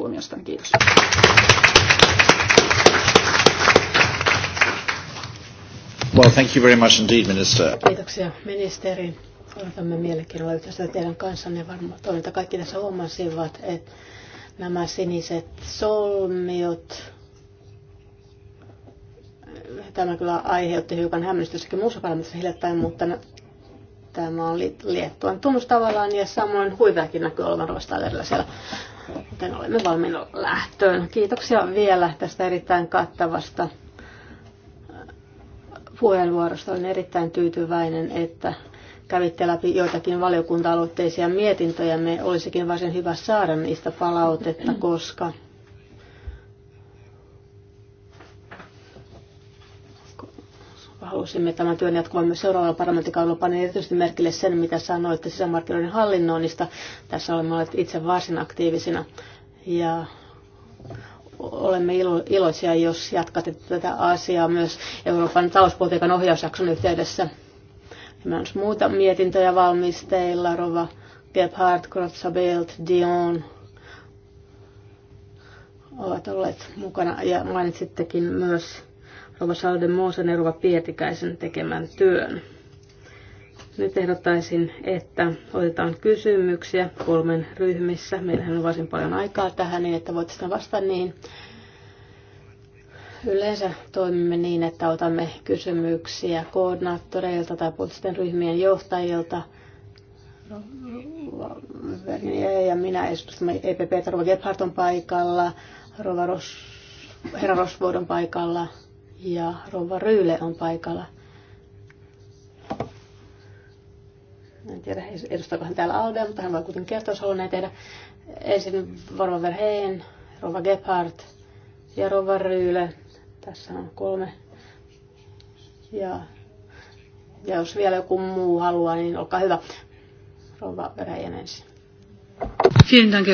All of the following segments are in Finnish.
huomiosta. Kiitos. Well, thank you very much indeed, Minister. Kiitoksia ministeri. Odotamme mielenkiinnolla yhteistyötä teidän kanssanne. Varmaan toivon, että kaikki tässä huomasivat, että nämä siniset solmiot, tämä kyllä aiheutti hiukan hämmennystä jossakin muussa parlamentissa hiljattain, mutta tämä on Liettuan tunnus tavallaan ja samoin huiveakin näkyy olevan ruostailevilla siellä joten olemme valmiina lähtöön. Kiitoksia vielä tästä erittäin kattavasta äh, puheenvuorosta. Olen erittäin tyytyväinen, että kävitte läpi joitakin valiokunta-aloitteisia mietintöjä. Me olisikin varsin hyvä saada niistä palautetta, koska halusimme tämän työn jatkuvan myös seuraavalla parlamenttikaudella. Panin erityisesti merkille sen, mitä sanoitte sisämarkkinoiden hallinnoinnista. Tässä olemme olleet itse varsin aktiivisina ja olemme ilo, iloisia, jos jatkatte tätä asiaa myös Euroopan talouspolitiikan ohjausjakson yhteydessä. Myös muuta mietintöjä valmisteilla, Rova Gebhardt, Krotsabelt, Dion ovat olleet mukana ja mainitsittekin myös Rova Salde Moosen ja Rova Pietikäisen tekemän työn. Nyt ehdottaisin, että otetaan kysymyksiä kolmen ryhmissä. Meillähän on varsin paljon aikaa tähän, niin että voitte sitten vastata niin. Yleensä toimimme niin, että otamme kysymyksiä koordinaattoreilta tai puolisten ryhmien johtajilta. Ja minä edustamme EPP, Rova Gebhardt on paikalla, Rova Ros, herra Rosvood on paikalla, ja Rova Ryyle on paikalla. En tiedä, edustaako hän täällä Aldea, mutta hän voi kuitenkin kertoa, jos haluaa tehdä. Ensin Rova Verheen, Rova Gebhardt ja Rova Ryyle. Tässä on kolme. Ja, ja jos vielä joku muu haluaa, niin olkaa hyvä. Rova Verheen ensin. Vielen Dank,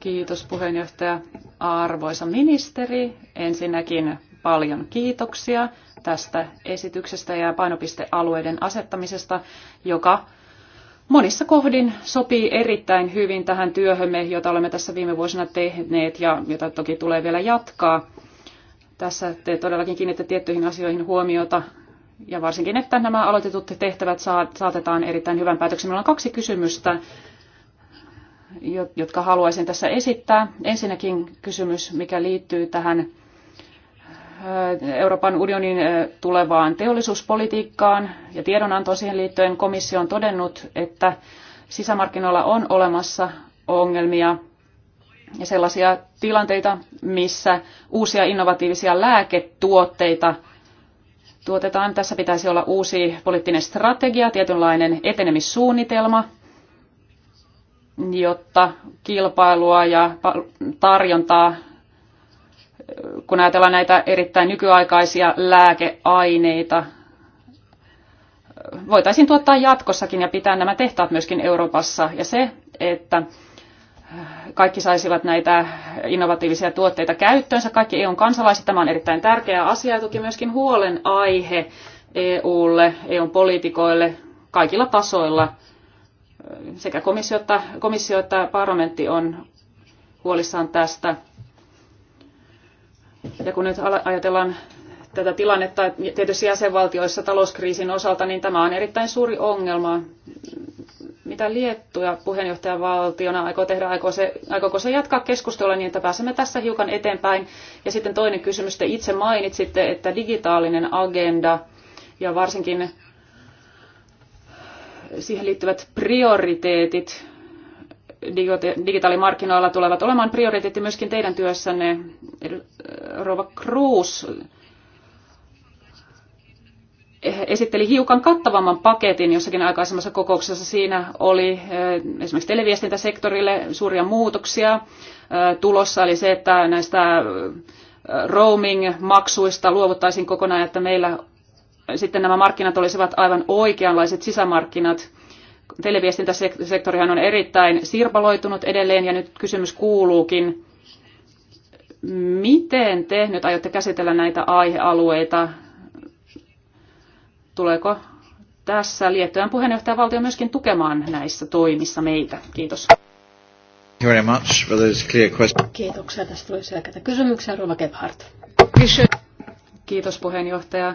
Kiitos puheenjohtaja. Arvoisa ministeri, ensinnäkin paljon kiitoksia tästä esityksestä ja painopistealueiden asettamisesta, joka monissa kohdin sopii erittäin hyvin tähän työhömme, jota olemme tässä viime vuosina tehneet ja jota toki tulee vielä jatkaa. Tässä te todellakin kiinnitte tiettyihin asioihin huomiota ja varsinkin, että nämä aloitetut tehtävät saatetaan erittäin hyvän päätöksen. Meillä on kaksi kysymystä, jotka haluaisin tässä esittää. Ensinnäkin kysymys, mikä liittyy tähän Euroopan unionin tulevaan teollisuuspolitiikkaan ja tiedonantoon siihen liittyen komissio on todennut, että sisämarkkinoilla on olemassa ongelmia ja sellaisia tilanteita, missä uusia innovatiivisia lääketuotteita tuotetaan. Tässä pitäisi olla uusi poliittinen strategia, tietynlainen etenemissuunnitelma, jotta kilpailua ja tarjontaa kun ajatellaan näitä erittäin nykyaikaisia lääkeaineita, voitaisiin tuottaa jatkossakin ja pitää nämä tehtaat myöskin Euroopassa. Ja se, että kaikki saisivat näitä innovatiivisia tuotteita käyttöönsä, kaikki EUn kansalaiset, tämä on erittäin tärkeä asia ja toki myöskin huolenaihe EUlle, EUn poliitikoille kaikilla tasoilla. Sekä komissio että, komissio että parlamentti on huolissaan tästä ja kun nyt ajatellaan tätä tilannetta tietysti jäsenvaltioissa talouskriisin osalta, niin tämä on erittäin suuri ongelma. Mitä Liettua puheenjohtajavaltiona aikoo tehdä? Aikoo se, aikooko se jatkaa keskustelua niin, että pääsemme tässä hiukan eteenpäin? Ja sitten toinen kysymys, te itse mainitsitte, että digitaalinen agenda ja varsinkin siihen liittyvät prioriteetit digitaalimarkkinoilla tulevat olemaan prioriteetti myöskin teidän työssänne. Rova Cruz eh, esitteli hiukan kattavamman paketin jossakin aikaisemmassa kokouksessa. Siinä oli eh, esimerkiksi televiestintäsektorille suuria muutoksia eh, tulossa, eli se, että näistä roaming-maksuista luovuttaisiin kokonaan, että meillä sitten nämä markkinat olisivat aivan oikeanlaiset sisämarkkinat – televiestintäsektorihan on erittäin sirpaloitunut edelleen ja nyt kysymys kuuluukin, miten te nyt aiotte käsitellä näitä aihealueita? Tuleeko tässä liettyään valtio myöskin tukemaan näissä toimissa meitä? Kiitos. Kiitoksia. Tästä tuli selkeitä kysymyksiä. Gebhardt. Kiitos puheenjohtaja.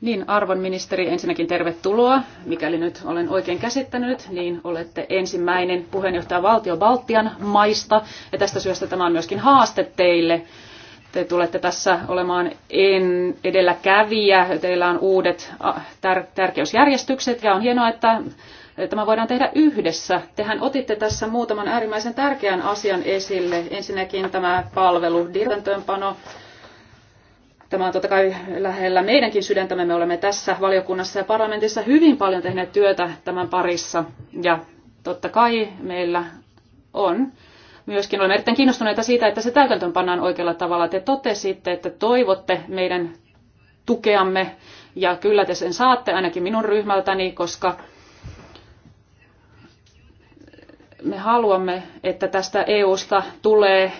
Niin, arvon ministeri, ensinnäkin tervetuloa. Mikäli nyt olen oikein käsittänyt, niin olette ensimmäinen puheenjohtaja valtio Baltian maista. Ja tästä syystä tämä on myöskin haaste teille. Te tulette tässä olemaan en edelläkävijä. Teillä on uudet tär- tärkeysjärjestykset ja on hienoa, että tämä voidaan tehdä yhdessä. Tehän otitte tässä muutaman äärimmäisen tärkeän asian esille. Ensinnäkin tämä palvelu, direntöönpano. Tämä on totta kai lähellä meidänkin sydäntämme. Me olemme tässä valiokunnassa ja parlamentissa hyvin paljon tehneet työtä tämän parissa. Ja totta kai meillä on myöskin olemme erittäin kiinnostuneita siitä, että se täytäntöön pannaan oikealla tavalla. Te totesitte, että toivotte meidän tukeamme ja kyllä te sen saatte ainakin minun ryhmältäni, koska me haluamme, että tästä EUsta tulee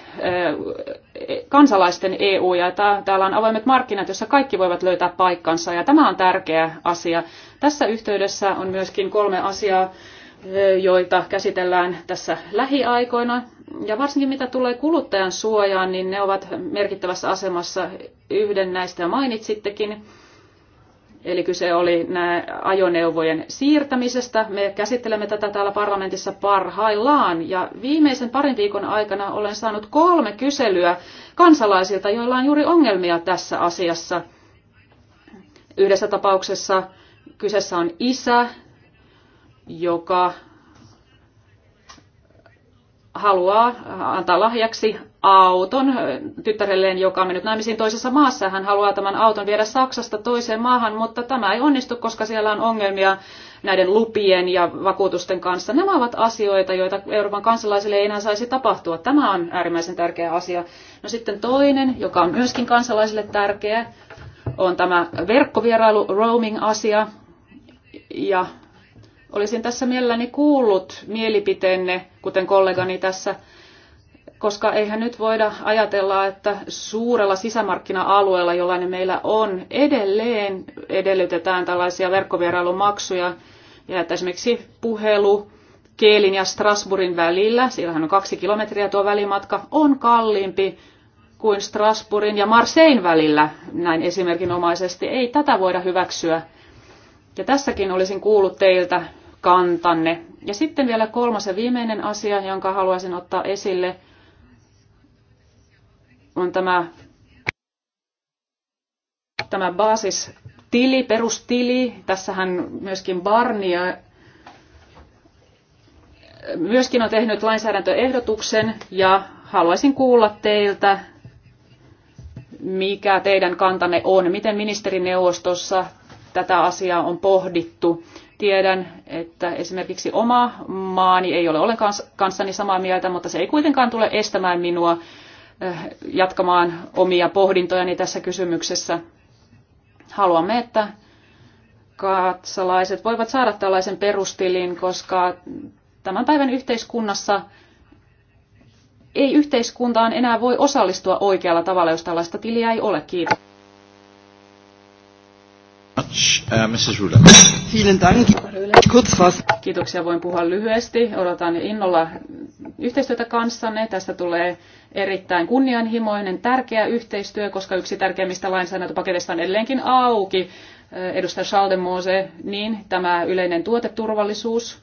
kansalaisten EU ja täällä on avoimet markkinat, jossa kaikki voivat löytää paikkansa ja tämä on tärkeä asia. Tässä yhteydessä on myöskin kolme asiaa, joita käsitellään tässä lähiaikoina. Ja varsinkin mitä tulee kuluttajan suojaan, niin ne ovat merkittävässä asemassa. Yhden näistä mainitsittekin. Eli kyse oli ajoneuvojen siirtämisestä. Me käsittelemme tätä täällä parlamentissa parhaillaan. Ja viimeisen parin viikon aikana olen saanut kolme kyselyä kansalaisilta, joilla on juuri ongelmia tässä asiassa. Yhdessä tapauksessa kyseessä on isä, joka haluaa antaa lahjaksi auton tyttärelleen, joka on mennyt naimisiin toisessa maassa. Hän haluaa tämän auton viedä Saksasta toiseen maahan, mutta tämä ei onnistu, koska siellä on ongelmia näiden lupien ja vakuutusten kanssa. Nämä ovat asioita, joita Euroopan kansalaisille ei enää saisi tapahtua. Tämä on äärimmäisen tärkeä asia. No sitten toinen, joka on myöskin kansalaisille tärkeä, on tämä verkkovierailu roaming-asia. Ja olisin tässä mielelläni kuullut mielipiteenne, kuten kollegani tässä koska eihän nyt voida ajatella, että suurella sisämarkkina-alueella, jollainen meillä on, edelleen edellytetään tällaisia verkkovierailumaksuja, ja että esimerkiksi puhelu Keelin ja Strasbourgin välillä, siellähän on kaksi kilometriä tuo välimatka, on kalliimpi kuin Strasbourgin ja Marsein välillä, näin esimerkinomaisesti. Ei tätä voida hyväksyä. Ja tässäkin olisin kuullut teiltä kantanne. Ja sitten vielä kolmas ja viimeinen asia, jonka haluaisin ottaa esille – on tämä, tämä basistili, perustili. Tässähän myöskin Barnia myöskin on tehnyt lainsäädäntöehdotuksen ja haluaisin kuulla teiltä, mikä teidän kantanne on, miten ministerineuvostossa tätä asiaa on pohdittu. Tiedän, että esimerkiksi oma maani ei ole ollenkaan kanssani samaa mieltä, mutta se ei kuitenkaan tule estämään minua Eh, jatkamaan omia pohdintojani tässä kysymyksessä. Haluamme, että katsalaiset voivat saada tällaisen perustilin, koska tämän päivän yhteiskunnassa ei yhteiskuntaan enää voi osallistua oikealla tavalla, jos tällaista tiliä ei ole. Kiitos. Äh, Kiitoksia, voin puhua lyhyesti. Odotan innolla yhteistyötä kanssanne. Tästä tulee erittäin kunnianhimoinen, tärkeä yhteistyö, koska yksi tärkeimmistä lainsäädäntöpaketeista on edelleenkin auki. Äh, edustaja Schaldemose, niin tämä yleinen tuoteturvallisuus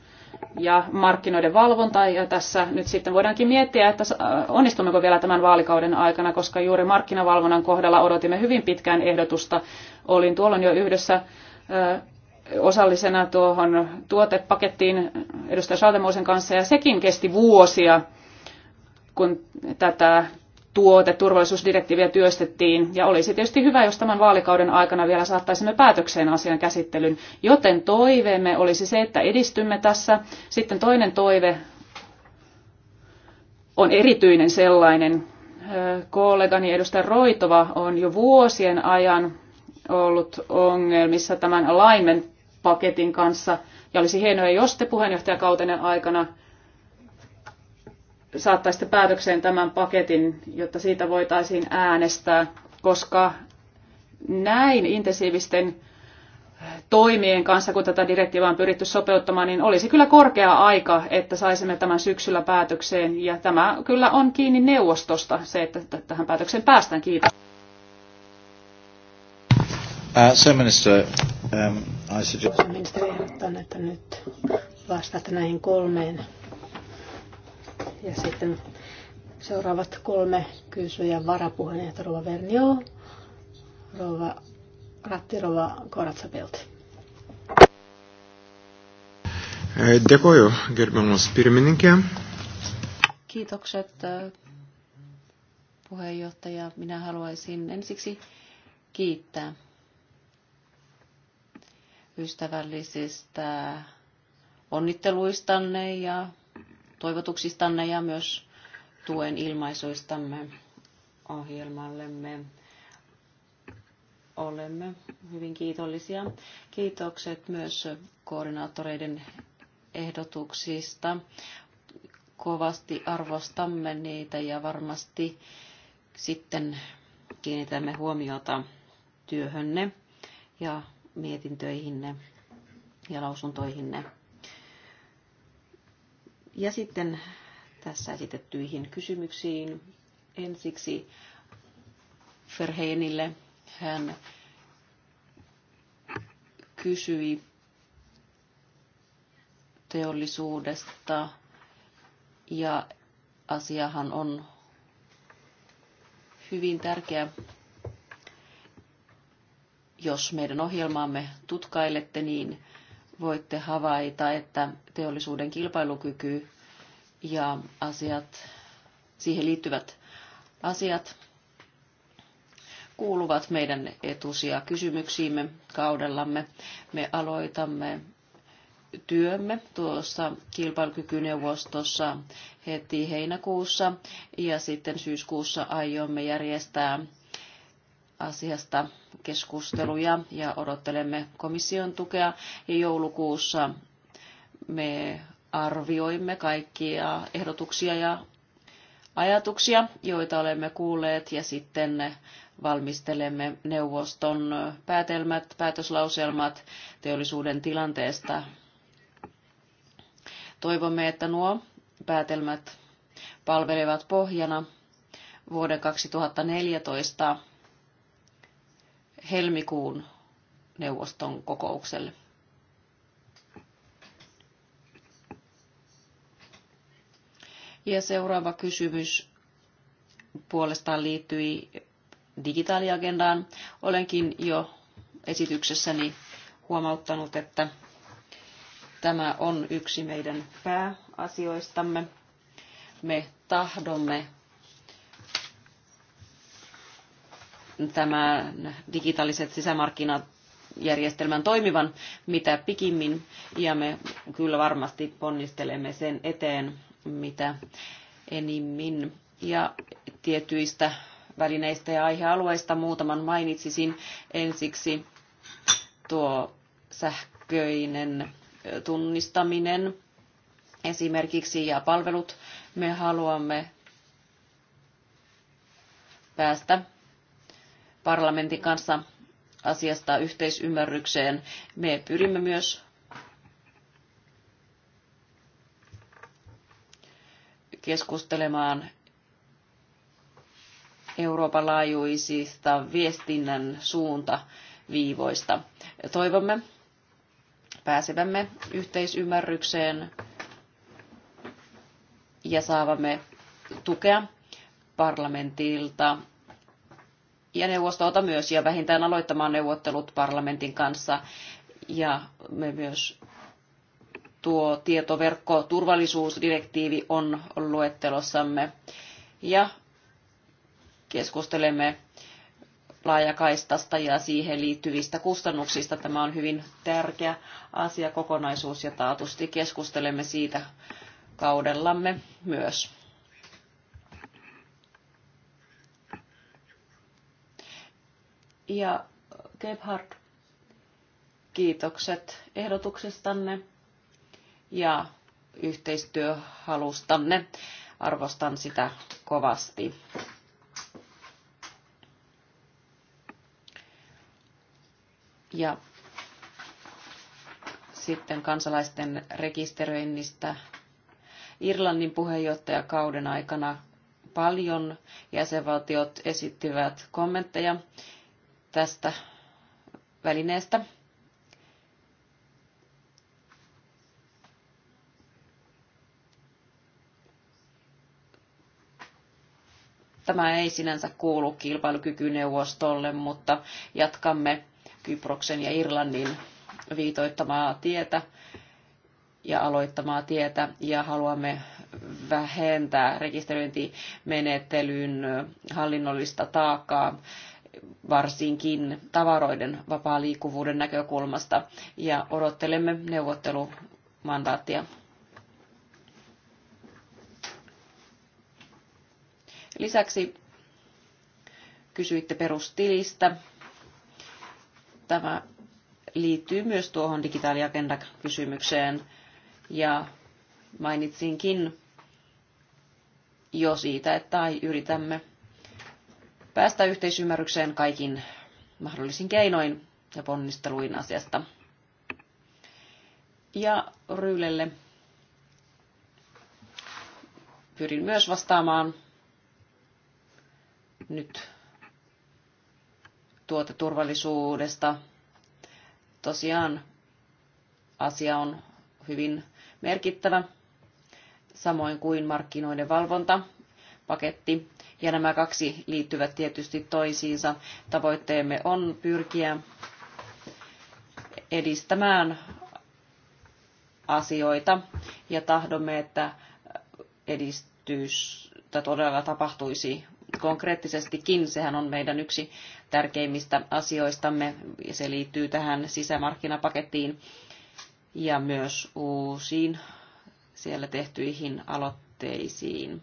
ja markkinoiden valvonta. Ja tässä nyt sitten voidaankin miettiä, että äh, onnistummeko vielä tämän vaalikauden aikana, koska juuri markkinavalvonnan kohdalla odotimme hyvin pitkään ehdotusta. Olin tuolloin jo yhdessä äh, osallisena tuohon tuotepakettiin edustaja Schaldemosen kanssa ja sekin kesti vuosia kun tätä tuoteturvallisuusdirektiiviä työstettiin, ja olisi tietysti hyvä, jos tämän vaalikauden aikana vielä saattaisimme päätökseen asian käsittelyn. Joten toiveemme olisi se, että edistymme tässä. Sitten toinen toive on erityinen sellainen. Kollegani edustaja Roitova on jo vuosien ajan ollut ongelmissa tämän alignment-paketin kanssa, ja olisi hienoa, jos te puheenjohtajakautenen aikana – saattaisitte päätökseen tämän paketin, jotta siitä voitaisiin äänestää, koska näin intensiivisten toimien kanssa, kun tätä direktiivaa on pyritty sopeuttamaan, niin olisi kyllä korkea aika, että saisimme tämän syksyllä päätökseen. Ja tämä kyllä on kiinni neuvostosta, se, että tähän päätökseen päästään. Kiitos. Uh, so minister, um, I suggest... Ministeri että nyt vastaatte näihin kolmeen ja sitten seuraavat kolme kysyjä varapuheenjohtaja Rova Vernio, Rova Ratti, Rova Koratsabilt. Dėkoju, gerbiamas pirmininkė. Kiitokset э, puheenjohtaja. Minä haluaisin ensiksi kiittää ystävällisistä onnitteluistanne ja toivotuksistanne ja myös tuen ilmaisuistamme ohjelmallemme. Olemme hyvin kiitollisia. Kiitokset myös koordinaattoreiden ehdotuksista. Kovasti arvostamme niitä ja varmasti sitten kiinnitämme huomiota työhönne ja mietintöihinne ja lausuntoihinne. Ja sitten tässä esitettyihin kysymyksiin ensiksi Ferheinille. Hän kysyi teollisuudesta ja asiahan on hyvin tärkeä. Jos meidän ohjelmaamme tutkailette, niin voitte havaita, että teollisuuden kilpailukyky ja asiat, siihen liittyvät asiat kuuluvat meidän etusia kysymyksiimme kaudellamme. Me aloitamme työmme tuossa kilpailukykyneuvostossa heti heinäkuussa ja sitten syyskuussa aiomme järjestää asiasta keskusteluja ja odottelemme komission tukea. Ja joulukuussa me arvioimme kaikkia ehdotuksia ja ajatuksia, joita olemme kuulleet, ja sitten valmistelemme neuvoston päätelmät, päätöslauselmat teollisuuden tilanteesta. Toivomme, että nuo päätelmät palvelevat pohjana vuoden 2014 helmikuun neuvoston kokoukselle. Ja seuraava kysymys puolestaan liittyi digitaaliagendaan. Olenkin jo esityksessäni huomauttanut, että tämä on yksi meidän pääasioistamme. Me tahdomme Tämä digitaaliset sisämarkkinat järjestelmän toimivan mitä pikimmin, ja me kyllä varmasti ponnistelemme sen eteen, mitä enimmin. Ja tietyistä välineistä ja aihealueista muutaman mainitsisin. Ensiksi tuo sähköinen tunnistaminen esimerkiksi ja palvelut. Me haluamme päästä parlamentin kanssa asiasta yhteisymmärrykseen. Me pyrimme myös keskustelemaan Euroopan laajuisista viestinnän suuntaviivoista. Toivomme pääsevämme yhteisymmärrykseen ja saavamme tukea parlamentilta ja neuvostolta myös, ja vähintään aloittamaan neuvottelut parlamentin kanssa. Ja me myös tuo turvallisuusdirektiivi on luettelossamme. Ja keskustelemme laajakaistasta ja siihen liittyvistä kustannuksista. Tämä on hyvin tärkeä asiakokonaisuus ja taatusti keskustelemme siitä kaudellamme myös. Ja Gebhard, kiitokset ehdotuksestanne ja yhteistyöhalustanne. Arvostan sitä kovasti. Ja sitten kansalaisten rekisteröinnistä. Irlannin puheenjohtajakauden aikana paljon jäsenvaltiot esittivät kommentteja tästä välineestä. Tämä ei sinänsä kuulu kilpailukykyneuvostolle, mutta jatkamme Kyproksen ja Irlannin viitoittamaa tietä ja aloittamaa tietä ja haluamme vähentää rekisteröintimenettelyn hallinnollista taakkaa varsinkin tavaroiden vapaa liikkuvuuden näkökulmasta ja odottelemme neuvottelumandaattia. Lisäksi kysyitte perustilistä. Tämä liittyy myös tuohon digitaaliagenda-kysymykseen ja mainitsinkin jo siitä, että yritämme päästä yhteisymmärrykseen kaikin mahdollisin keinoin ja ponnisteluin asiasta. Ja Ryylelle pyrin myös vastaamaan nyt tuoteturvallisuudesta. Tosiaan asia on hyvin merkittävä, samoin kuin markkinoiden valvonta paketti ja nämä kaksi liittyvät tietysti toisiinsa. Tavoitteemme on pyrkiä edistämään asioita ja tahdomme, että edistystä todella tapahtuisi konkreettisestikin. Sehän on meidän yksi tärkeimmistä asioistamme ja se liittyy tähän sisämarkkinapakettiin ja myös uusiin siellä tehtyihin aloitteisiin.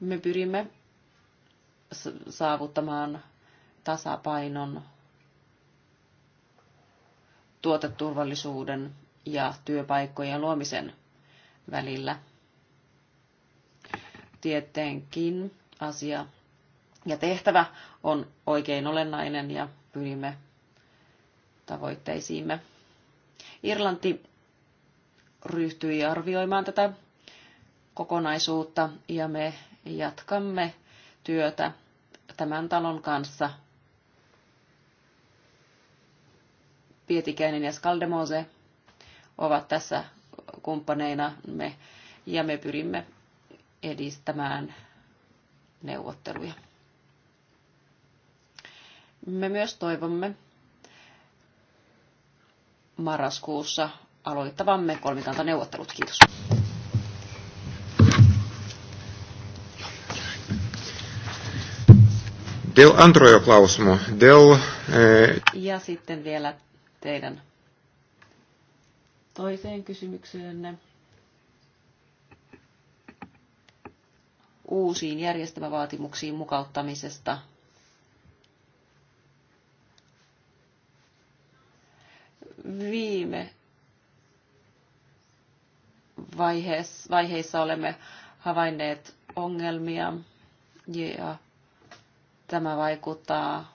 Me pyrimme saavuttamaan tasapainon tuoteturvallisuuden ja työpaikkojen luomisen välillä. Tietenkin asia ja tehtävä on oikein olennainen ja pyrimme tavoitteisiimme. Irlanti ryhtyi arvioimaan tätä kokonaisuutta ja me jatkamme työtä tämän talon kanssa. Pietikäinen ja Skaldemose ovat tässä kumppaneina me, ja me pyrimme edistämään neuvotteluja. Me myös toivomme marraskuussa aloittavamme kolmikantaneuvottelut. Kiitos. Dėl antrojo klausimo, dėl... E... Ja sitten vielä teidän toiseen kysymykseenne. Uusiin järjestelmävaatimuksiin mukauttamisesta. Viime vaiheessa, vaiheissa olemme havainneet ongelmia ja Tämä vaikuttaa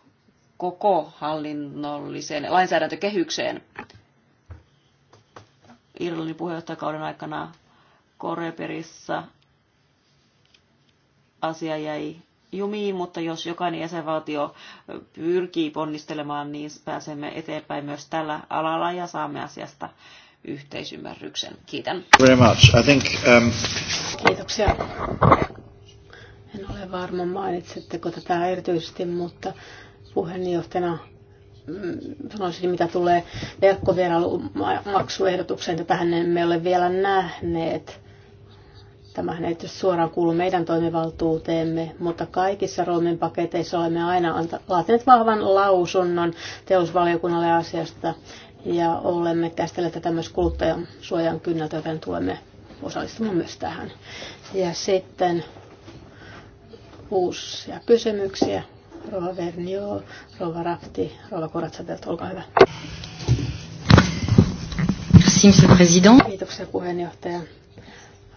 koko hallinnolliseen lainsäädäntökehykseen. Irlannin puheenjohtajakauden aikana Koreperissa asia jäi jumiin, mutta jos jokainen jäsenvaltio pyrkii ponnistelemaan, niin pääsemme eteenpäin myös tällä alalla ja saamme asiasta yhteisymmärryksen. Kiitän. Very much. I think, um... Kiitoksia. En ole varma, mainitsetteko tätä erityisesti, mutta puheenjohtajana mm, sanoisin, mitä tulee verkkovierailumaksuehdotukseen, tähän emme ole vielä nähneet. Tämähän ei tietysti suoraan kuulu meidän toimivaltuuteemme, mutta kaikissa Roomin paketeissa olemme aina anta, laatineet vahvan lausunnon teollisuusvaliokunnalle asiasta ja olemme käsitelleet tätä myös kuluttajan suojan kynnältä, joten tulemme osallistumaan myös tähän. Ja sitten uusia kysymyksiä. Rova Vernio, Rova Rafti, Rova Koratsatelt, olkaa hyvä. Merci, monsieur président. Kiitoksia puheenjohtaja.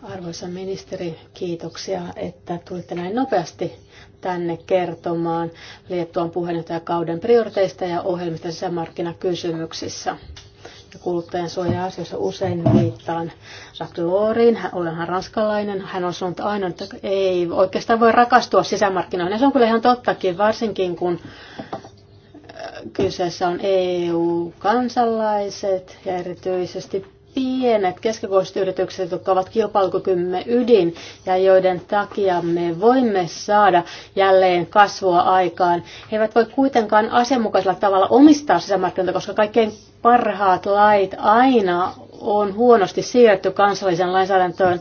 Arvoisa ministeri, kiitoksia, että tulitte näin nopeasti tänne kertomaan Liettuan puheenjohtajakauden prioriteista ja ohjelmista sisämarkkinakysymyksissä kuluttajan suoja-asioissa usein viittaan Jacques on hän ranskalainen. Hän on sanonut aina, että ei oikeastaan voi rakastua sisämarkkinoihin. Ja se on kyllä ihan tottakin, varsinkin kun äh, kyseessä on EU-kansalaiset ja erityisesti pienet keskikoiset yritykset, jotka ovat kilpailukykymme ydin ja joiden takia me voimme saada jälleen kasvua aikaan. He eivät voi kuitenkaan asianmukaisella tavalla omistaa sisämarkkinoita, koska kaikkein parhaat lait aina on huonosti siirretty kansallisen lainsäädäntöön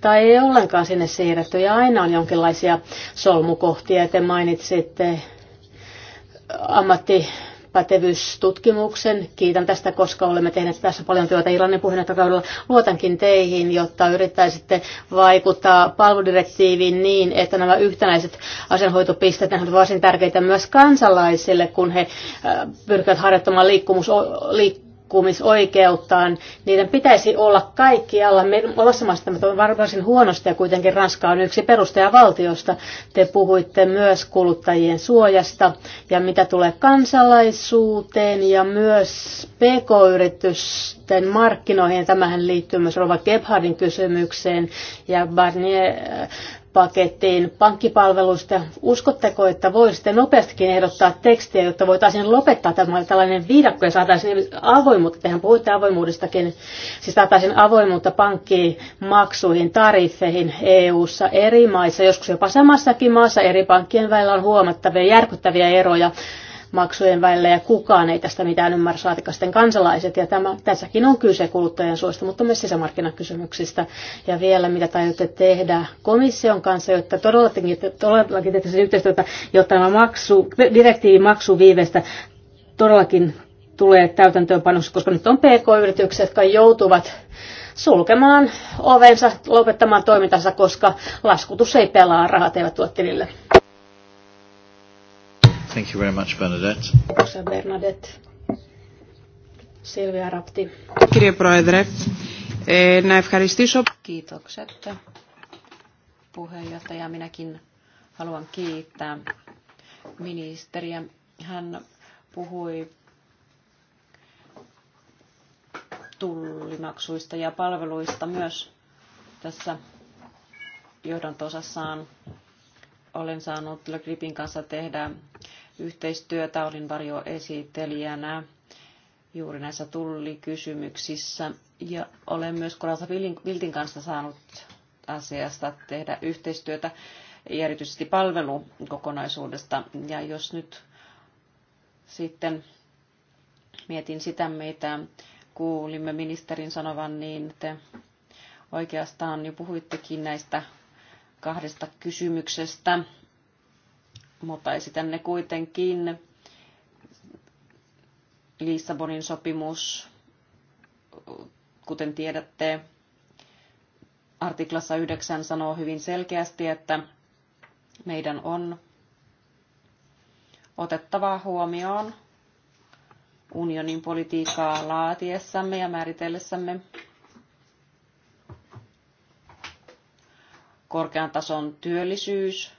tai ei ollenkaan sinne siirretty ja aina on jonkinlaisia solmukohtia, te mainitsitte ammatti pätevyystutkimuksen. Kiitän tästä, koska olemme tehneet tässä paljon työtä Irlannin puheenjohtajakaudella. Luotankin teihin, jotta yrittäisitte vaikuttaa palveludirektiiviin niin, että nämä yhtenäiset asianhoitopisteet ovat varsin tärkeitä myös kansalaisille, kun he äh, pyrkivät harjoittamaan liikkumus, liikkumus liikkumisoikeuttaan, niiden pitäisi olla kaikkialla. Me omassa maassa tämä on varsin huonosti ja kuitenkin Ranska on yksi perustajavaltiosta. Te puhuitte myös kuluttajien suojasta ja mitä tulee kansalaisuuteen ja myös pk-yritysten markkinoihin. Tämähän liittyy myös Rova Gebhardin kysymykseen ja Barnier pakettiin pankkipalveluista. Uskotteko, että voisitte nopeastikin ehdottaa tekstiä, jotta voitaisiin lopettaa tämä tällainen viidakko ja saataisiin avoimuutta? Tehän puhuitte avoimuudestakin. Siis saataisiin avoimuutta pankkiin, maksuihin, tariffeihin EU-ssa eri maissa, joskus jopa samassakin maassa eri pankkien välillä on huomattavia järkyttäviä eroja maksujen välillä ja kukaan ei tästä mitään ymmärrä, saatika sitten kansalaiset. Ja tämä, tässäkin on kyse kuluttajan suosta, mutta myös sisämarkkinakysymyksistä. Ja vielä mitä tajutte tehdä komission kanssa, jotta todellakin, todellakin tehtäisiin yhteistyötä, jotta tämä maksu, direktiivin maksuviiveestä todellakin tulee täytäntöönpanossa, koska nyt on pk yritykset jotka joutuvat sulkemaan ovensa, lopettamaan toimintansa, koska laskutus ei pelaa, rahat eivät tuo tilille. Thank you very much, Bernadette. Kiitoksia Bernadette. Silvia Rapti. Κύριε Proedre, ε, να ευχαριστήσω... Kiitokset puheenjohtaja. Minäkin haluan kiittää ministeriä. Hän puhui tullimaksuista ja palveluista myös tässä johdanto-osassaan. Olen saanut Le Gripin kanssa tehdä yhteistyötä. Olin varjoesittelijänä juuri näissä tullikysymyksissä ja olen myös Kolasa Viltin kanssa saanut asiasta tehdä yhteistyötä erityisesti palvelukokonaisuudesta. Ja jos nyt sitten mietin sitä, mitä kuulimme ministerin sanovan, niin te oikeastaan jo puhuittekin näistä kahdesta kysymyksestä, mutta esitän ne kuitenkin. Lissabonin sopimus, kuten tiedätte, artiklassa 9 sanoo hyvin selkeästi, että meidän on otettava huomioon unionin politiikkaa laatiessamme ja määritellessämme korkean tason työllisyys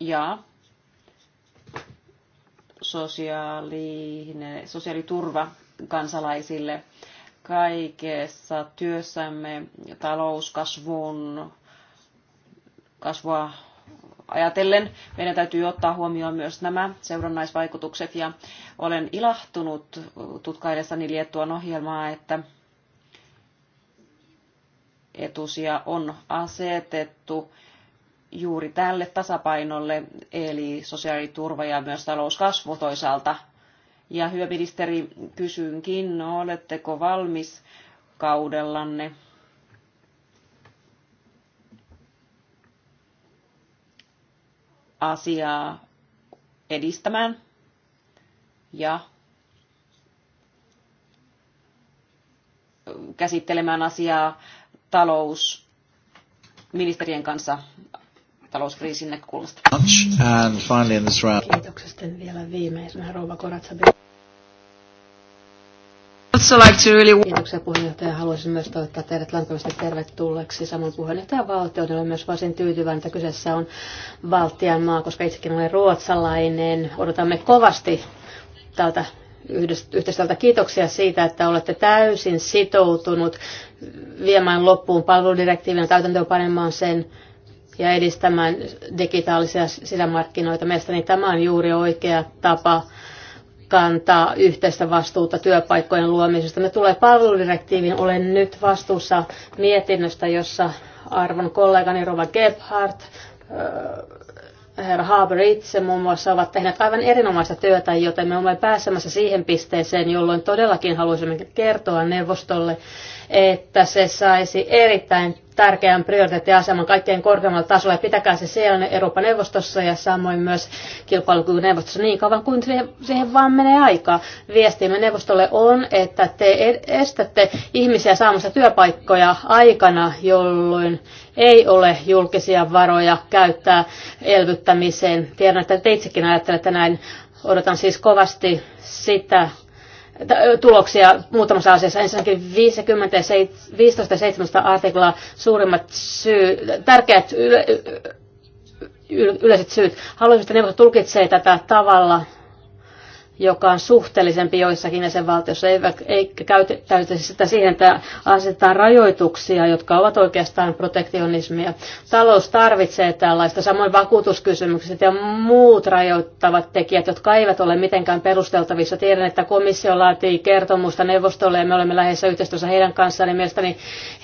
ja sosiaalinen, sosiaaliturva kansalaisille. Kaikessa työssämme talouskasvun kasvua ajatellen meidän täytyy ottaa huomioon myös nämä seurannaisvaikutukset ja olen ilahtunut tutkaillessani Liettuan ohjelmaa, että etusia on asetettu juuri tälle tasapainolle, eli sosiaaliturva ja myös talouskasvu toisaalta. Ja hyvä ministeri, kysynkin, no, oletteko valmis kaudellanne asiaa edistämään ja käsittelemään asiaa talousministerien kanssa talouskriisin näkökulmasta. And finally in this round. Kiitoksia vielä viimeisenä Rouva Koratsabi. Also like to really... Kiitoksia puheenjohtaja. Haluaisin myös toivottaa teidät lämpimästi tervetulleeksi. Samoin puheenjohtaja Valtio, olen myös varsin tyytyväinen, että kyseessä on Baltian maa, koska itsekin olen ruotsalainen. Odotamme kovasti tältä yhteistyöltä kiitoksia siitä, että olette täysin sitoutunut viemään loppuun palveludirektiivin ja panemaan sen ja edistämään digitaalisia sisämarkkinoita. Mielestäni tämä on juuri oikea tapa kantaa yhteistä vastuuta työpaikkojen luomisesta. Me tulee palveludirektiivin. Olen nyt vastuussa mietinnöstä, jossa arvon kollegani Rova Gebhardt, herra Haber itse muun muassa ovat tehneet aivan erinomaista työtä, joten me olemme pääsemässä siihen pisteeseen, jolloin todellakin haluaisimme kertoa neuvostolle, että se saisi erittäin tärkeän prioriteettiaseman kaikkein korkeammalla tasolla ja pitäkää se siellä Euroopan neuvostossa ja samoin myös kilpailukykyneuvostossa niin kauan kuin siihen vaan menee aikaa. Viestimme neuvostolle on, että te estätte ihmisiä saamassa työpaikkoja aikana, jolloin ei ole julkisia varoja käyttää elvyttämiseen. Tiedän, että te itsekin ajattelette näin. Odotan siis kovasti sitä, tuloksia muutamassa asiassa. Ensinnäkin 50 15 ja 17 artiklaa suurimmat syy, tärkeät yle, yleiset syyt. Haluaisin, että neuvosto tulkitsee tätä tavalla, joka on suhteellisempi joissakin jäsenvaltioissa, eikä käytetä siis sitä siihen, että asetetaan rajoituksia, jotka ovat oikeastaan protektionismia. Talous tarvitsee tällaista, samoin vakuutuskysymykset ja muut rajoittavat tekijät, jotka eivät ole mitenkään perusteltavissa. Tiedän, että komissio laatii kertomusta neuvostolle ja me olemme läheisessä yhteistyössä heidän kanssaan, niin mielestäni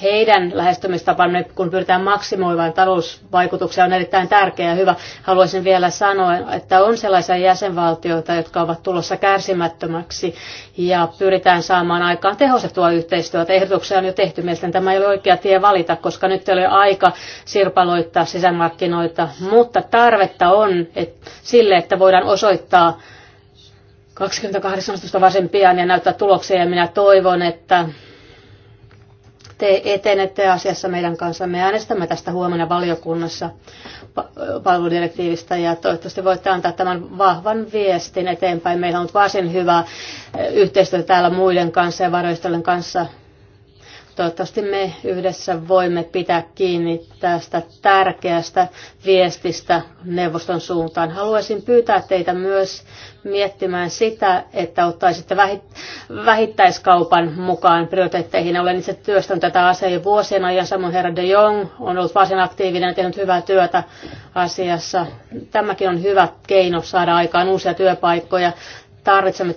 heidän lähestymistapamme, kun pyritään maksimoimaan talousvaikutuksia, on erittäin tärkeä ja hyvä. Haluaisin vielä sanoa, että on sellaisia jäsenvaltioita, jotka ovat tulossa tulossa kärsimättömäksi ja pyritään saamaan aikaan tehostettua yhteistyötä. Ehdotuksia on jo tehty. Mielestäni tämä ei ole oikea tie valita, koska nyt ei ole aika sirpaloittaa sisämarkkinoita, mutta tarvetta on et, sille, että voidaan osoittaa 28 varsin ja näyttää tuloksia ja minä toivon, että te etenette asiassa meidän kanssamme. Me äänestämme tästä huomenna valiokunnassa palveludirektiivistä ja toivottavasti voitte antaa tämän vahvan viestin eteenpäin. Meillä on ollut varsin hyvä yhteistyö täällä muiden kanssa ja varoistelun kanssa Toivottavasti me yhdessä voimme pitää kiinni tästä tärkeästä viestistä neuvoston suuntaan. Haluaisin pyytää teitä myös miettimään sitä, että ottaisitte vähittäiskaupan mukaan prioriteetteihin. Olen itse työstänyt tätä asiaa jo vuosien ajan. Samoin herra de Jong on ollut varsin aktiivinen ja tehnyt hyvää työtä asiassa. Tämäkin on hyvä keino saada aikaan uusia työpaikkoja tarvitsemme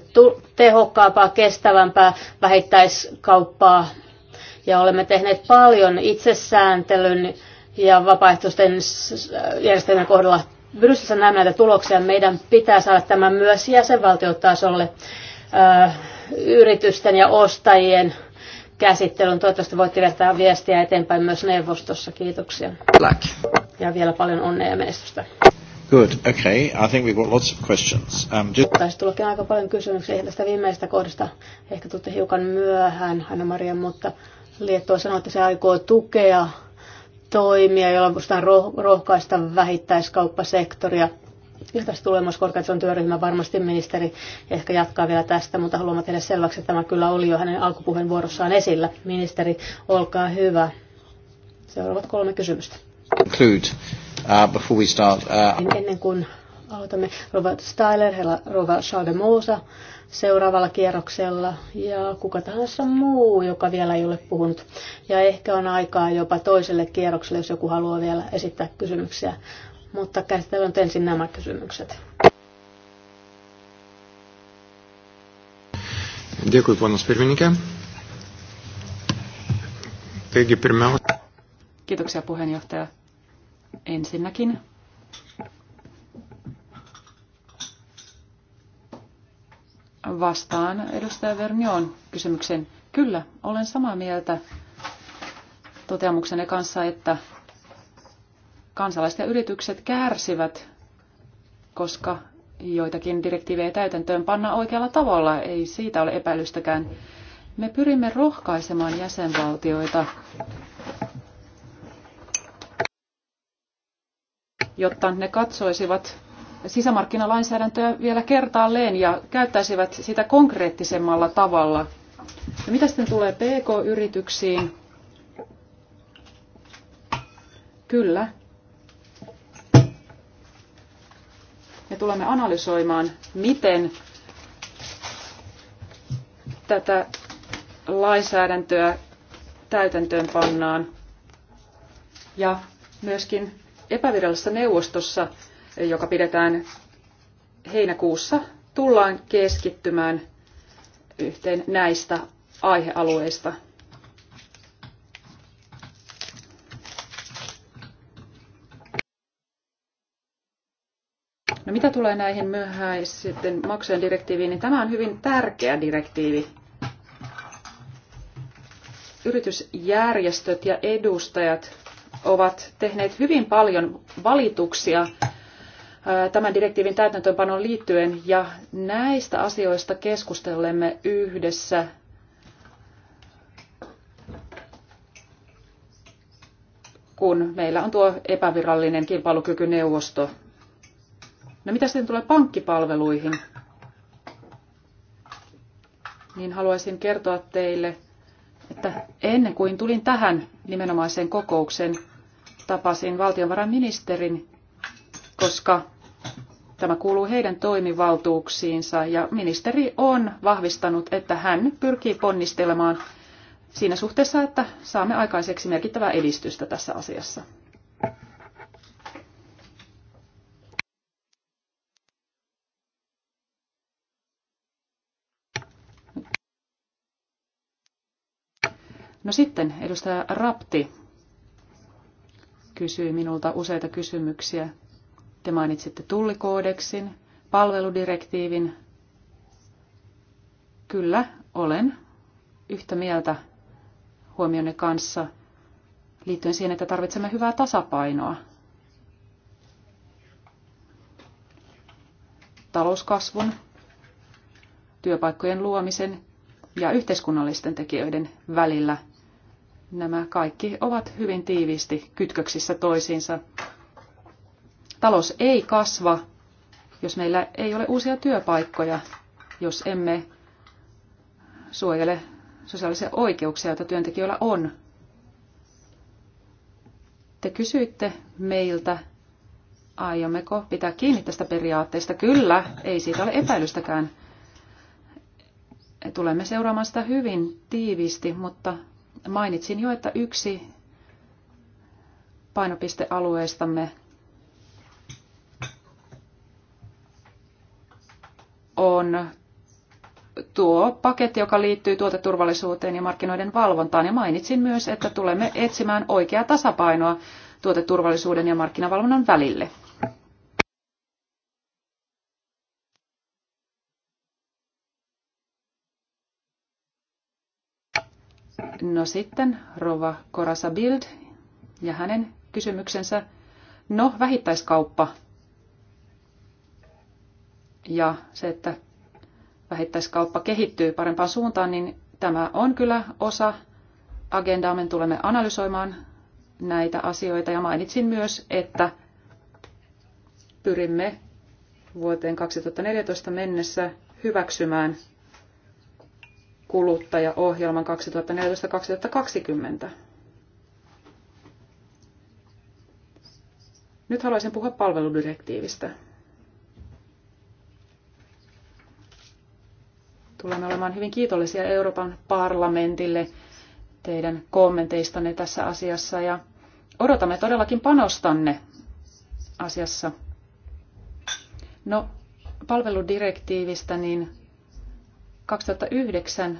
tehokkaampaa, kestävämpää vähittäiskauppaa ja olemme tehneet paljon itsesääntelyn ja vapaaehtoisten järjestelmän kohdalla. Brysselissä näemme näitä tuloksia. Meidän pitää saada tämä myös jäsenvaltiotasolle yritysten ja ostajien käsittelyn. Toivottavasti voitte vetää viestiä eteenpäin myös neuvostossa. Kiitoksia. Black. Ja vielä paljon onnea ja menestystä. Good, okay. I think we've got lots of questions. Um, just... Taisi tullakin aika paljon kysymyksiä tästä viimeisestä kohdasta. Ehkä tuutte hiukan myöhään, Hanna-Maria, mutta Liettua sanoi, että se aikoo tukea toimia, joilla voidaan rohkaista vähittäiskauppasektoria. Ja tässä tulee myös on työryhmä, varmasti ministeri ehkä jatkaa vielä tästä, mutta haluamme tehdä selväksi, että tämä kyllä oli jo hänen alkupuheenvuorossaan esillä. Ministeri, olkaa hyvä. Seuraavat kolme kysymystä. Include, uh, before we start, uh... Ennen kuin aloitamme, Robert Styler, Robert Charles de Mosa, seuraavalla kierroksella ja kuka tahansa muu, joka vielä ei ole puhunut. Ja ehkä on aikaa jopa toiselle kierrokselle, jos joku haluaa vielä esittää kysymyksiä. Mutta käsitellään nyt ensin nämä kysymykset. Dėkui, ponas pirmininkė. Taigi, pirmiausia. Kiitoksia puheenjohtaja. Ensinnäkin Vastaan edustaja Vernion kysymyksen. Kyllä, olen samaa mieltä toteamuksenne kanssa, että kansalaiset ja yritykset kärsivät, koska joitakin direktiivejä täytäntöön panna oikealla tavalla. Ei siitä ole epäilystäkään. Me pyrimme rohkaisemaan jäsenvaltioita, jotta ne katsoisivat sisämarkkinalainsäädäntöä vielä kertaalleen ja käyttäisivät sitä konkreettisemmalla tavalla. Ja mitä sitten tulee PK-yrityksiin? Kyllä. Me tulemme analysoimaan, miten tätä lainsäädäntöä täytäntöön pannaan. Ja myöskin epävirallisessa neuvostossa joka pidetään heinäkuussa, tullaan keskittymään yhteen näistä aihealueista. No mitä tulee näihin myöhäisiin maksujen direktiiviin, niin tämä on hyvin tärkeä direktiivi. Yritysjärjestöt ja edustajat ovat tehneet hyvin paljon valituksia tämän direktiivin täytäntöönpanoon liittyen ja näistä asioista keskustelemme yhdessä kun meillä on tuo epävirallinen kilpailukykyneuvosto. No mitä sitten tulee pankkipalveluihin? Niin haluaisin kertoa teille, että ennen kuin tulin tähän nimenomaiseen kokoukseen, tapasin valtionvarainministerin, koska Tämä kuuluu heidän toimivaltuuksiinsa ja ministeri on vahvistanut, että hän pyrkii ponnistelemaan siinä suhteessa, että saamme aikaiseksi merkittävää edistystä tässä asiassa. No sitten edustaja Rapti kysyi minulta useita kysymyksiä te mainitsitte tullikoodeksin, palveludirektiivin. Kyllä, olen yhtä mieltä huomionne kanssa liittyen siihen, että tarvitsemme hyvää tasapainoa. Talouskasvun, työpaikkojen luomisen ja yhteiskunnallisten tekijöiden välillä. Nämä kaikki ovat hyvin tiiviisti kytköksissä toisiinsa Talous ei kasva, jos meillä ei ole uusia työpaikkoja, jos emme suojele sosiaalisia oikeuksia, joita työntekijöillä on. Te kysyitte meiltä, aiommeko pitää kiinni tästä periaatteesta. Kyllä, ei siitä ole epäilystäkään. Tulemme seuraamaan sitä hyvin tiiviisti, mutta mainitsin jo, että yksi painopistealueestamme on tuo paketti, joka liittyy tuoteturvallisuuteen ja markkinoiden valvontaan. Ja mainitsin myös, että tulemme etsimään oikeaa tasapainoa tuoteturvallisuuden ja markkinavalvonnan välille. No sitten Rova Korasa Bild ja hänen kysymyksensä. No, vähittäiskauppa ja se, että vähittäiskauppa kehittyy parempaan suuntaan, niin tämä on kyllä osa agendaa. Me tulemme analysoimaan näitä asioita ja mainitsin myös, että pyrimme vuoteen 2014 mennessä hyväksymään kuluttajaohjelman 2014-2020. Nyt haluaisin puhua palveludirektiivistä. Tulemme olemaan hyvin kiitollisia Euroopan parlamentille teidän kommenteistanne tässä asiassa ja odotamme todellakin panostanne asiassa. No, palveludirektiivistä, niin 2009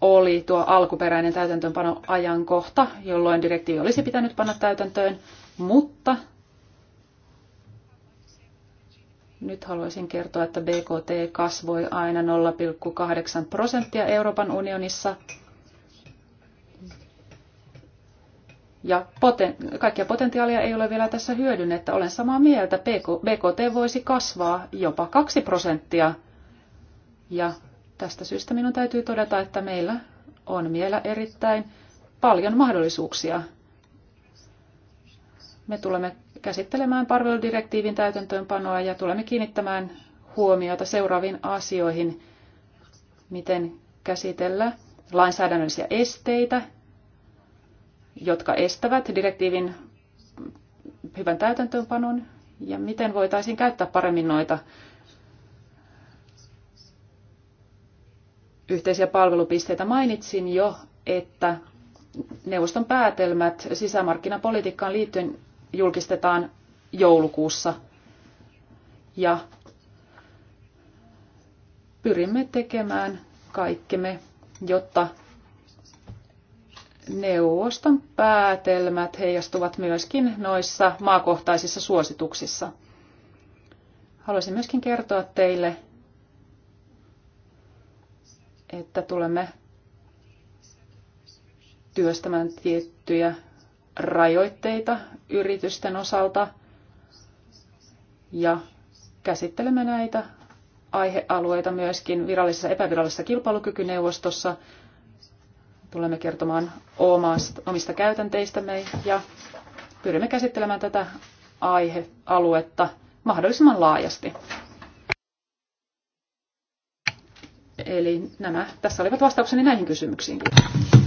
oli tuo alkuperäinen täytäntöönpanoajankohta, jolloin direktiivi olisi pitänyt panna täytäntöön, mutta nyt haluaisin kertoa, että BKT kasvoi aina 0,8 prosenttia Euroopan unionissa. Ja poten, kaikkia potentiaalia ei ole vielä tässä hyödynnettä. Olen samaa mieltä. BKT voisi kasvaa jopa 2 prosenttia. Ja tästä syystä minun täytyy todeta, että meillä on vielä erittäin paljon mahdollisuuksia. Me tulemme käsittelemään palveludirektiivin täytäntöönpanoa ja tulemme kiinnittämään huomiota seuraaviin asioihin, miten käsitellä lainsäädännöllisiä esteitä, jotka estävät direktiivin hyvän täytäntöönpanon, ja miten voitaisiin käyttää paremmin noita yhteisiä palvelupisteitä. Mainitsin jo, että neuvoston päätelmät sisämarkkinapolitiikkaan liittyen julkistetaan joulukuussa. Ja pyrimme tekemään kaikkemme, jotta neuvoston päätelmät heijastuvat myöskin noissa maakohtaisissa suosituksissa. Haluaisin myöskin kertoa teille, että tulemme työstämään tiettyjä rajoitteita yritysten osalta ja käsittelemme näitä aihealueita myöskin virallisessa epävirallisessa kilpailukykyneuvostossa. Tulemme kertomaan omista käytänteistämme ja pyrimme käsittelemään tätä aihealuetta mahdollisimman laajasti. Eli nämä, tässä olivat vastaukseni näihin kysymyksiin.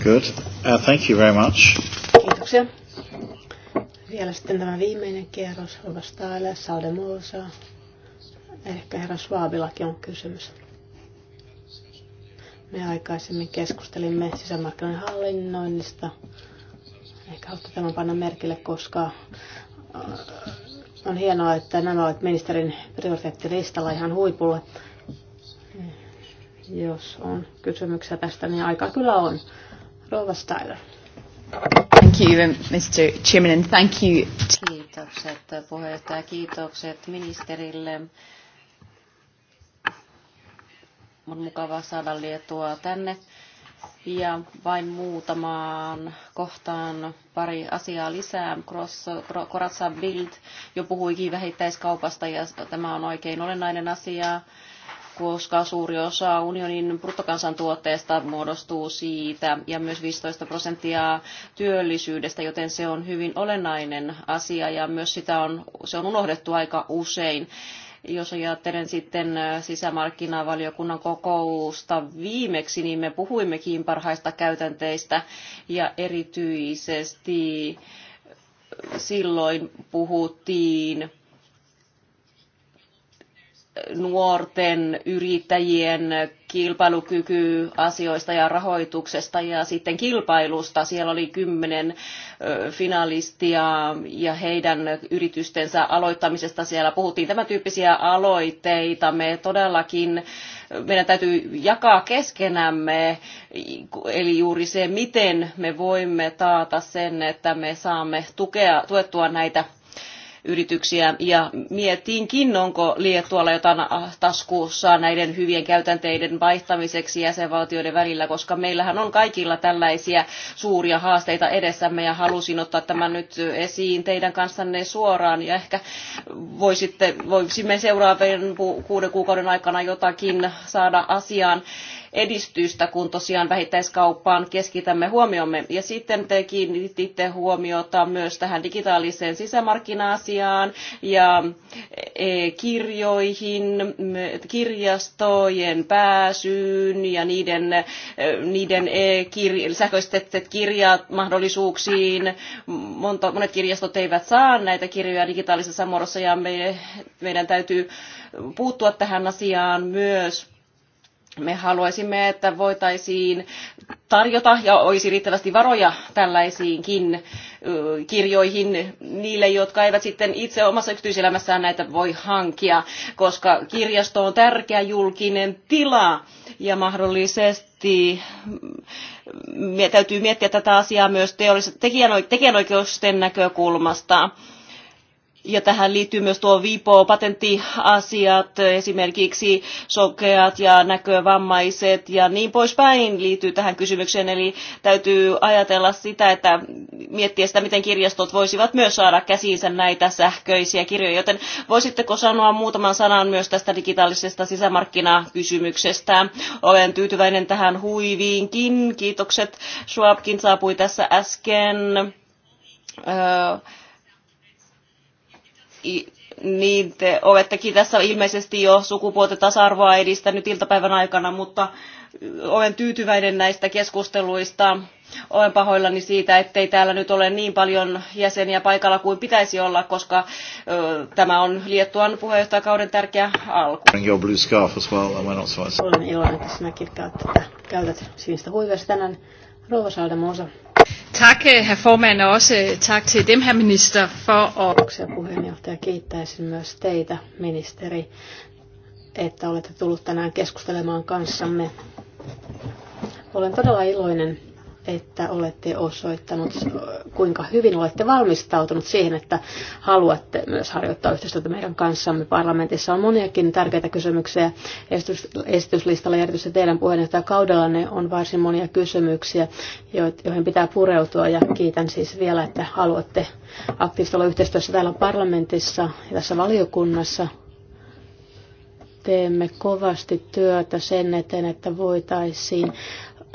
Good. Uh, thank you very much. Kiitoksia. Vielä sitten tämä viimeinen kierros, Rovastaile, Saldemosa. Ehkä herra Schwabillakin on kysymys. Me aikaisemmin keskustelimme sisämarkkinoiden hallinnoinnista. Ehkä haluatte tämän panna merkille, koska äh, on hienoa, että nämä ovat ministerin prioriteettilistalla ihan huipulla. Jos on kysymyksiä tästä, niin aika kyllä on. Rova Styler. Thank you, Mr. Um, Chairman, and thank you. Kiitokset puheenjohtaja, kiitokset ministerille. On mukava saada Lietua tänne. Ja vain muutamaan kohtaan pari asiaa lisää. Koratsa Bild jo puhuikin vähittäiskaupasta ja tämä on oikein olennainen asia koska suuri osa unionin bruttokansantuotteesta muodostuu siitä ja myös 15 prosenttia työllisyydestä, joten se on hyvin olennainen asia ja myös sitä on, se on unohdettu aika usein jos ajattelen sitten sisämarkkinavaliokunnan kokousta viimeksi, niin me puhuimmekin parhaista käytänteistä ja erityisesti silloin puhuttiin nuorten yrittäjien kilpailukykyasioista ja rahoituksesta ja sitten kilpailusta. Siellä oli kymmenen finalistia ja heidän yritystensä aloittamisesta siellä puhuttiin. Tämän tyyppisiä aloitteita me todellakin, meidän täytyy jakaa keskenämme, eli juuri se, miten me voimme taata sen, että me saamme tukea, tuettua näitä yrityksiä ja mietinkin, onko Liettualla jotain taskuussa näiden hyvien käytänteiden vaihtamiseksi jäsenvaltioiden välillä, koska meillähän on kaikilla tällaisia suuria haasteita edessämme ja halusin ottaa tämän nyt esiin teidän kanssanne suoraan ja ehkä voisitte, voisimme seuraavien kuuden kuukauden aikana jotakin saada asiaan edistystä, kun tosiaan vähittäiskauppaan keskitämme huomiomme. Ja sitten te kiinnititte huomiota myös tähän digitaaliseen sisämarkkina-asiaan ja e, kirjoihin, kirjastojen pääsyyn ja niiden, e, niiden e sähköistettet kirjat mahdollisuuksiin. Monta, monet kirjastot eivät saa näitä kirjoja digitaalisessa muodossa ja me, meidän täytyy puuttua tähän asiaan myös me haluaisimme, että voitaisiin tarjota ja olisi riittävästi varoja tällaisiinkin kirjoihin niille, jotka eivät sitten itse omassa yksityiselämässään näitä voi hankkia, koska kirjasto on tärkeä julkinen tila ja mahdollisesti mm, täytyy miettiä tätä asiaa myös tekijänoikeusten näkökulmasta ja tähän liittyy myös tuo VIPO-patenttiasiat, esimerkiksi sokeat ja näkövammaiset ja niin poispäin liittyy tähän kysymykseen. Eli täytyy ajatella sitä, että miettiä sitä, miten kirjastot voisivat myös saada käsiinsä näitä sähköisiä kirjoja. Joten voisitteko sanoa muutaman sanan myös tästä digitaalisesta sisämarkkinakysymyksestä? Olen tyytyväinen tähän huiviinkin. Kiitokset. Schwabkin saapui tässä äsken. Öö, niin te olettekin tässä ilmeisesti jo sukupuolten tasa-arvoa edistänyt iltapäivän aikana, mutta olen tyytyväinen näistä keskusteluista. Olen pahoillani siitä, ettei täällä nyt ole niin paljon jäseniä paikalla kuin pitäisi olla, koska ö, tämä on Liettuan puheenjohtajakauden tärkeä alku. Olen iloinen, että sinäkin käytät, käytät sinistä huivia tänään. Rouva Saldamosa. Tack øh, herr formann, och också øh, tack till dem, här minister, for at... Kiitoksia puheenjohtaja. Kiittäisin myös teitä, ministeri, että olette tullut tänään keskustelemaan kanssamme. Olen todella iloinen että olette osoittanut, kuinka hyvin olette valmistautunut siihen, että haluatte myös harjoittaa yhteistyötä meidän kanssamme. Parlamentissa on moniakin tärkeitä kysymyksiä esityslistalla ja erityisesti teidän ne on varsin monia kysymyksiä, joihin pitää pureutua ja kiitän siis vielä, että haluatte aktiivisesti olla yhteistyössä täällä parlamentissa ja tässä valiokunnassa teemme kovasti työtä sen eteen, että voitaisiin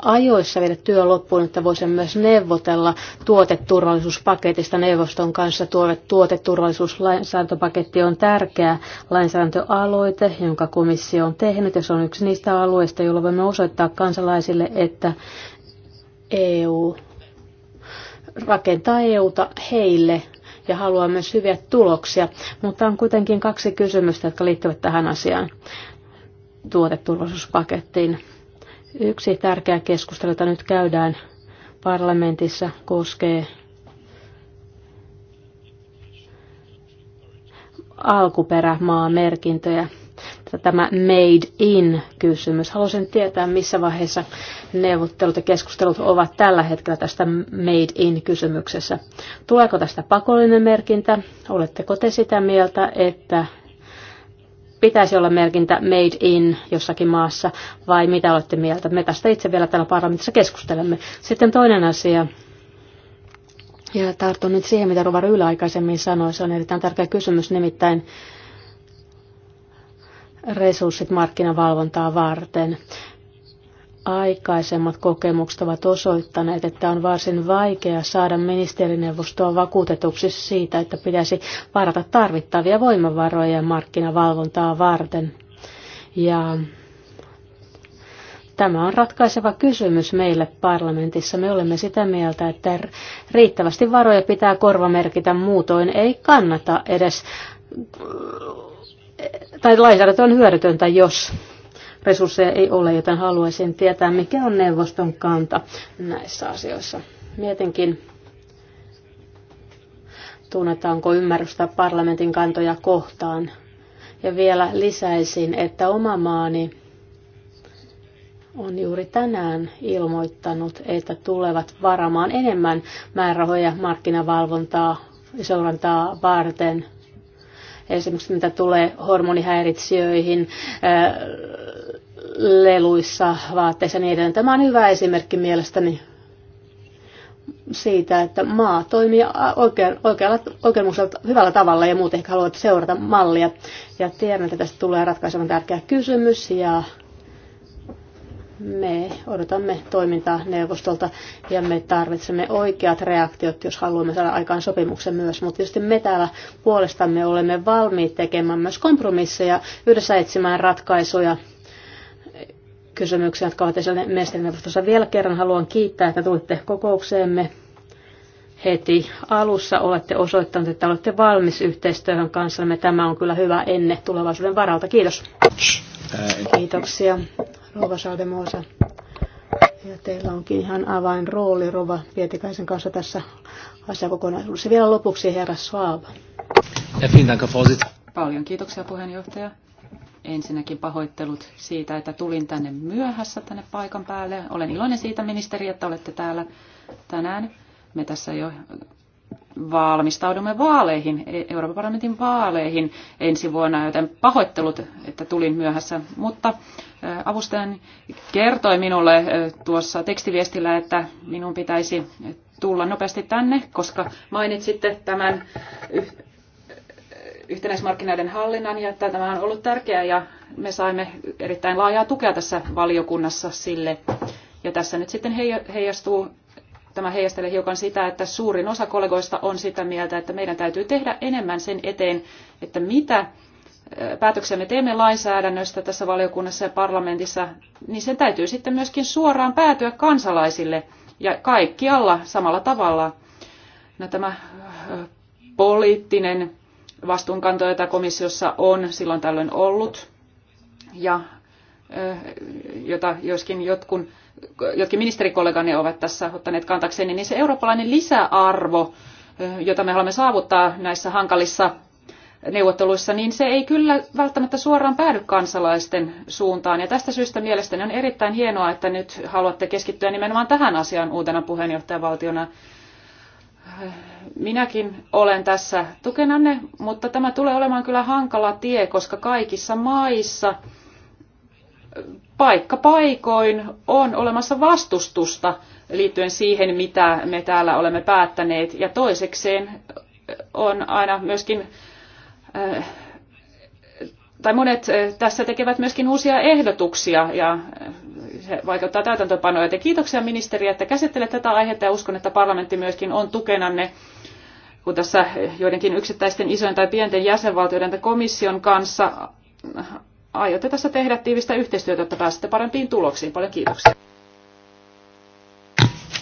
ajoissa viedä työ loppuun, että voisimme myös neuvotella tuoteturvallisuuspaketista neuvoston kanssa. Tuo tuoteturvallisuuslainsäädäntöpaketti on tärkeä lainsäädäntöaloite, jonka komissio on tehnyt, ja se on yksi niistä alueista, joilla voimme osoittaa kansalaisille, että EU rakentaa EUta heille ja haluaa myös hyviä tuloksia, mutta on kuitenkin kaksi kysymystä, jotka liittyvät tähän asiaan tuoteturvallisuuspakettiin Yksi tärkeä keskustelu, jota nyt käydään parlamentissa, koskee alkuperämaamerkintöjä. Tämä made in kysymys. Haluaisin tietää, missä vaiheessa neuvottelut ja keskustelut ovat tällä hetkellä tästä made in kysymyksessä. Tuleeko tästä pakollinen merkintä? Oletteko te sitä mieltä, että pitäisi olla merkintä made in jossakin maassa, vai mitä olette mieltä? Me tästä itse vielä täällä parlamentissa keskustelemme. Sitten toinen asia, ja tartun nyt siihen, mitä Ruvar Ylä aikaisemmin sanoi, se on erittäin tärkeä kysymys, nimittäin resurssit markkinavalvontaa varten. Aikaisemmat kokemukset ovat osoittaneet, että on varsin vaikea saada ministerineuvostoa vakuutetuksi siitä, että pitäisi varata tarvittavia voimavaroja markkinavalvontaa varten. Ja Tämä on ratkaiseva kysymys meille parlamentissa. Me olemme sitä mieltä, että riittävästi varoja pitää korvamerkitä, muutoin ei kannata edes, tai lainsäädäntö on hyödytöntä, jos resursseja ei ole, joten haluaisin tietää, mikä on neuvoston kanta näissä asioissa. Mietinkin, tunnetaanko ymmärrystä parlamentin kantoja kohtaan. Ja vielä lisäisin, että oma maani on juuri tänään ilmoittanut, että tulevat varamaan enemmän määrärahoja markkinavalvontaa ja seurantaa varten. Esimerkiksi mitä tulee hormonihäiritsijöihin, leluissa, vaatteissa ja niin edelleen. Tämä on hyvä esimerkki mielestäni siitä, että maa toimii oikein, oikealla, oikeudenmukaisella hyvällä tavalla ja muut ehkä haluavat seurata mallia. Ja tiedän, että tästä tulee ratkaisevan tärkeä kysymys ja me odotamme toimintaa neuvostolta ja me tarvitsemme oikeat reaktiot, jos haluamme saada aikaan sopimuksen myös. Mutta tietysti me täällä puolestamme olemme valmiit tekemään myös kompromisseja, yhdessä etsimään ratkaisuja kysymyksiä, jotka ovat esille ministerineuvostossa. Vielä kerran haluan kiittää, että tulitte kokoukseemme heti alussa. Olette osoittaneet, että olette valmis yhteistyöhön kanssamme. Tämä on kyllä hyvä ennen tulevaisuuden varalta. Kiitos. Kiitoksia, Rova Saldemosa. Ja teillä onkin ihan avainrooli Rova Pietikäisen kanssa tässä asiakokonaisuudessa. Vielä lopuksi herra Schwab. Paljon kiitoksia puheenjohtaja. Ensinnäkin pahoittelut siitä, että tulin tänne myöhässä tänne paikan päälle. Olen iloinen siitä, ministeri, että olette täällä tänään. Me tässä jo valmistaudumme vaaleihin, e- Euroopan parlamentin vaaleihin ensi vuonna, joten pahoittelut, että tulin myöhässä. Mutta avustajan kertoi minulle tuossa tekstiviestillä, että minun pitäisi tulla nopeasti tänne, koska mainitsitte tämän yhtenäismarkkinoiden hallinnan ja tämä on ollut tärkeää ja me saimme erittäin laajaa tukea tässä valiokunnassa sille. Ja tässä nyt sitten heijastuu, tämä heijastelee hiukan sitä, että suurin osa kollegoista on sitä mieltä, että meidän täytyy tehdä enemmän sen eteen, että mitä päätöksiä me teemme lainsäädännöstä tässä valiokunnassa ja parlamentissa, niin sen täytyy sitten myöskin suoraan päätyä kansalaisille ja kaikkialla samalla tavalla. No, tämä poliittinen vastuunkanto, jota komissiossa on silloin tällöin ollut, ja jota joskin jotkun, jotkin ministerikollegani ovat tässä ottaneet kantakseen, niin se eurooppalainen lisäarvo, jota me haluamme saavuttaa näissä hankalissa neuvotteluissa, niin se ei kyllä välttämättä suoraan päädy kansalaisten suuntaan. Ja tästä syystä mielestäni on erittäin hienoa, että nyt haluatte keskittyä nimenomaan tähän asiaan uutena puheenjohtajavaltiona minäkin olen tässä tukenanne, mutta tämä tulee olemaan kyllä hankala tie, koska kaikissa maissa paikka paikoin on olemassa vastustusta liittyen siihen, mitä me täällä olemme päättäneet. Ja toisekseen on aina myöskin äh, tai monet eh, tässä tekevät myöskin uusia ehdotuksia ja eh, se vaikuttaa täytäntöpanoja. Ja kiitoksia ministeri, että käsittelet tätä aihetta ja uskon, että parlamentti myöskin on tukenanne, kun tässä eh, joidenkin yksittäisten isojen tai pienten jäsenvaltioiden tai komission kanssa aiotte tässä tehdä tiivistä yhteistyötä, että pääsette parempiin tuloksiin. Paljon kiitoksia.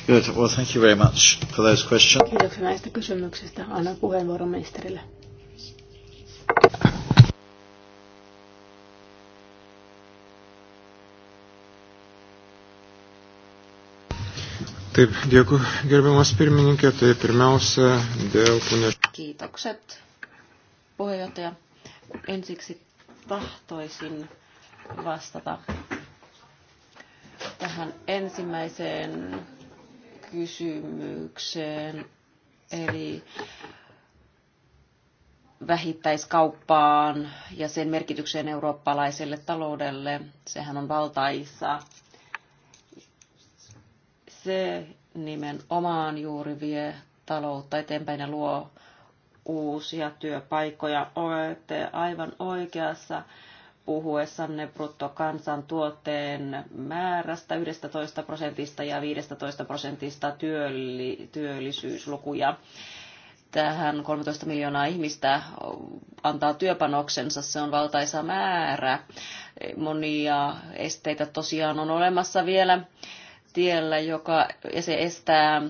Good. Well, thank you very much for those questions. Kiitoksia näistä kysymyksistä. Annan puheenvuoron ministerille. Taip, dėkui, gerbiamas pirmininkė. Tai pirmiausia, dėl punės. Kiitokset, puheenjohtaja. Ensiksi tahtoisin vastata tähän ensimmäiseen kysymykseen, eli vähittäiskauppaan ja sen merkitykseen eurooppalaiselle taloudelle. Sehän on valtaisa se nimenomaan juuri vie taloutta eteenpäin ja luo uusia työpaikkoja. Olette aivan oikeassa puhuessanne bruttokansantuotteen määrästä 11 prosentista ja 15 prosentista työlli, työllisyyslukuja. Tähän 13 miljoonaa ihmistä antaa työpanoksensa, se on valtaisa määrä. Monia esteitä tosiaan on olemassa vielä tiellä, joka ja se estää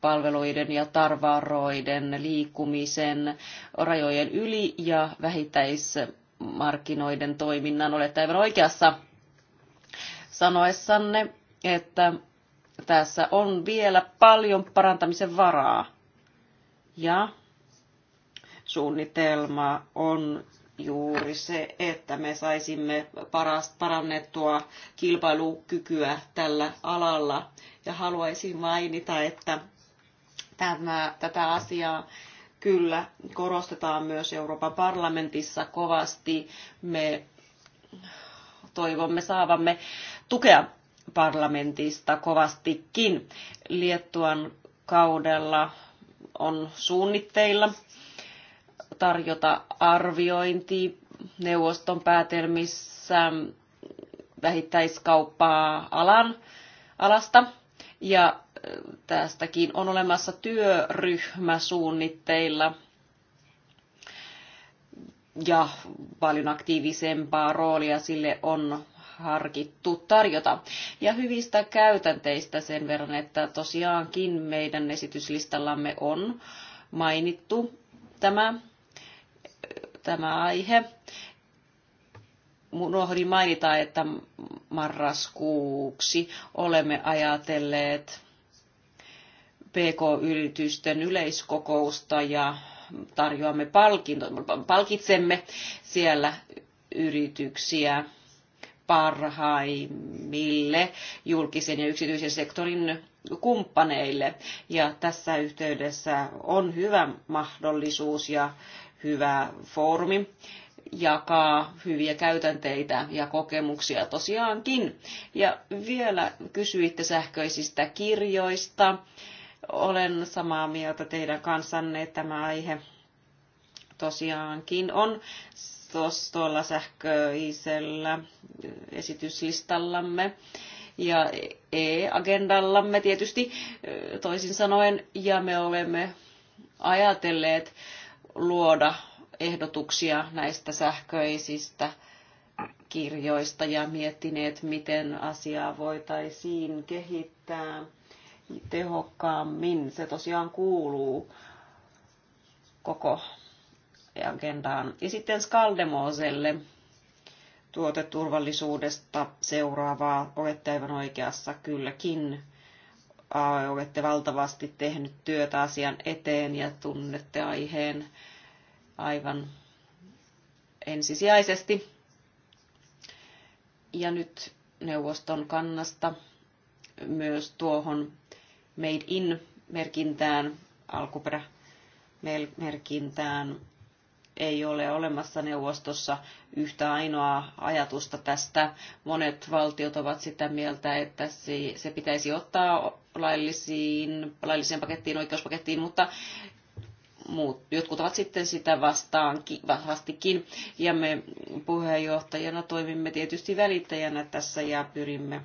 palveluiden ja tarvaroiden liikkumisen rajojen yli ja vähittäismarkkinoiden toiminnan. Olette aivan oikeassa sanoessanne, että tässä on vielä paljon parantamisen varaa. Ja suunnitelma on juuri se, että me saisimme paras, parannettua kilpailukykyä tällä alalla. Ja haluaisin mainita, että tämä, tätä asiaa kyllä korostetaan myös Euroopan parlamentissa kovasti. Me toivomme saavamme tukea parlamentista kovastikin. Liettuan kaudella on suunnitteilla tarjota arviointi neuvoston päätelmissä vähittäiskauppaa alan, alasta. Ja tästäkin on olemassa työryhmä suunnitteilla ja paljon aktiivisempaa roolia sille on harkittu tarjota. Ja hyvistä käytänteistä sen verran, että tosiaankin meidän esityslistallamme on mainittu tämä tämä aihe. Unohdin mainita, että marraskuuksi olemme ajatelleet PK-yritysten yleiskokousta ja tarjoamme palkinto, palkitsemme siellä yrityksiä parhaimmille julkisen ja yksityisen sektorin kumppaneille. Ja tässä yhteydessä on hyvä mahdollisuus ja hyvä foorumi jakaa hyviä käytänteitä ja kokemuksia tosiaankin. Ja vielä kysyitte sähköisistä kirjoista. Olen samaa mieltä teidän kanssanne, että tämä aihe tosiaankin on tuolla sähköisellä esityslistallamme ja e-agendallamme tietysti toisin sanoen, ja me olemme ajatelleet luoda ehdotuksia näistä sähköisistä kirjoista ja miettineet, miten asiaa voitaisiin kehittää tehokkaammin. Se tosiaan kuuluu koko agendaan. Ja sitten Skaldemoselle tuoteturvallisuudesta seuraavaa. Olette aivan oikeassa kylläkin olette valtavasti tehnyt työtä asian eteen ja tunnette aiheen aivan ensisijaisesti. Ja nyt neuvoston kannasta myös tuohon Made in-merkintään, alkuperämerkintään ei ole olemassa neuvostossa yhtä ainoaa ajatusta tästä. Monet valtiot ovat sitä mieltä, että se pitäisi ottaa laillisiin, lailliseen pakettiin, oikeuspakettiin, mutta muut, jotkut ovat sitten sitä vastaan, vastikin. Ja me puheenjohtajana toimimme tietysti välittäjänä tässä ja pyrimme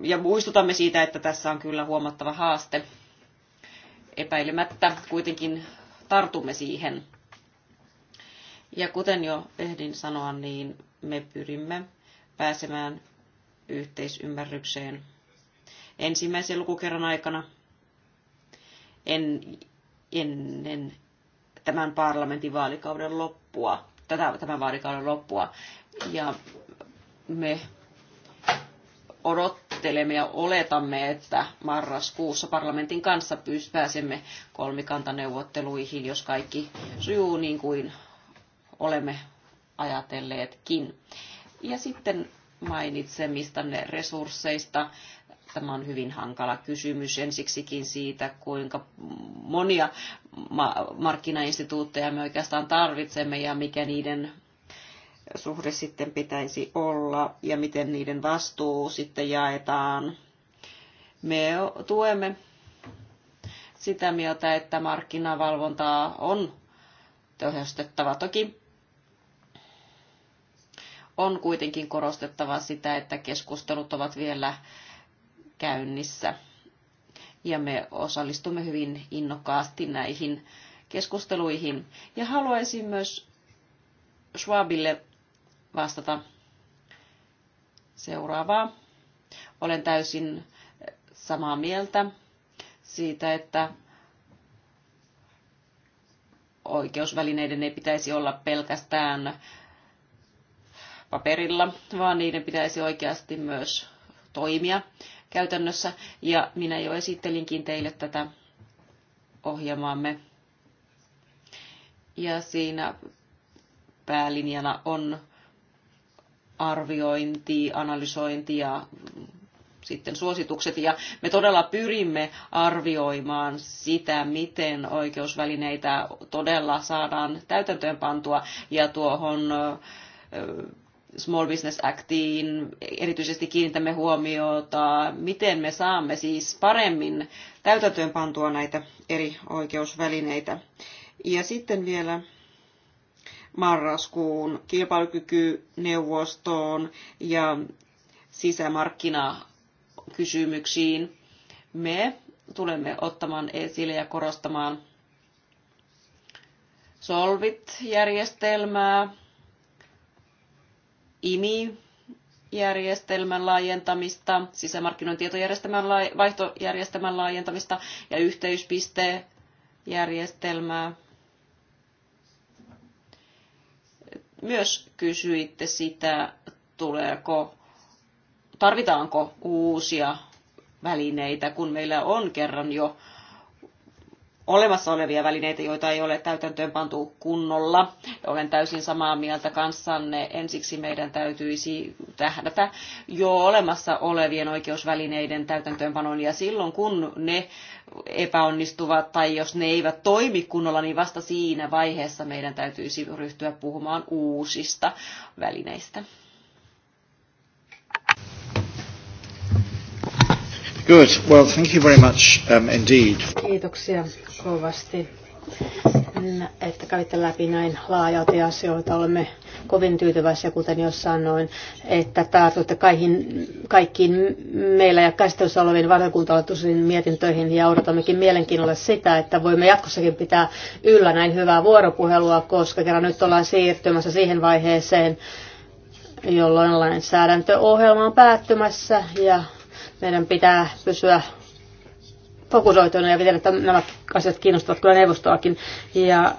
ja muistutamme siitä, että tässä on kyllä huomattava haaste epäilemättä kuitenkin tartumme siihen. Ja kuten jo ehdin sanoa, niin me pyrimme pääsemään yhteisymmärrykseen ensimmäisen lukukerran aikana en, ennen tämän parlamentin vaalikauden loppua, tätä, tämän vaalikauden loppua. Ja me odot, odottelemme ja oletamme, että marraskuussa parlamentin kanssa pääsemme kolmikantaneuvotteluihin, jos kaikki sujuu niin kuin olemme ajatelleetkin. Ja sitten mainitsemistanne resursseista. Tämä on hyvin hankala kysymys ensiksikin siitä, kuinka monia markkinainstituutteja me oikeastaan tarvitsemme ja mikä niiden suhde sitten pitäisi olla ja miten niiden vastuu sitten jaetaan. Me tuemme sitä mieltä, että markkinavalvontaa on tehostettava. Toki on kuitenkin korostettava sitä, että keskustelut ovat vielä käynnissä. Ja me osallistumme hyvin innokkaasti näihin keskusteluihin. Ja haluaisin myös Schwabille vastata seuraavaa. Olen täysin samaa mieltä siitä, että oikeusvälineiden ei pitäisi olla pelkästään paperilla, vaan niiden pitäisi oikeasti myös toimia käytännössä. Ja minä jo esittelinkin teille tätä ohjelmaamme. Ja siinä päälinjana on arviointi, analysointi ja sitten suositukset. Ja me todella pyrimme arvioimaan sitä, miten oikeusvälineitä todella saadaan täytäntöön pantua ja tuohon Small Business Actiin erityisesti kiinnitämme huomiota, miten me saamme siis paremmin täytäntöön pantua näitä eri oikeusvälineitä. Ja sitten vielä marraskuun kilpailukykyneuvostoon ja sisämarkkinakysymyksiin. Me tulemme ottamaan esille ja korostamaan Solvit-järjestelmää, IMI-järjestelmän laajentamista, sisämarkkinoiden tietojärjestelmän vaihtojärjestelmän laajentamista ja yhteyspistejärjestelmää myös kysyitte sitä, tuleeko, tarvitaanko uusia välineitä, kun meillä on kerran jo olemassa olevia välineitä, joita ei ole täytäntöön pantu kunnolla. Olen täysin samaa mieltä kanssanne. Ensiksi meidän täytyisi tähdätä jo olemassa olevien oikeusvälineiden täytäntöönpanon ja silloin kun ne epäonnistuvat tai jos ne eivät toimi kunnolla, niin vasta siinä vaiheessa meidän täytyisi ryhtyä puhumaan uusista välineistä. Good. Well, thank you very much um, indeed. Kiitoksia kovasti, että kävitte läpi näin laajalti asioita. Olemme kovin tyytyväisiä, kuten jo sanoin, että tartutte kaikkiin, kaikkiin meillä ja käsittelyssä oleviin valiokuntalaatuisiin mietintöihin ja odotammekin mielenkiinnolla sitä, että voimme jatkossakin pitää yllä näin hyvää vuoropuhelua, koska kerran nyt ollaan siirtymässä siihen vaiheeseen, jolloin lainsäädäntöohjelma on päättymässä ja meidän pitää pysyä fokusoituneena ja tiedän, että nämä asiat kiinnostavat kyllä neuvostoakin. Ja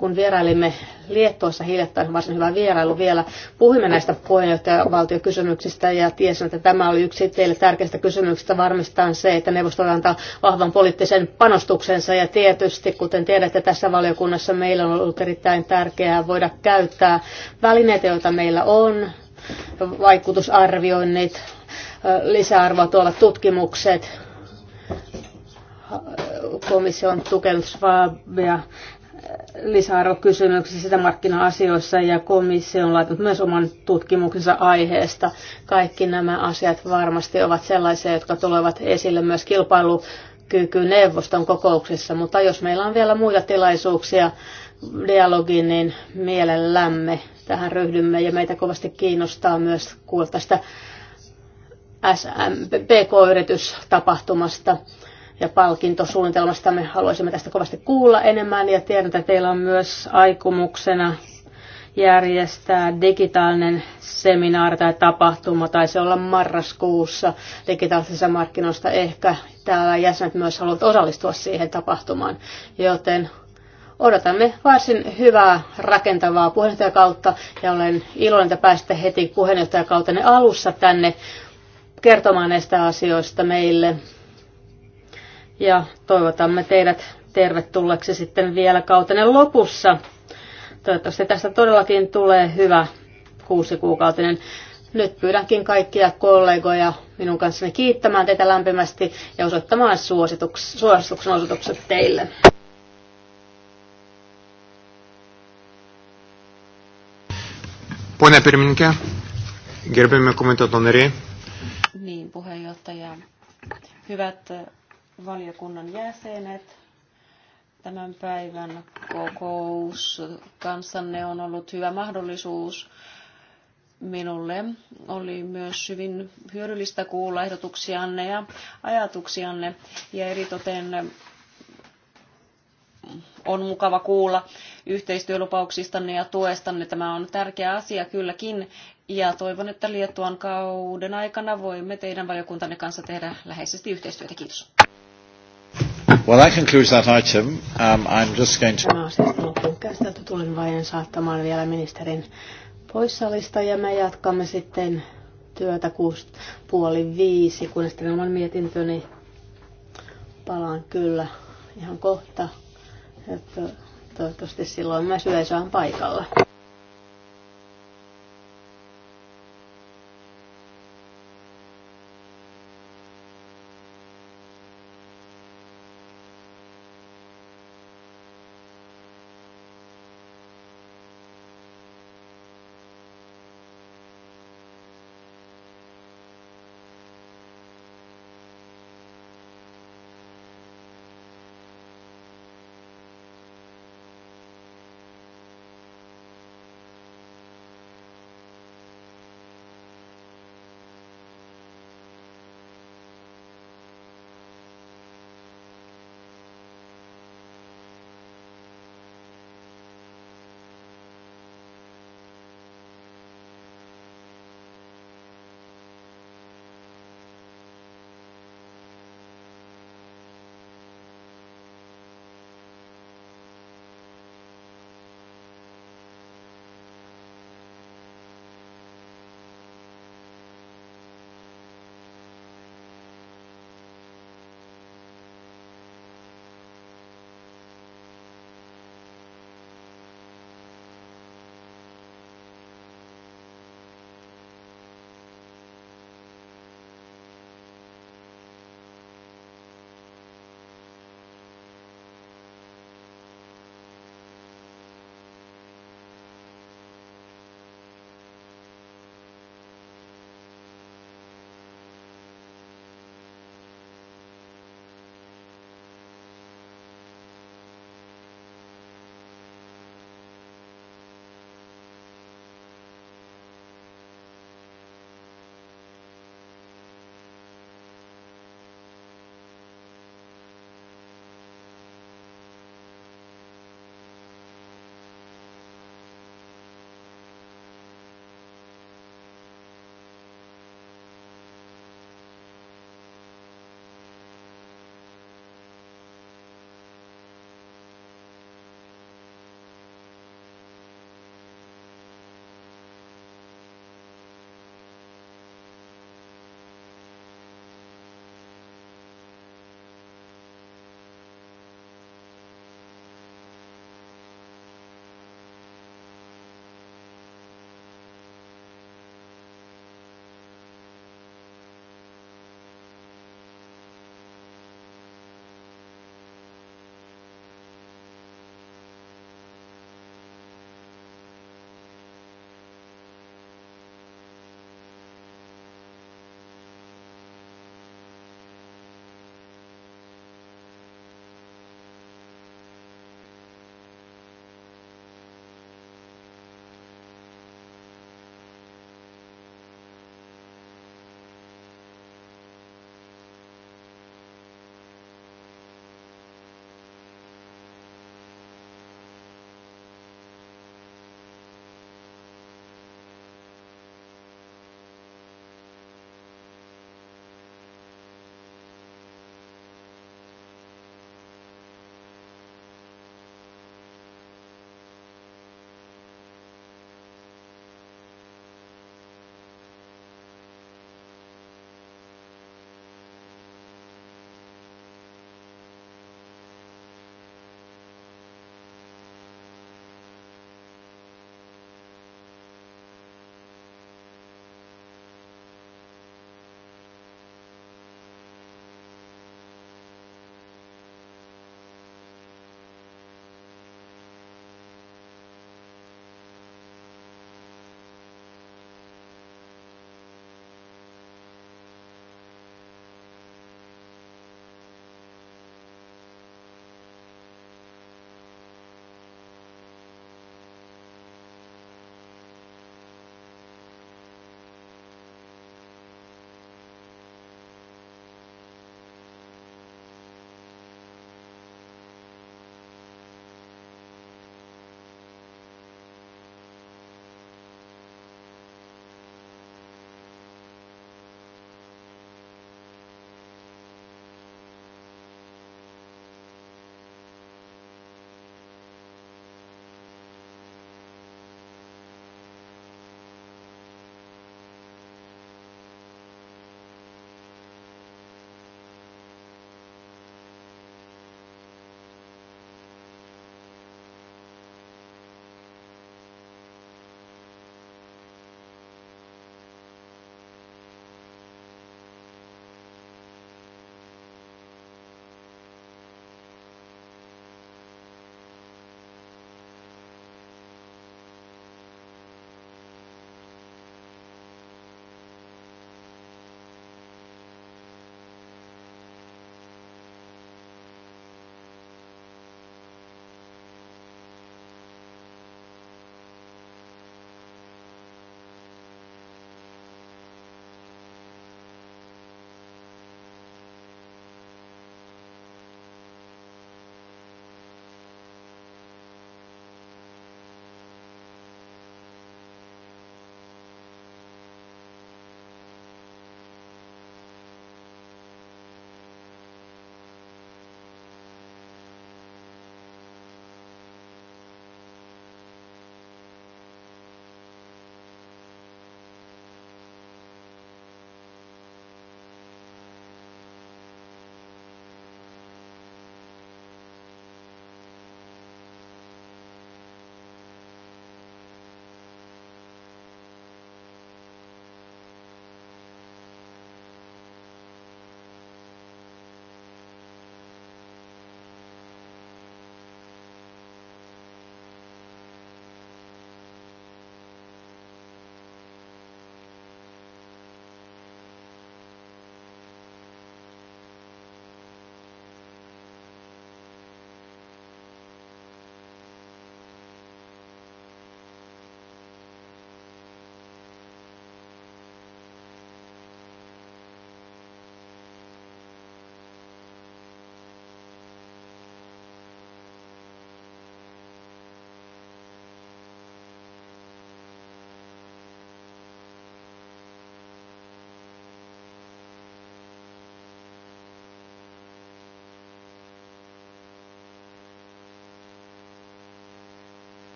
kun vierailimme Liettuossa hiljattain, varsin hyvä vierailu vielä, puhuimme näistä puheenjohtajavaltiokysymyksistä ja tiesin, että tämä oli yksi teille tärkeistä kysymyksistä varmistaa se, että neuvosto antaa vahvan poliittisen panostuksensa ja tietysti, kuten tiedätte, tässä valiokunnassa meillä on ollut erittäin tärkeää voida käyttää välineitä, joita meillä on, vaikutusarvioinnit, lisäarvoa tuolla tutkimukset. Komissio on tukenut Schwabia lisäarvokysymyksissä sitä markkina-asioissa ja komissio on laittanut myös oman tutkimuksensa aiheesta. Kaikki nämä asiat varmasti ovat sellaisia, jotka tulevat esille myös kilpailukykyneuvoston kokouksessa, mutta jos meillä on vielä muita tilaisuuksia dialogiin, niin mielellämme tähän ryhdymme ja meitä kovasti kiinnostaa myös kuulla tästä pk yritystapahtumasta ja palkintosuunnitelmasta. Me haluaisimme tästä kovasti kuulla enemmän ja tiedän, että teillä on myös aikomuksena järjestää digitaalinen seminaari tai tapahtuma, tai se olla marraskuussa digitaalisessa markkinoista. Ehkä täällä jäsenet myös haluavat osallistua siihen tapahtumaan, joten Odotamme varsin hyvää rakentavaa puheenjohtajakautta ja olen iloinen, että pääsitte heti puheenjohtajakautenne alussa tänne kertomaan näistä asioista meille. Ja toivotamme teidät tervetulleeksi sitten vielä kautenne lopussa. Toivottavasti tästä todellakin tulee hyvä kuusi kuukautinen. Nyt pyydänkin kaikkia kollegoja minun kanssani kiittämään teitä lämpimästi ja osoittamaan suosituksen, suosituksen osoitukset teille. Pone pirmininkė, gerbėme komiteto nariai. Niin, puheenjohtaja. Hyvät eh, valiokunnan jäsenet, tämän päivän kokous kanssanne on ollut hyvä mahdollisuus minulle. Oli myös hyvin hyödyllistä kuulla ehdotuksianne ja ajatuksianne ja eritoten on mukava kuulla yhteistyölupauksistanne ja tuestanne. Tämä on tärkeä asia kylläkin ja toivon, että Liettuan kauden aikana voimme teidän valiokuntanne kanssa tehdä läheisesti yhteistyötä. Kiitos. Well, that concludes that item. Um, I'm just going to... Tämä asiasta loppuun käsitelty. Tulin vain saattamaan vielä ministerin pois salista ja me jatkamme sitten työtä kuusi, puoli viisi, kun sitten oman mietintöni palaan kyllä ihan kohta. Että toivottavasti silloin myös yleisö on paikalla.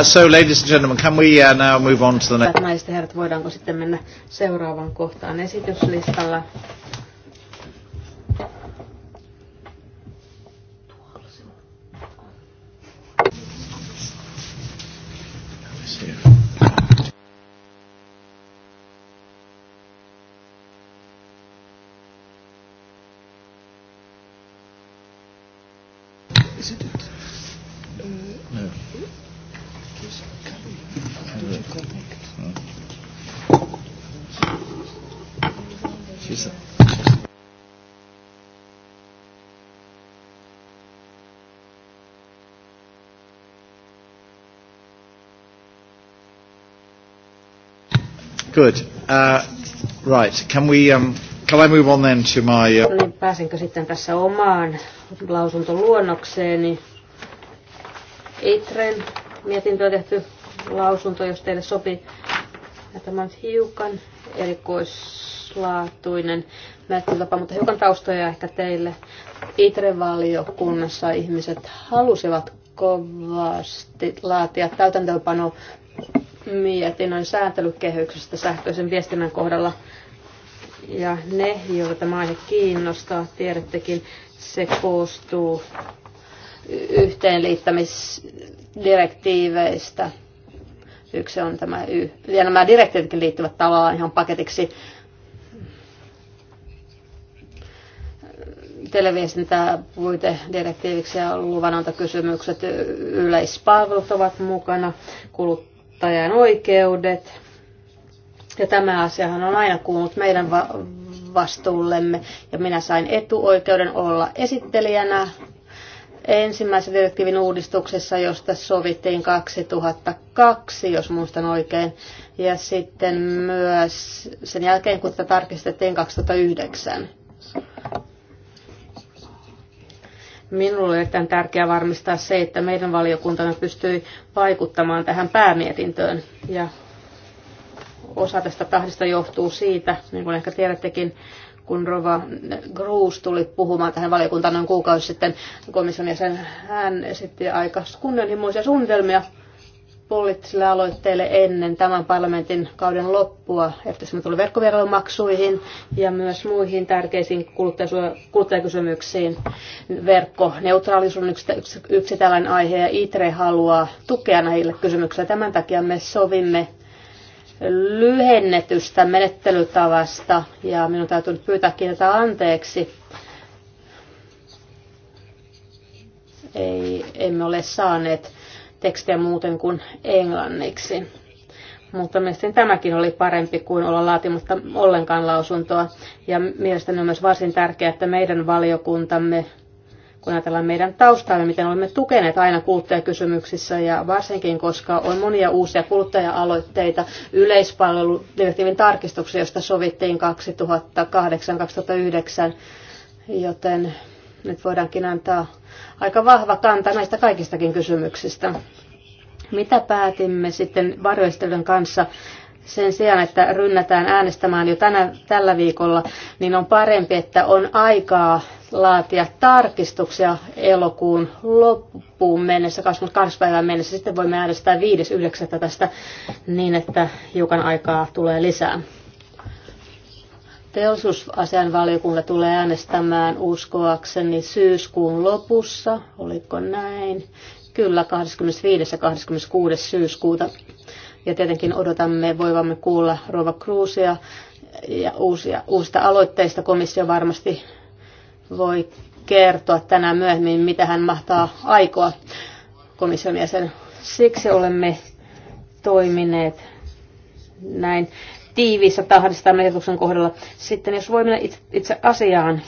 Uh, so, ladies and gentlemen, can we uh, now move on to the next... Naiset herrat, voidaanko sitten mennä seuraavan kohtaan esityslistalla? Good. Uh, right. Can we, um, can I move on then to my... Uh... No niin pääsenkö sitten tässä omaan lausuntoluonnokseeni? Niin Itren mietintö on tehty lausunto, jos teille sopii. Ja tämä on hiukan erikoislaatuinen menettelytapa, mutta hiukan taustoja ehkä teille. Itren valiokunnassa ihmiset halusivat kovasti laatia täytäntöönpano mietinnön sääntelykehyksestä sähköisen viestinnän kohdalla. Ja ne, joita tämä aihe kiinnostaa, tiedättekin, se koostuu yhteenliittämisdirektiiveistä. Yksi on tämä, y- ja nämä direktiivitkin liittyvät tavallaan ihan paketiksi televiestintää puitedirektiiviksi ja luvanantokysymykset. yleispalvelut ovat mukana, kulut kuluttajan oikeudet. Ja tämä asiahan on aina kuulunut meidän va- vastuullemme. Ja minä sain etuoikeuden olla esittelijänä ensimmäisen direktiivin uudistuksessa, josta sovittiin 2002, jos muistan oikein. Ja sitten myös sen jälkeen, kun tätä tarkistettiin 2009. Minulle on erittäin tärkeää varmistaa se, että meidän valiokuntamme pystyy vaikuttamaan tähän päämietintöön. Ja osa tästä tahdista johtuu siitä, niin kuin ehkä tiedättekin, kun Rova Gruus tuli puhumaan tähän valiokuntaan noin kuukausi sitten komission jäsen, hän esitti aika kunnianhimoisia suunnitelmia poliittisille aloitteille ennen tämän parlamentin kauden loppua, että se tuli verkkovierailumaksuihin ja myös muihin tärkeisiin kuluttajakysymyksiin. Verkkoneutraalisuus on yksi, yksi tällainen aihe ja ITRE haluaa tukea näille kysymyksille. Tämän takia me sovimme lyhennetystä menettelytavasta ja minun täytyy nyt pyytääkin tätä anteeksi. Ei, emme ole saaneet tekstejä muuten kuin englanniksi. Mutta mielestäni tämäkin oli parempi kuin olla laatimatta ollenkaan lausuntoa. Ja mielestäni on myös varsin tärkeää, että meidän valiokuntamme, kun ajatellaan meidän taustaamme, miten olemme tukeneet aina kuluttajakysymyksissä ja varsinkin, koska on monia uusia kuluttaja-aloitteita yleispalveludirektiivin tarkistuksia, josta sovittiin 2008-2009, joten nyt voidaankin antaa aika vahva kanta näistä kaikistakin kysymyksistä. Mitä päätimme sitten varjoistelun kanssa? sen sijaan, että rynnätään äänestämään jo tänä, tällä viikolla, niin on parempi, että on aikaa laatia tarkistuksia elokuun loppuun mennessä, 22. päivän mennessä. Sitten voimme äänestää 5.9. tästä niin, että hiukan aikaa tulee lisää. Teollisuusasianvaliokunta tulee äänestämään uskoakseni syyskuun lopussa, oliko näin? Kyllä, 25. ja 26. syyskuuta. Ja tietenkin odotamme, voivamme kuulla Rova Cruzia ja uusia, uusista aloitteista. Komissio varmasti voi kertoa tänään myöhemmin, mitä hän mahtaa aikoa komission jäsen. Siksi olemme toimineet näin tiiviissä tahdissa tämän ehdotuksen kohdalla. Sitten jos voimme itse asiaan.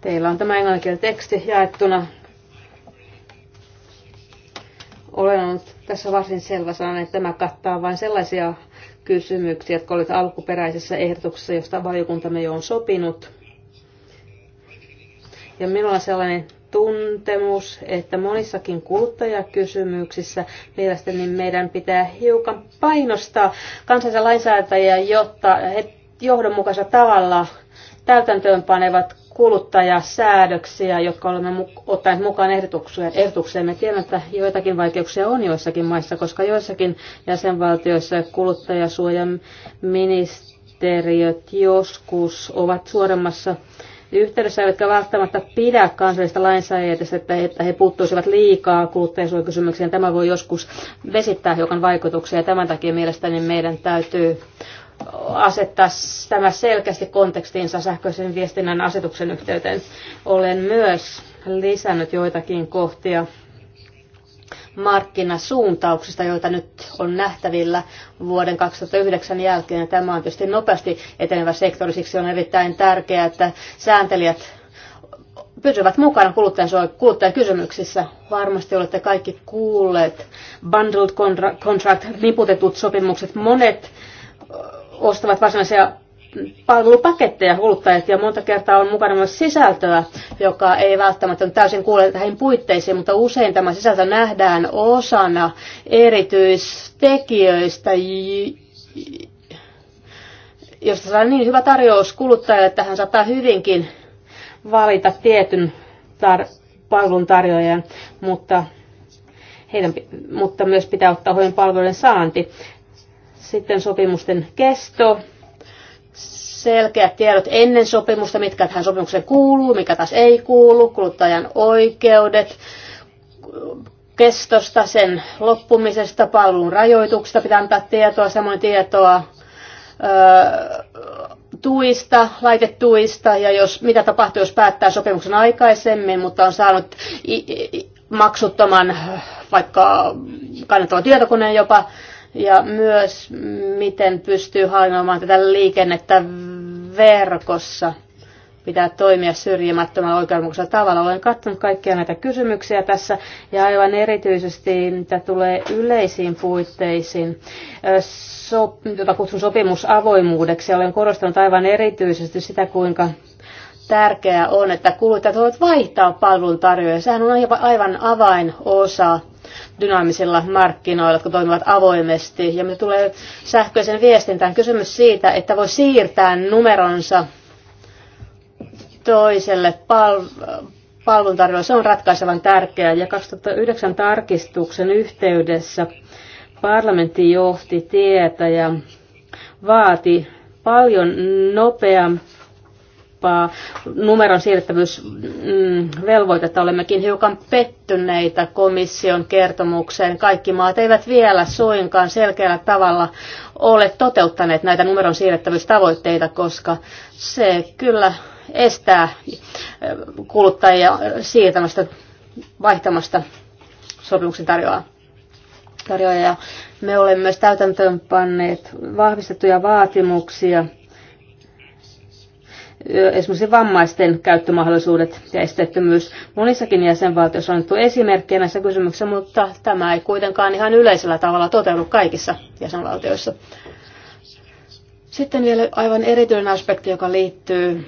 Teillä on tämä englanninkielinen teksti jaettuna. Olen ollut tässä varsin selvä sanan, että tämä kattaa vain sellaisia kysymyksiä, jotka olivat alkuperäisessä ehdotuksessa, josta valiokuntamme jo on sopinut. Ja minulla on sellainen tuntemus, että monissakin kuluttajakysymyksissä mielestäni meidän pitää hiukan painostaa kansallisia lainsäätäjiä, jotta he johdonmukaisella tavalla täytäntöön panevat kuluttajasäädöksiä, jotka olemme ottaneet mukaan ehdotukseen. ehdotukseen. Me tiedämme, että joitakin vaikeuksia on joissakin maissa, koska joissakin jäsenvaltioissa kuluttajasuojan ministeriöt joskus ovat suoremmassa yhteydessä, jotka välttämättä pidä kansallista lainsäädäntöä, että, että he puuttuisivat liikaa kuluttajansuojakysymykseen. Tämä voi joskus vesittää hiukan vaikutuksia, ja tämän takia mielestäni meidän täytyy asettaa tämä selkeästi kontekstiinsa sähköisen viestinnän asetuksen yhteyteen. Olen myös lisännyt joitakin kohtia markkinasuuntauksista, joita nyt on nähtävillä vuoden 2009 jälkeen. Ja tämä on tietysti nopeasti etenevä sektori, siksi on erittäin tärkeää, että sääntelijät pysyvät mukana kuluttajakysymyksissä. Varmasti olette kaikki kuulleet bundled contract, niputetut sopimukset. Monet ostavat varsinaisia palvelupaketteja kuluttajat ja monta kertaa on mukana myös sisältöä, joka ei välttämättä täysin kuule tähän puitteisiin, mutta usein tämä sisältö nähdään osana erityistekijöistä, josta saa niin hyvä tarjous kuluttajalle, että hän saattaa hyvinkin valita tietyn tar- palvelun tarjoajan, mutta, heidän, mutta myös pitää ottaa huomioon palvelujen saanti. Sitten sopimusten kesto, selkeät tiedot ennen sopimusta, mitkä tähän sopimukseen kuuluu, mikä taas ei kuulu, kuluttajan oikeudet, kestosta, sen loppumisesta, palvelun rajoituksista pitää antaa tietoa, samoin tietoa tuista, laitetuista ja jos, mitä tapahtuu, jos päättää sopimuksen aikaisemmin, mutta on saanut maksuttoman vaikka kannattavan tietokoneen jopa, ja myös miten pystyy hallinnoimaan tätä liikennettä verkossa. Pitää toimia syrjimättömällä oikeudenmukaisella tavalla. Olen katsonut kaikkia näitä kysymyksiä tässä ja aivan erityisesti mitä tulee yleisiin puitteisiin, so, jota kutsun sopimusavoimuudeksi. Olen korostanut aivan erityisesti sitä, kuinka tärkeää on, että kuluttajat voivat vaihtaa palveluntarjoajia. Sehän on aivan avainosa dynaamisilla markkinoilla, jotka toimivat avoimesti. Ja mitä tulee sähköisen viestintään, kysymys siitä, että voi siirtää numeronsa toiselle pal- palveluntarjoajalle, se on ratkaisevan tärkeää. Ja 2009 tarkistuksen yhteydessä parlamentti johti tietä ja vaati paljon nopeampaa tiukempaa numeron siirrettävyysvelvoitetta. Olemmekin hiukan pettyneitä komission kertomukseen. Kaikki maat eivät vielä suinkaan selkeällä tavalla ole toteuttaneet näitä numeron siirrettävyystavoitteita, koska se kyllä estää eh, kuluttajia siirtämästä, vaihtamasta sopimuksen tarjoaa Tarjoaja. Me olemme myös täytäntöönpanneet vahvistettuja vaatimuksia esimerkiksi vammaisten käyttömahdollisuudet ja esteettömyys. Monissakin jäsenvaltioissa on annettu esimerkkejä näissä kysymyksissä, mutta tämä ei kuitenkaan ihan yleisellä tavalla toteudu kaikissa jäsenvaltioissa. Sitten vielä aivan erityinen aspekti, joka liittyy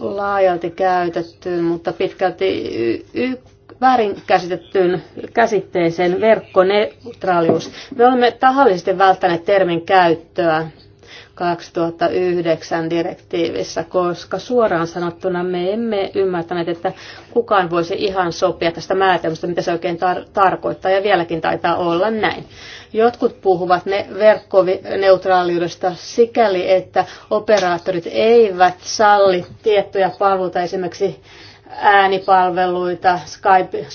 laajalti käytettyyn, mutta pitkälti y- väärin käsitettyyn käsitteeseen verkkoneutraalius. Me olemme tahallisesti välttäneet termin käyttöä 2009 direktiivissä, koska suoraan sanottuna me emme ymmärtäneet, että kukaan voisi ihan sopia tästä määritelmästä, mitä se oikein tar- tarkoittaa, ja vieläkin taitaa olla näin. Jotkut puhuvat ne verkkoneutraaliudesta sikäli, että operaattorit eivät salli tiettyjä palveluita, esimerkiksi äänipalveluita, Skype,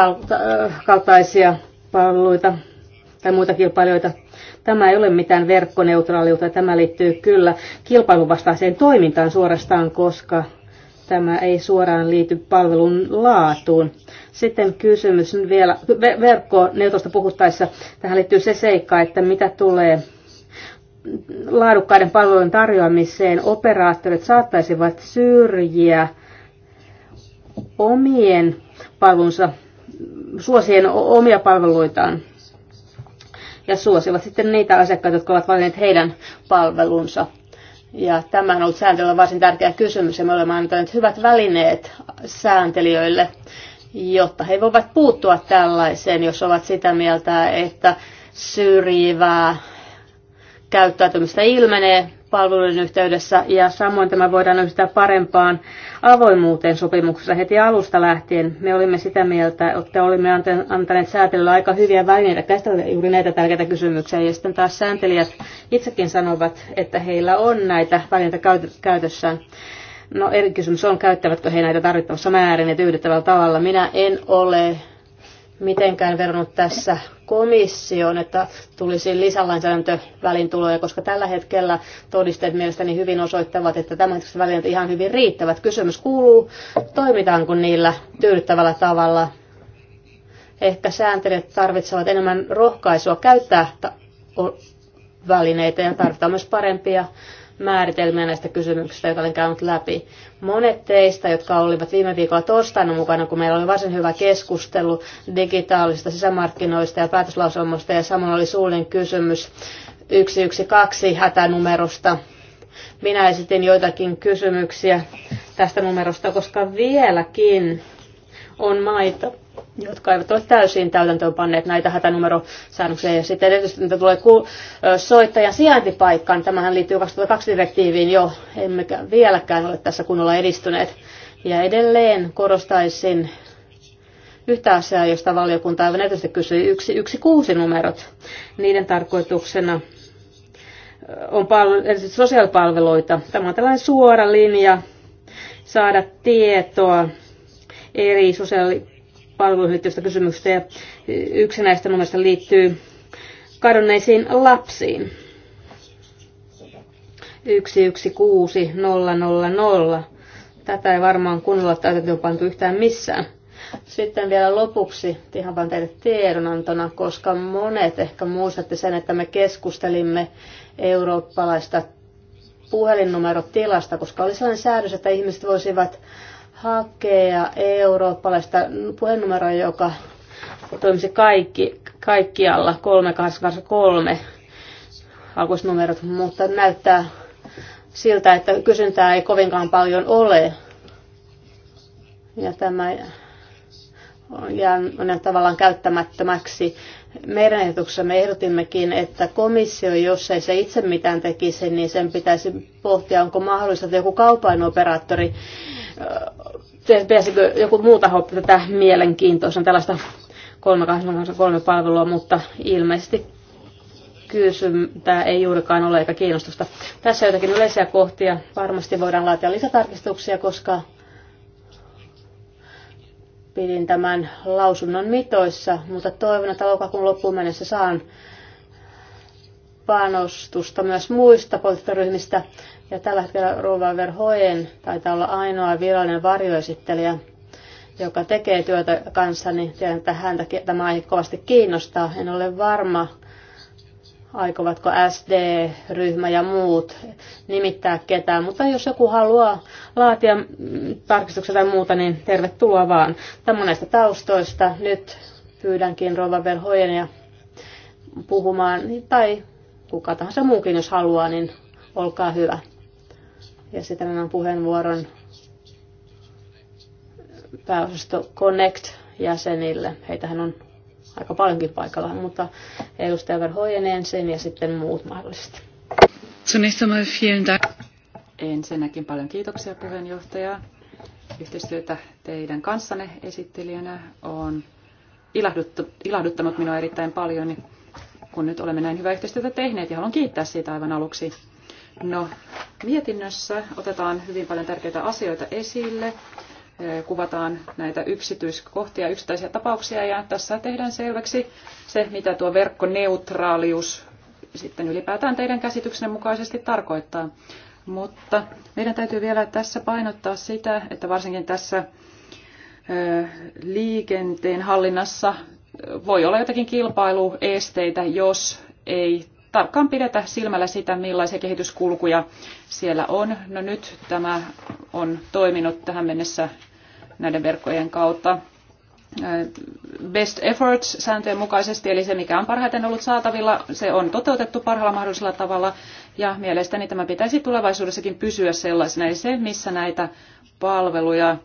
äh, kaltaisia palveluita tai muita kilpailijoita Tämä ei ole mitään verkkoneutraaliutta, tämä liittyy kyllä kilpailuvastaiseen toimintaan suorastaan, koska tämä ei suoraan liity palvelun laatuun. Sitten kysymys vielä verkkoneutosta puhuttaessa. Tähän liittyy se seikka, että mitä tulee laadukkaiden palvelujen tarjoamiseen, operaattorit saattaisivat syrjiä omien palvelunsa, suosien omia palveluitaan ja suosivat sitten niitä asiakkaita, jotka ovat valinneet heidän palvelunsa. Ja tämä on ollut sääntelyllä varsin tärkeä kysymys ja me olemme antaneet hyvät välineet sääntelijöille, jotta he voivat puuttua tällaiseen, jos ovat sitä mieltä, että syrjivää käyttäytymistä ilmenee Palvelujen yhteydessä ja samoin tämä voidaan yhdistää parempaan avoimuuteen sopimuksessa heti alusta lähtien. Me olimme sitä mieltä, että olimme antaneet säätelyllä aika hyviä välineitä käsitellä juuri näitä tärkeitä kysymyksiä ja sitten taas sääntelijät itsekin sanovat, että heillä on näitä välineitä käytössään. No eri kysymys on, käyttävätkö he näitä tarvittavassa määrin ja tyydyttävällä tavalla. Minä en ole mitenkään verrannut tässä komissioon, että tulisi tuloja, koska tällä hetkellä todisteet mielestäni hyvin osoittavat, että tämänhetkiset välineet ihan hyvin riittävät. Kysymys kuuluu, toimitaanko niillä tyydyttävällä tavalla. Ehkä sääntelijät tarvitsevat enemmän rohkaisua käyttää välineitä ja tarvitaan myös parempia määritelmiä näistä kysymyksistä, joita olen käynyt läpi. Monet teistä, jotka olivat viime viikolla torstaina mukana, kun meillä oli varsin hyvä keskustelu digitaalisista sisämarkkinoista ja päätöslauselmasta, ja samoin oli suullinen kysymys 112 hätänumerosta. Minä esitin joitakin kysymyksiä tästä numerosta, koska vieläkin on maita, jotka eivät ole täysin täytäntöön panneet näitä hätänumerosäännöksiä. Ja sitten erityisesti mitä tulee soittajan sijaintipaikkaan, tämähän liittyy 2002 direktiiviin jo, emmekä vieläkään ole tässä kunnolla edistyneet. Ja edelleen korostaisin yhtä asiaa, josta valiokunta aivan erityisesti kysyi, yksi, yksi kuusi numerot. Niiden tarkoituksena on palvelu, sosiaalipalveluita. Tämä on tällainen suora linja saada tietoa eri sosiaali palveluyhtiöstä kysymyksistä ja yksi näistä mun mielestä liittyy kadonneisiin lapsiin. 116000. Tätä ei varmaan kunnolla täytäntöön pantu yhtään missään. Sitten vielä lopuksi ihan vain teille tiedonantona, koska monet ehkä muistatte sen, että me keskustelimme eurooppalaista puhelinnumerotilasta, koska oli sellainen säädös, että ihmiset voisivat hakea eurooppalaista puhelinnumeroa, joka toimisi kaikki, kaikkialla 3823 alkuisnumerot, mutta näyttää siltä, että kysyntää ei kovinkaan paljon ole. Ja tämä jää tavallaan käyttämättömäksi. Meidän me ehdotimmekin, että komissio, jos ei se itse mitään tekisi, niin sen pitäisi pohtia, onko mahdollista, että joku kaupainoperaattori operaattori pääsikö joku muu taho tätä mielenkiintoista, tällaista 383 palvelua, mutta ilmeisesti kysyntää ei juurikaan ole eikä kiinnostusta. Tässä jotakin yleisiä kohtia. Varmasti voidaan laatia lisätarkistuksia, koska pidin tämän lausunnon mitoissa, mutta toivon, että lokakuun loppuun mennessä saan panostusta myös muista poliittisista ja tällä hetkellä Rova Verhoen taitaa olla ainoa virallinen varjoesittelijä, joka tekee työtä kanssani. Tiedän, että häntä tämä aihe kovasti kiinnostaa. En ole varma, aikovatko SD-ryhmä ja muut nimittää ketään. Mutta jos joku haluaa laatia tarkistuksia tai muuta, niin tervetuloa vaan. Tämä näistä taustoista. Nyt pyydänkin Rova Verhoen ja puhumaan, tai kuka tahansa muukin, jos haluaa, niin olkaa hyvä ja sitten annan puheenvuoron pääosasto Connect jäsenille. Heitähän on aika paljonkin paikalla, mutta edustaja Verhoyen ensin ja sitten muut mahdollisesti. Zunächst einmal vielen Dank. Ensinnäkin paljon kiitoksia puheenjohtaja. Yhteistyötä teidän kanssanne esittelijänä on ilahduttanut minua erittäin paljon, kun nyt olemme näin hyvää yhteistyötä tehneet ja haluan kiittää siitä aivan aluksi. No, mietinnössä otetaan hyvin paljon tärkeitä asioita esille, kuvataan näitä yksityiskohtia, yksittäisiä tapauksia ja tässä tehdään selväksi se, mitä tuo verkkoneutraalius sitten ylipäätään teidän käsityksenne mukaisesti tarkoittaa. Mutta meidän täytyy vielä tässä painottaa sitä, että varsinkin tässä liikenteen hallinnassa voi olla jotakin kilpailuesteitä, jos ei tarkkaan pidetä silmällä sitä, millaisia kehityskulkuja siellä on. No nyt tämä on toiminut tähän mennessä näiden verkkojen kautta äh, best efforts sääntöjen mukaisesti, eli se mikä on parhaiten ollut saatavilla, se on toteutettu parhaalla mahdollisella tavalla, ja mielestäni tämä pitäisi tulevaisuudessakin pysyä sellaisena, eli se missä näitä palveluja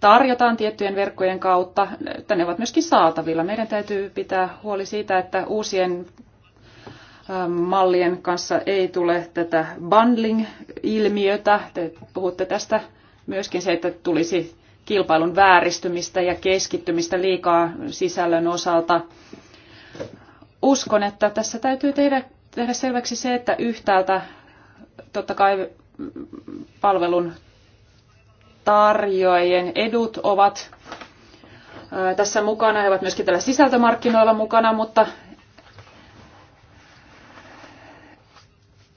tarjotaan tiettyjen verkkojen kautta, että ne ovat myöskin saatavilla. Meidän täytyy pitää huoli siitä, että uusien mallien kanssa ei tule tätä bundling-ilmiötä. Te puhutte tästä myöskin se, että tulisi kilpailun vääristymistä ja keskittymistä liikaa sisällön osalta. Uskon, että tässä täytyy tehdä, tehdä selväksi se, että yhtäältä totta kai palvelun tarjoajien edut ovat tässä mukana. He ovat myöskin tällä sisältömarkkinoilla mukana, mutta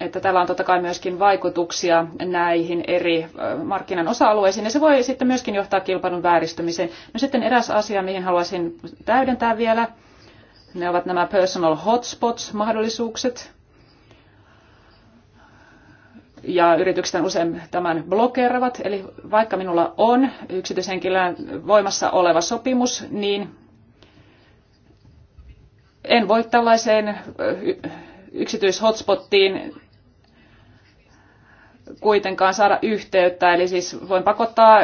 että tällä on totta kai myöskin vaikutuksia näihin eri markkinan osa-alueisiin, ja se voi sitten myöskin johtaa kilpailun vääristymiseen. No sitten eräs asia, mihin haluaisin täydentää vielä, ne ovat nämä personal hotspots-mahdollisuukset. Ja yritykset usein tämän blokeeravat, eli vaikka minulla on yksityishenkilön voimassa oleva sopimus, niin en voi tällaiseen yksityishotspottiin kuitenkaan saada yhteyttä. Eli siis voin pakottaa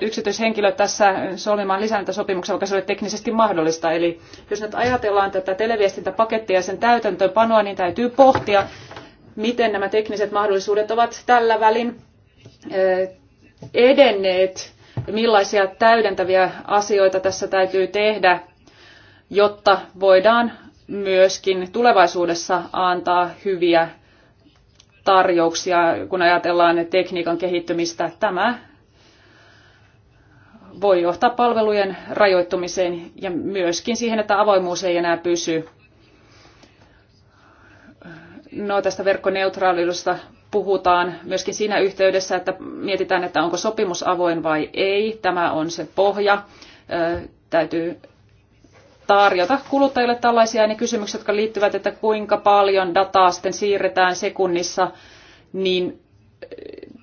yksityishenkilöt tässä solmimaan lisääntäsopimuksen, vaikka se ole teknisesti mahdollista. Eli jos nyt ajatellaan tätä televiestintäpakettia ja sen täytäntöönpanoa, niin täytyy pohtia, miten nämä tekniset mahdollisuudet ovat tällä välin edenneet, millaisia täydentäviä asioita tässä täytyy tehdä, jotta voidaan myöskin tulevaisuudessa antaa hyviä tarjouksia, kun ajatellaan tekniikan kehittymistä. Tämä voi johtaa palvelujen rajoittumiseen ja myöskin siihen, että avoimuus ei enää pysy. No, tästä verkkoneutraaliudesta puhutaan myöskin siinä yhteydessä, että mietitään, että onko sopimus avoin vai ei. Tämä on se pohja. Täytyy tarjota kuluttajille tällaisia niin kysymyksiä, jotka liittyvät, että kuinka paljon dataa sitten siirretään sekunnissa, niin eh,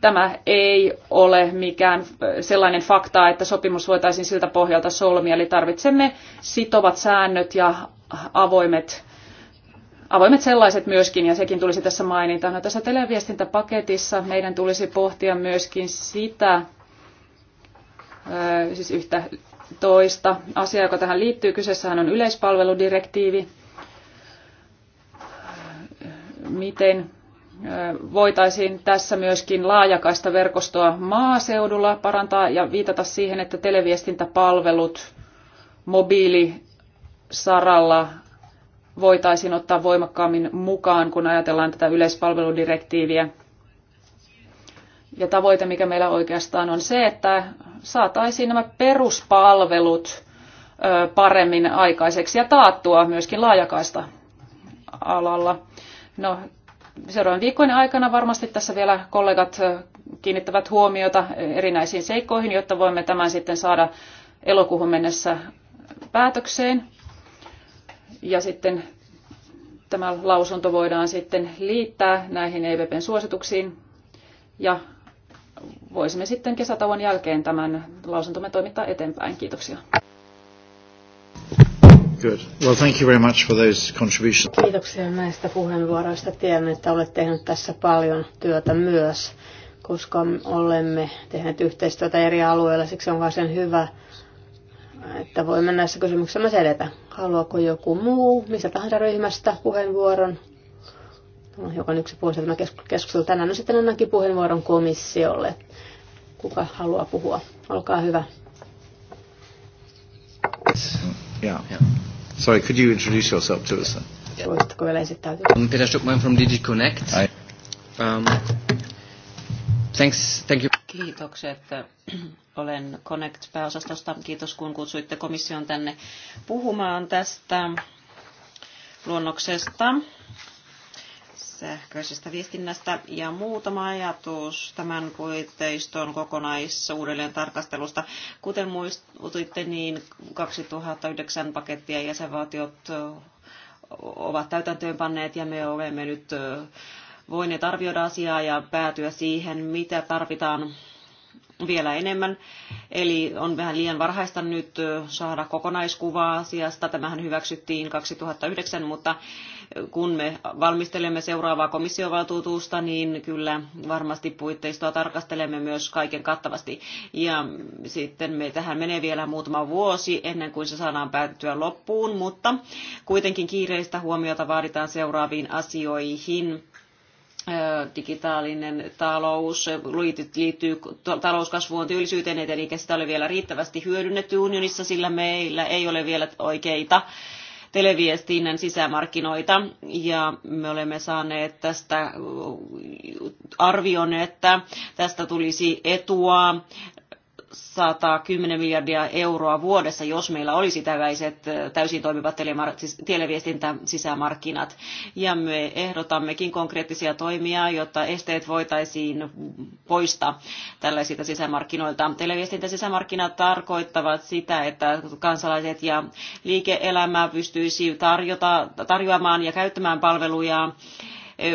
tämä ei ole mikään eh, sellainen fakta, että sopimus voitaisiin siltä pohjalta solmia. Eli tarvitsemme sitovat säännöt ja avoimet, avoimet sellaiset myöskin, ja sekin tulisi tässä mainita. No, tässä televiestintäpaketissa meidän tulisi pohtia myöskin sitä, eh, siis yhtä toista asiaa, joka tähän liittyy. Kyseessähän on yleispalveludirektiivi. Miten voitaisiin tässä myöskin laajakaista verkostoa maaseudulla parantaa ja viitata siihen, että televiestintäpalvelut mobiilisaralla voitaisiin ottaa voimakkaammin mukaan, kun ajatellaan tätä yleispalveludirektiiviä. Ja tavoite, mikä meillä oikeastaan on se, että saataisiin nämä peruspalvelut paremmin aikaiseksi ja taattua myöskin laajakaista alalla. No, seuraavan viikkojen aikana varmasti tässä vielä kollegat kiinnittävät huomiota erinäisiin seikkoihin, jotta voimme tämän sitten saada elokuuhun mennessä päätökseen. Ja sitten tämä lausunto voidaan sitten liittää näihin EVPn suosituksiin ja voisimme sitten kesätauon jälkeen tämän lausuntomme toimittaa eteenpäin. Kiitoksia. Good. Well, thank you very much for those contributions. Kiitoksia näistä puheenvuoroista. Tiedän, että olet tehnyt tässä paljon työtä myös, koska olemme tehneet yhteistyötä eri alueilla. Siksi on varsin hyvä, että voimme näissä kysymyksissä myös edetä. Haluaako joku muu, missä tahansa ryhmästä puheenvuoron? Tämä on hiukan yksipuolisesti tämä keskustelu tänään. No sitten annankin puheenvuoron komissiolle kuka haluaa puhua. Olkaa hyvä. Yeah. yeah. Sorry, could you introduce yourself to us? Voisitko vielä esittäytyä? I'm Peter Schuckman from DigiConnect. Connect. Hi. Um, thanks, thank you. Kiitokset. Olen Connect-pääosastosta. Kiitos kun kutsuitte komission tänne puhumaan tästä luonnoksesta sähköisestä viestinnästä ja muutama ajatus tämän puitteiston kokonaisuudelleen tarkastelusta. Kuten muistutitte, niin 2009 pakettia jäsenvaltiot ovat täytäntöönpanneet ja me olemme nyt voineet arvioida asiaa ja päätyä siihen, mitä tarvitaan vielä enemmän. Eli on vähän liian varhaista nyt saada kokonaiskuvaa asiasta. Tämähän hyväksyttiin 2009, mutta kun me valmistelemme seuraavaa komissiovaltuutusta, niin kyllä varmasti puitteistoa tarkastelemme myös kaiken kattavasti. Ja sitten me tähän menee vielä muutama vuosi ennen kuin se saadaan päättyä loppuun, mutta kuitenkin kiireistä huomiota vaaditaan seuraaviin asioihin digitaalinen talous liittyy talouskasvuun työllisyyteen, eli sitä ole vielä riittävästi hyödynnetty unionissa, sillä meillä ei ole vielä oikeita televiestinnän sisämarkkinoita ja me olemme saaneet tästä arvion, että tästä tulisi etua 110 miljardia euroa vuodessa, jos meillä olisi tällaiset täysin toimivat siis televiestintä sisämarkkinat. Ja me ehdotammekin konkreettisia toimia, jotta esteet voitaisiin poistaa tällaisilta sisämarkkinoilta. Televiestintä sisämarkkinat tarkoittavat sitä, että kansalaiset ja liike-elämä pystyisi tarjota, tarjoamaan ja käyttämään palveluja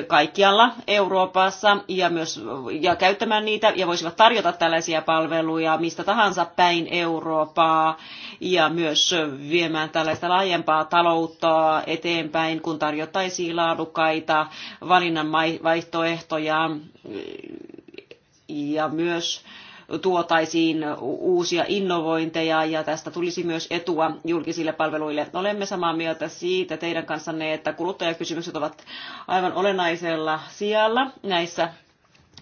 kaikkialla Euroopassa ja, myös, ja käyttämään niitä ja voisivat tarjota tällaisia palveluja mistä tahansa päin Eurooppaa ja myös viemään tällaista laajempaa taloutta eteenpäin, kun tarjottaisiin laadukkaita valinnan vaihtoehtoja ja myös tuotaisiin uusia innovointeja ja tästä tulisi myös etua julkisille palveluille. Olemme samaa mieltä siitä teidän kanssanne, että kuluttajakysymykset ovat aivan olennaisella sijalla näissä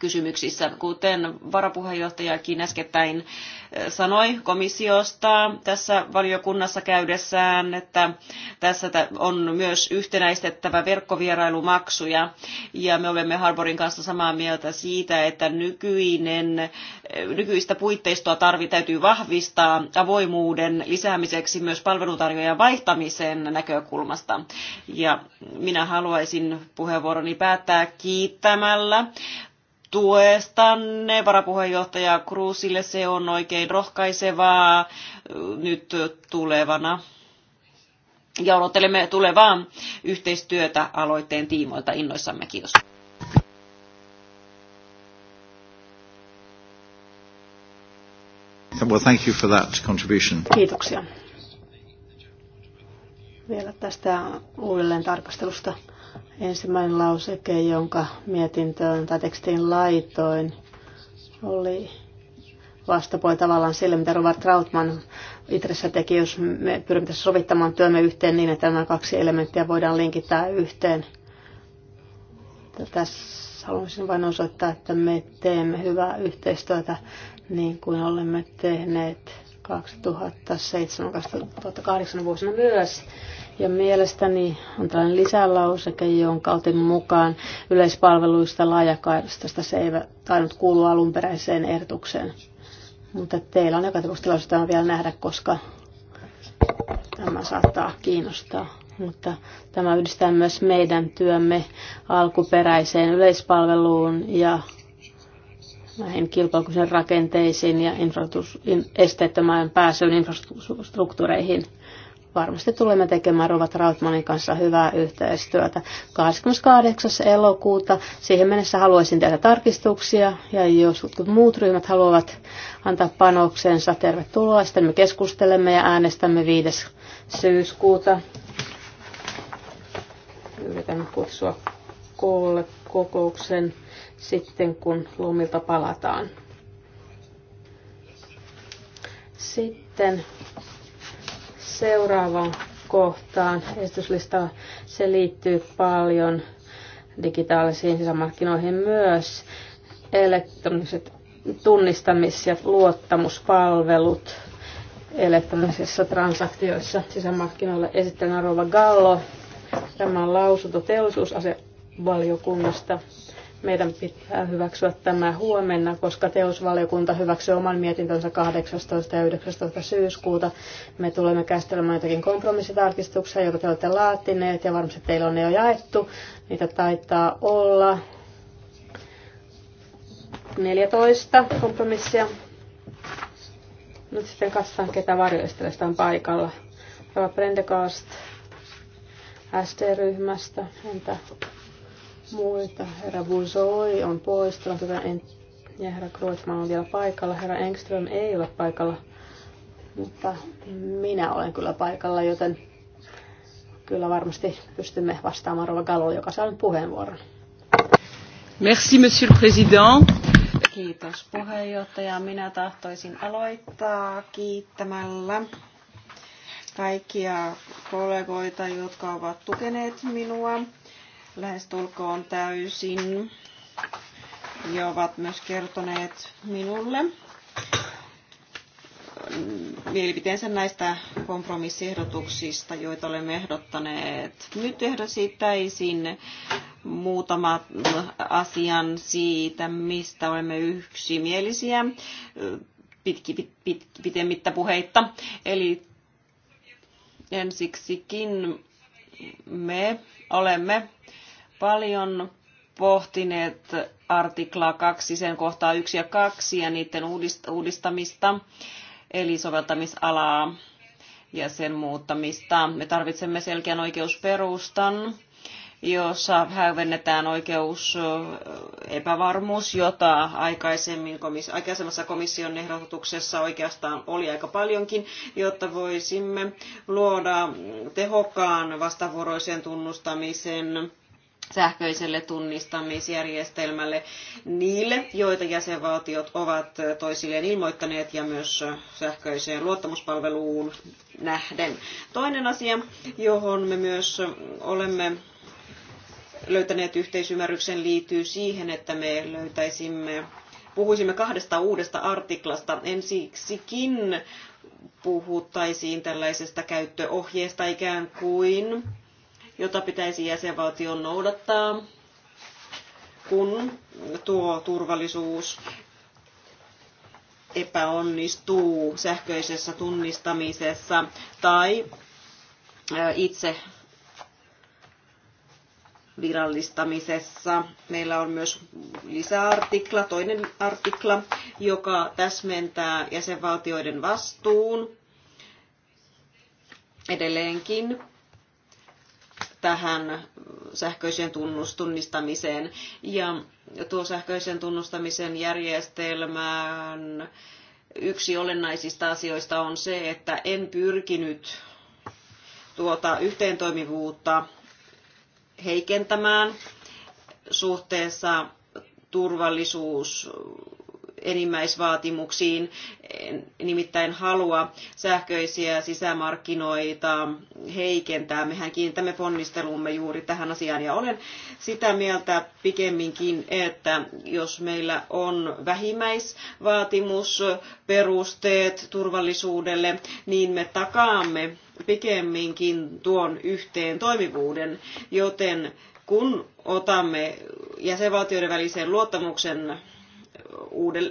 kysymyksissä. Kuten varapuheenjohtajakin äskettäin sanoi komissiosta tässä valiokunnassa käydessään, että tässä on myös yhtenäistettävä verkkovierailumaksuja. Ja me olemme Harborin kanssa samaa mieltä siitä, että nykyinen, nykyistä puitteistoa tarvi, täytyy vahvistaa avoimuuden lisäämiseksi myös palveluntarjoajan vaihtamisen näkökulmasta. Ja minä haluaisin puheenvuoroni päättää kiittämällä tuestanne varapuheenjohtaja Kruusille. Se on oikein rohkaisevaa äh, nyt tulevana. Ja odottelemme tulevaa yhteistyötä aloitteen tiimoilta innoissamme. Kiitos. Well, thank you for that contribution. Kiitoksia vielä tästä uudelleen tarkastelusta. Ensimmäinen lauseke, jonka mietintöön tai tekstiin laitoin, oli vastapoi tavallaan sille, mitä Robert Trautman Itressä teki, jos me pyrimme sovittamaan työmme yhteen niin, että nämä kaksi elementtiä voidaan linkittää yhteen. Tässä haluaisin vain osoittaa, että me teemme hyvää yhteistyötä niin kuin olemme tehneet 2007-2008 vuosina myös. Ja mielestäni on tällainen lisälauseke, jonka otin mukaan yleispalveluista laajakaistasta. Se ei tainnut kuulua alunperäiseen ehdotukseen. Mutta teillä on joka tapauksessa tämä vielä nähdä, koska tämä saattaa kiinnostaa. Mutta tämä yhdistää myös meidän työmme alkuperäiseen yleispalveluun ja näihin kilpailukykyisen rakenteisiin ja esteettömään pääsyyn infrastruktuureihin varmasti tulemme tekemään Rovat Rautmanin kanssa hyvää yhteistyötä. 28. elokuuta siihen mennessä haluaisin tehdä tarkistuksia ja jos muut ryhmät haluavat antaa panoksensa, tervetuloa. Sitten me keskustelemme ja äänestämme 5. syyskuuta. Yritän kutsua koolle kokouksen sitten, kun lomilta palataan. Sitten seuraavaan kohtaan esityslistaa. Se liittyy paljon digitaalisiin sisämarkkinoihin myös. Elektroniset tunnistamis- ja luottamuspalvelut elektronisissa transaktioissa sisämarkkinoilla esittelen Rova Gallo. Tämä on lausunto teollisuusasevaliokunnasta. Meidän pitää hyväksyä tämä huomenna, koska teosvaliokunta hyväksyy oman mietintönsä 18. ja 19. syyskuuta. Me tulemme käsittelemään jotakin kompromissitarkistuksia, joita te olette laatineet ja varmasti teillä on ne jo jaettu. Niitä taitaa olla 14 kompromissia. Nyt sitten katsotaan, ketä varjoistelijasta on paikalla. Tämä Prendegast SD-ryhmästä, entä muita. Herra Buzoi on poistunut, joten ja herra Kreutzmann on vielä paikalla. Herra Engström ei ole paikalla, mutta minä olen kyllä paikalla, joten kyllä varmasti pystymme vastaamaan Rova Galo, joka saa puheenvuoron. Merci, monsieur le président. Kiitos puheenjohtaja. Minä tahtoisin aloittaa kiittämällä kaikkia kollegoita, jotka ovat tukeneet minua lähestulkoon täysin ja ovat myös kertoneet minulle mielipiteensä näistä kompromissiehdotuksista, joita olemme ehdottaneet. Nyt ehdottaisin muutama asian siitä, mistä olemme yksimielisiä pitki, pit, pit, pitemmittä puheitta. Eli ensiksikin me olemme paljon pohtineet artiklaa 2, sen kohtaa 1 ja 2 ja niiden uudistamista, eli soveltamisalaa ja sen muuttamista. Me tarvitsemme selkeän oikeusperustan, jossa hävennetään oikeus epävarmuus, jota aikaisemmin komissio, aikaisemmassa komission ehdotuksessa oikeastaan oli aika paljonkin, jotta voisimme luoda tehokkaan vastavuoroisen tunnustamisen sähköiselle tunnistamisjärjestelmälle niille, joita jäsenvaltiot ovat toisilleen ilmoittaneet ja myös sähköiseen luottamuspalveluun nähden. Toinen asia, johon me myös olemme löytäneet yhteisymmärryksen liittyy siihen, että me löytäisimme, puhuisimme kahdesta uudesta artiklasta. Ensiksikin puhuttaisiin tällaisesta käyttöohjeesta ikään kuin jota pitäisi jäsenvaltion noudattaa, kun tuo turvallisuus epäonnistuu sähköisessä tunnistamisessa tai itse virallistamisessa. Meillä on myös lisäartikla, toinen artikla, joka täsmentää jäsenvaltioiden vastuun edelleenkin tähän sähköiseen tunnustamiseen. Ja tuo sähköisen tunnustamisen järjestelmän yksi olennaisista asioista on se, että en pyrkinyt tuota yhteentoimivuutta heikentämään suhteessa turvallisuus enimmäisvaatimuksiin. nimittäin halua sähköisiä sisämarkkinoita heikentää. Mehän kiinnitämme ponnistelumme juuri tähän asiaan ja olen sitä mieltä pikemminkin, että jos meillä on vähimmäisvaatimusperusteet turvallisuudelle, niin me takaamme pikemminkin tuon yhteen toimivuuden, joten kun otamme jäsenvaltioiden välisen luottamuksen uudelle,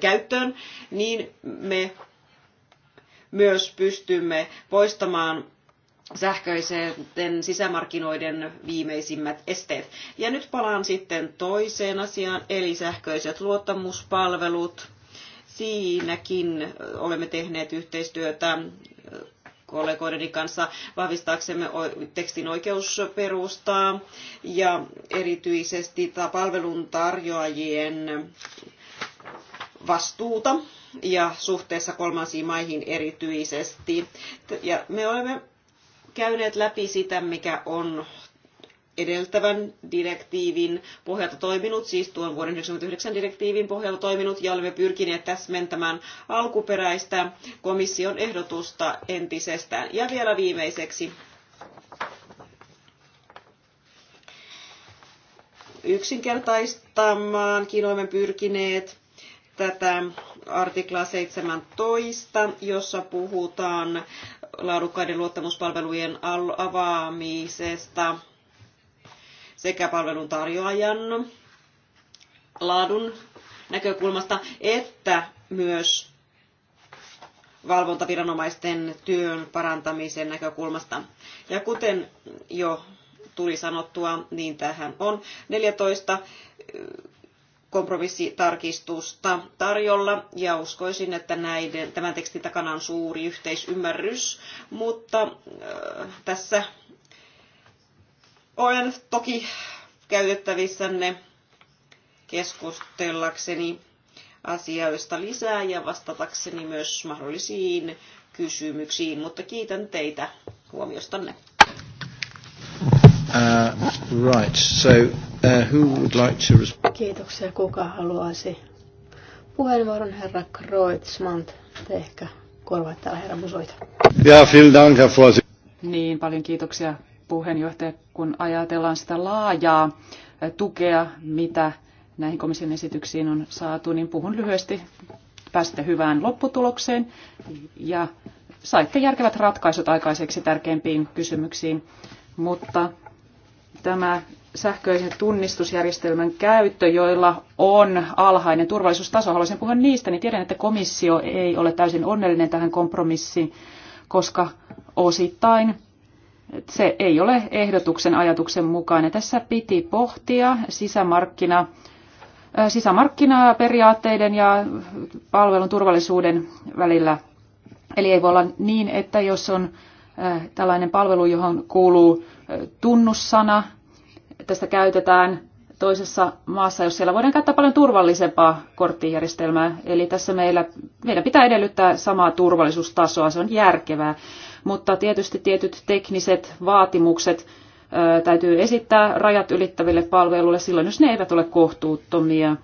käyttöön, niin me myös pystymme poistamaan sähköisen sisämarkkinoiden viimeisimmät esteet. Ja nyt palaan sitten toiseen asiaan, eli sähköiset luottamuspalvelut. Siinäkin olemme tehneet yhteistyötä kollegoideni kanssa vahvistaaksemme tekstin oikeusperustaa ja erityisesti palveluntarjoajien vastuuta ja suhteessa kolmansiin maihin erityisesti. Ja me olemme käyneet läpi sitä, mikä on edeltävän direktiivin pohjalta toiminut, siis tuon vuoden 1999 direktiivin pohjalta toiminut, ja olemme pyrkineet täsmentämään alkuperäistä komission ehdotusta entisestään. Ja vielä viimeiseksi yksinkertaistamaankin olemme pyrkineet tätä artiklaa 17, jossa puhutaan laadukkaiden luottamuspalvelujen avaamisesta sekä palvelun tarjoajan laadun näkökulmasta että myös valvontaviranomaisten työn parantamisen näkökulmasta. Ja kuten jo tuli sanottua, niin tähän on 14 kompromissitarkistusta tarjolla ja uskoisin, että näiden, tämän tekstin takana on suuri yhteisymmärrys, mutta äh, tässä olen toki käytettävissänne keskustellakseni asioista lisää ja vastatakseni myös mahdollisiin kysymyksiin, mutta kiitän teitä huomiostanne. Uh, right, so uh, who would like to respond? Kiitoksia. Kuka haluaisi puheenvuoron? Herra Kreutzmann, te ehkä korvaat täällä herra Musoita. Ja, vielen Dank, Niin, paljon kiitoksia puheenjohtaja, kun ajatellaan sitä laajaa tukea, mitä näihin komission esityksiin on saatu, niin puhun lyhyesti pääsitte hyvään lopputulokseen ja saitte järkevät ratkaisut aikaiseksi tärkeimpiin kysymyksiin, mutta tämä sähköisen tunnistusjärjestelmän käyttö, joilla on alhainen turvallisuustaso. Haluaisin puhua niistä, niin tiedän, että komissio ei ole täysin onnellinen tähän kompromissiin, koska osittain se ei ole ehdotuksen ajatuksen mukainen. Tässä piti pohtia sisämarkkina, sisämarkkinaperiaatteiden ja palvelun turvallisuuden välillä. Eli ei voi olla niin, että jos on tällainen palvelu, johon kuuluu tunnussana. Tästä käytetään toisessa maassa, jos siellä voidaan käyttää paljon turvallisempaa korttijärjestelmää. Eli tässä meillä, meidän pitää edellyttää samaa turvallisuustasoa, se on järkevää. Mutta tietysti tietyt tekniset vaatimukset ö, täytyy esittää rajat ylittäville palveluille silloin, jos ne eivät ole kohtuuttomia.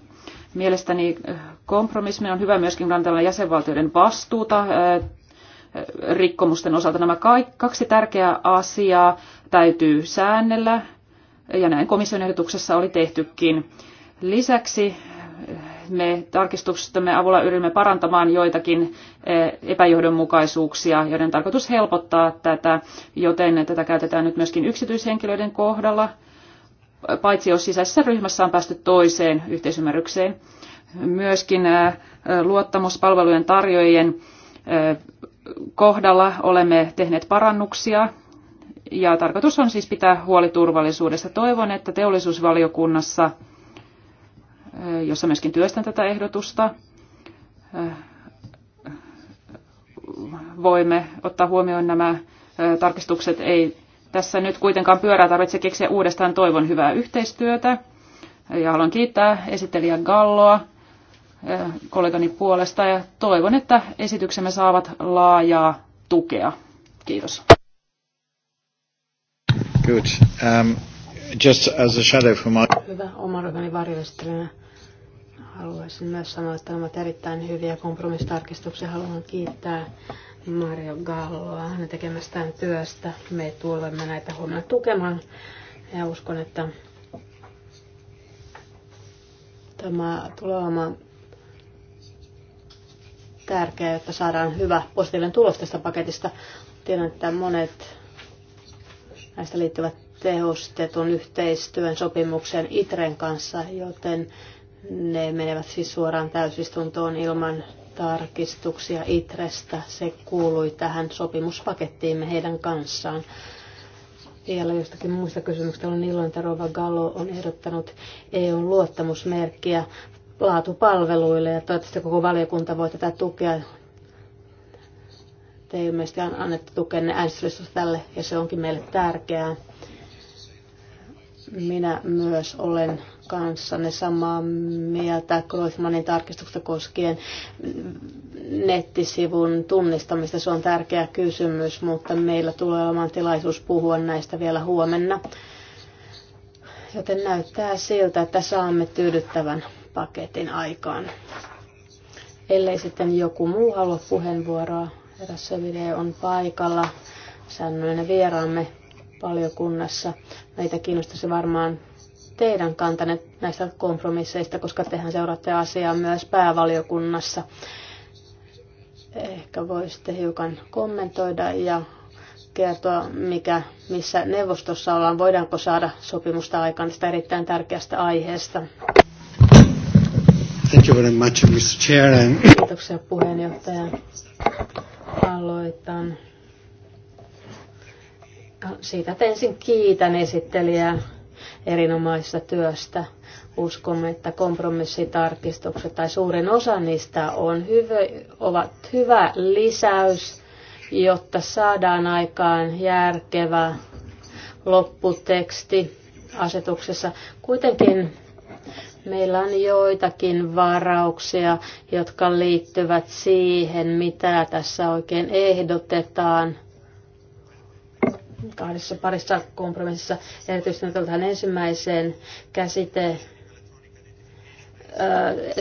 Mielestäni kompromissi on hyvä myöskin kantaa jäsenvaltioiden vastuuta rikkomusten osalta. Nämä kaksi tärkeää asiaa täytyy säännellä, ja näin komission ehdotuksessa oli tehtykin. Lisäksi me tarkistuksestamme avulla yritämme parantamaan joitakin eh, epäjohdonmukaisuuksia, joiden tarkoitus helpottaa tätä, joten tätä käytetään nyt myöskin yksityishenkilöiden kohdalla, paitsi jos sisäisessä ryhmässä on päästy toiseen yhteisymmärrykseen. Myöskin eh, luottamuspalvelujen tarjoajien eh, kohdalla olemme tehneet parannuksia ja tarkoitus on siis pitää huoli turvallisuudesta. Toivon, että teollisuusvaliokunnassa, eh, jossa myöskin työstän tätä ehdotusta, eh, voimme ottaa huomioon nämä eh, tarkistukset. Ei tässä nyt kuitenkaan pyörää tarvitse keksiä uudestaan. Toivon hyvää yhteistyötä ja haluan kiittää esittelijä Galloa kollegani puolesta ja toivon, että esityksemme saavat laajaa tukea. Kiitos. Good. Um, just as a shadow my... Hyvä. Oman ryhmäni varjoistelijana haluaisin myös sanoa, että ovat erittäin hyviä kompromissitarkistuksia. Haluan kiittää Mario Galloa hänen tekemästään työstä. Me tulemme näitä huomioon tukemaan ja uskon, että tämä tulee olemaan tärkeää, jotta saadaan hyvä positiivinen tulos tästä paketista. Tiedän, että monet näistä liittyvät tehostetun yhteistyön sopimuksen ITREn kanssa, joten ne menevät siis suoraan täysistuntoon ilman tarkistuksia ITREstä. Se kuului tähän sopimuspakettiimme heidän kanssaan. Vielä jostakin muista kysymyksistä on iloinen, että Rova Gallo on ehdottanut EUn luottamusmerkkiä laatupalveluille ja toivottavasti koko valiokunta voi tätä tukea. Te ilmeisesti on annettu tukenne äänestyslistossa tälle ja se onkin meille tärkeää. Minä myös olen kanssanne samaa mieltä Kloismanin tarkistuksesta koskien nettisivun tunnistamista. Se on tärkeä kysymys, mutta meillä tulee olemaan tilaisuus puhua näistä vielä huomenna. Joten näyttää siltä, että saamme tyydyttävän paketin aikaan. Ellei sitten joku muu halua puheenvuoroa, eräs video on paikalla, säännöllinen vieraamme valiokunnassa. Meitä kiinnostaisi varmaan teidän kantanne näistä kompromisseista, koska tehän seuraatte asiaa myös päävaliokunnassa. Ehkä voisitte hiukan kommentoida ja kertoa, mikä, missä neuvostossa ollaan, voidaanko saada sopimusta aikaan tästä erittäin tärkeästä aiheesta. Thank you very much, Mr. Chair. And... Kiitoksia puheenjohtaja. Aloitan. No, siitä ensin kiitän esittelijää erinomaisesta työstä. Uskomme, että kompromissitarkistukset tai suurin osa niistä on hyvä, ovat hyvä lisäys, jotta saadaan aikaan järkevä lopputeksti asetuksessa. Kuitenkin Meillä on joitakin varauksia, jotka liittyvät siihen, mitä tässä oikein ehdotetaan kahdessa parissa kompromississa, erityisesti tähän ensimmäiseen käsite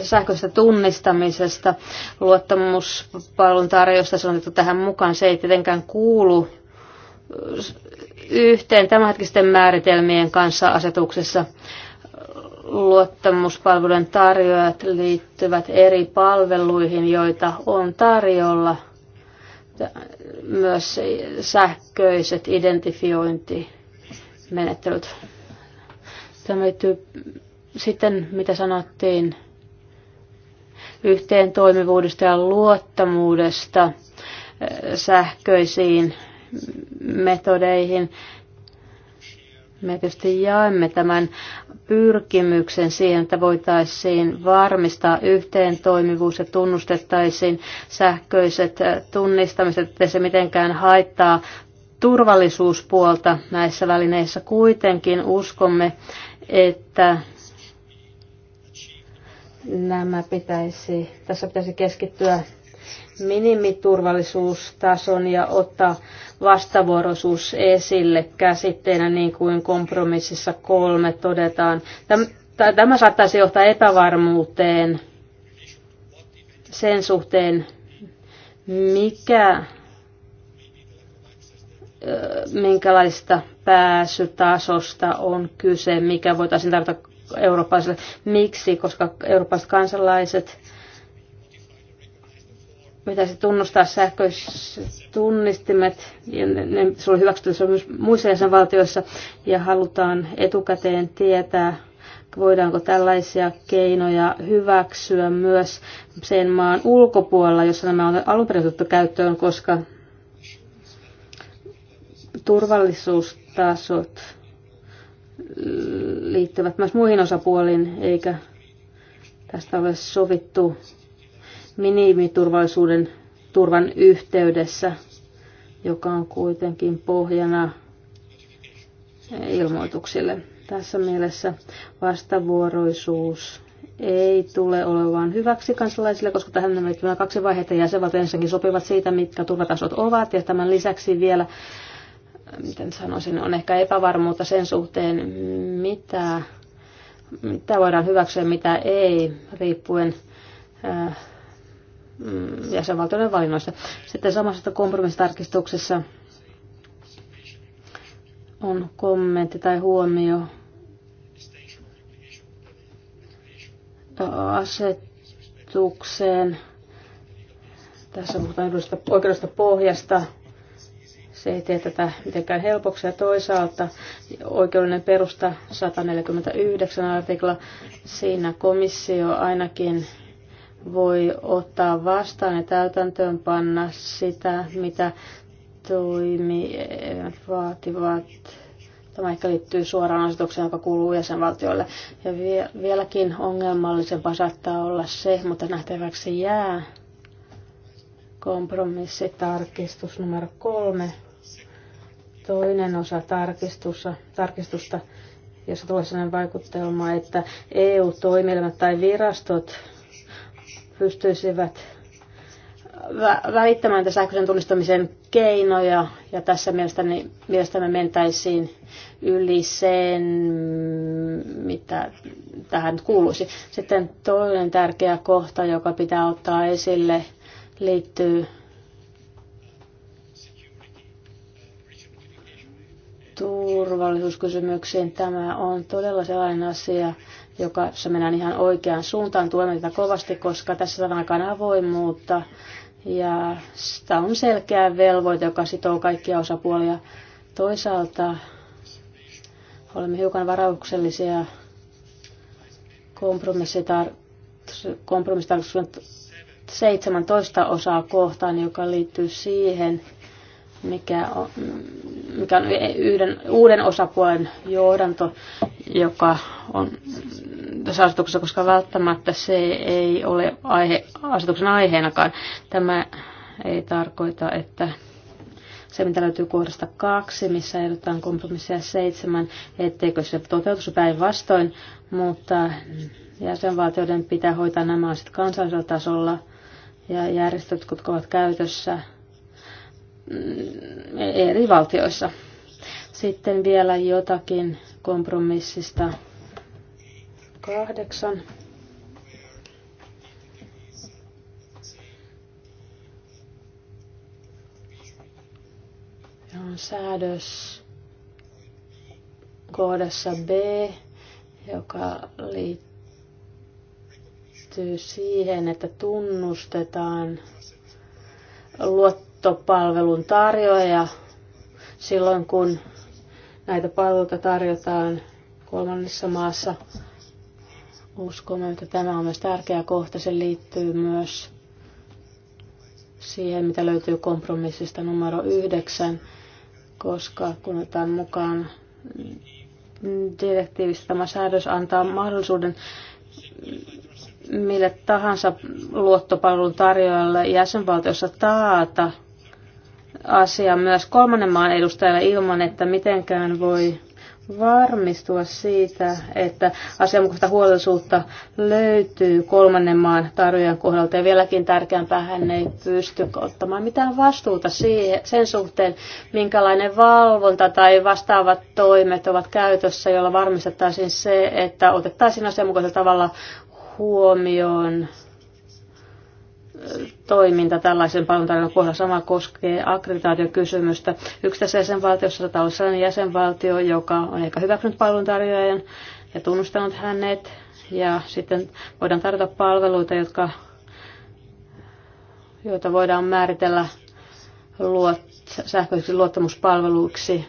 sähköisestä tunnistamisesta, luottamuspalvelun tarjosta, se on otettu tähän mukaan, se ei tietenkään kuulu yhteen tämänhetkisten määritelmien kanssa asetuksessa luottamuspalvelujen tarjoajat liittyvät eri palveluihin, joita on tarjolla. Myös sähköiset identifiointimenettelyt. Tämä liittyy sitten, mitä sanottiin, yhteen toimivuudesta ja luottamuudesta eh, sähköisiin metodeihin. Me tietysti jaemme tämän pyrkimyksen siihen, että voitaisiin varmistaa yhteen toimivuus ja tunnustettaisiin sähköiset tunnistamiset, ettei se mitenkään haittaa turvallisuuspuolta näissä välineissä. Kuitenkin uskomme, että nämä pitäisi, tässä pitäisi keskittyä minimiturvallisuustason ja ottaa vastavuoroisuus esille käsitteenä, niin kuin kompromississa kolme todetaan. Tämä saattaisi johtaa epävarmuuteen sen suhteen, mikä, minkälaista pääsytasosta on kyse, mikä voitaisiin tarjota eurooppalaisille. Miksi? Koska eurooppalaiset kansalaiset pitäisi tunnustaa sähköiset tunnistimet, ja ne, ne, se on myös muissa jäsenvaltioissa, ja halutaan etukäteen tietää, voidaanko tällaisia keinoja hyväksyä myös sen maan ulkopuolella, jossa nämä on alun perin otettu käyttöön, koska turvallisuustasot liittyvät myös muihin osapuoliin, eikä tästä ole sovittu minimiturvallisuuden turvan yhteydessä, joka on kuitenkin pohjana ilmoituksille. Tässä mielessä vastavuoroisuus ei tule olemaan hyväksi kansalaisille, koska tähän on kaksi vaihetta. Jäsenvaltiot ensinnäkin sopivat siitä, mitkä turvatasot ovat, ja tämän lisäksi vielä, miten sanoisin, on ehkä epävarmuutta sen suhteen, mitä, mitä voidaan hyväksyä ja mitä ei, riippuen äh, Mm, jäsenvaltioiden valinnoissa. Sitten samassa kompromissitarkistuksessa on kommentti tai huomio asetukseen. Tässä puhutaan edusta, oikeudesta pohjasta. Se ei tee tätä mitenkään helpoksi. Ja toisaalta oikeudellinen perusta 149 artikla. Siinä komissio ainakin voi ottaa vastaan ja täytäntöön panna sitä, mitä toimi eh, vaativat. Tämä ehkä liittyy suoraan asetukseen, joka kuuluu jäsenvaltiolle. Ja vie, vieläkin ongelmallisempaa saattaa olla se, mutta nähtäväksi jää kompromissitarkistus numero kolme. Toinen osa tarkistusta, tarkistusta jossa tulee sellainen vaikutelma, että EU-toimielimet tai virastot pystyisivät välittämään tässä sähköisen tunnistamisen keinoja, ja tässä mielestäni, mielestäni mentäisiin yli sen, mitä tähän kuuluisi. Sitten toinen tärkeä kohta, joka pitää ottaa esille, liittyy turvallisuuskysymyksiin. Tämä on todella sellainen asia, joka, se mennään ihan oikeaan suuntaan. Tuemme tätä kovasti, koska tässä on aikaan avoimuutta ja sitä on selkeä velvoite, joka sitoo kaikkia osapuolia. Toisaalta olemme hiukan varauksellisia kompromissitarkoituksen 17 osaa kohtaan, joka liittyy siihen, mikä on, mikä on yhden, uuden osapuolen johdanto, joka on tässä asetuksessa, koska välttämättä se ei ole aihe, asetuksen aiheenakaan. Tämä ei tarkoita, että se, mitä löytyy kohdasta kaksi, missä ehdotetaan kompromissia seitsemän, etteikö se toteutus päinvastoin, mutta jäsenvaltioiden pitää hoitaa nämä asiat kansallisella tasolla ja järjestöt, jotka ovat käytössä, Mm, eri valtioissa. Sitten vielä jotakin kompromissista kahdeksan. on säädös kohdassa B, joka liittyy siihen, että tunnustetaan luot nettopalvelun tarjoaja silloin, kun näitä palveluita tarjotaan kolmannessa maassa. Uskomme, että tämä on myös tärkeä kohta. Se liittyy myös siihen, mitä löytyy kompromissista numero yhdeksän, koska kun otetaan mukaan direktiivistä tämä säädös antaa mahdollisuuden mille tahansa luottopalvelun tarjoajalle jäsenvaltiossa taata asia myös kolmannen maan edustajalle ilman, että mitenkään voi varmistua siitä, että asianmukaista huolellisuutta löytyy kolmannen maan tarjoajan kohdalta. Ja vieläkin tärkeämpää hän ei pysty ottamaan mitään vastuuta siihen, sen suhteen, minkälainen valvonta tai vastaavat toimet ovat käytössä, jolla varmistettaisiin se, että otettaisiin asianmukaisella tavalla huomioon toiminta tällaisen palveluntarjoajan kohdalla. Sama koskee akkreditaatiokysymystä. tässä jäsenvaltiossa saattaa olla sellainen jäsenvaltio, joka on ehkä hyväksynyt palveluntarjoajan ja tunnustanut hänet. Ja sitten voidaan tarjota palveluita, jotka, joita voidaan määritellä luot, sähköisiksi luottamuspalveluiksi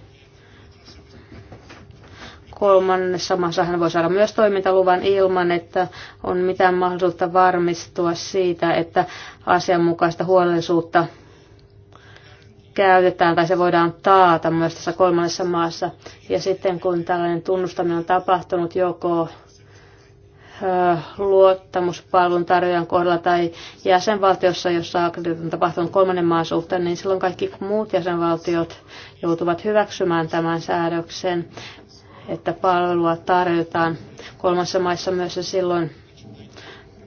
Kolmannessa maassa hän voi saada myös toimintaluvan ilman, että on mitään mahdollisuutta varmistua siitä, että asianmukaista huolellisuutta käytetään tai se voidaan taata myös tässä kolmannessa maassa. Ja sitten kun tällainen tunnustaminen on tapahtunut joko luottamuspalvelun tarjoajan kohdalla tai jäsenvaltiossa, jossa on tapahtunut kolmannen maan suhteen, niin silloin kaikki muut jäsenvaltiot joutuvat hyväksymään tämän säädöksen että palvelua tarjotaan kolmassa maissa myös ja silloin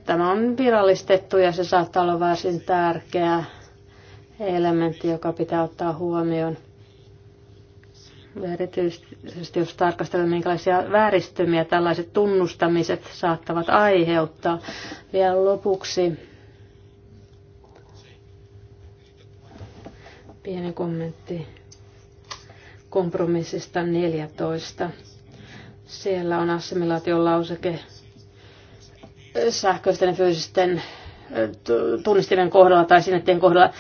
tämä on virallistettu ja se saattaa olla varsin tärkeä elementti, joka pitää ottaa huomioon. Erityisesti jos tarkastellaan, minkälaisia vääristymiä tällaiset tunnustamiset saattavat aiheuttaa. Vielä lopuksi pieni kommentti kompromissista 14. Siellä on lauseke sähköisten ja fyysisten tunnistimen kohdalla tai sinettien kohdalla.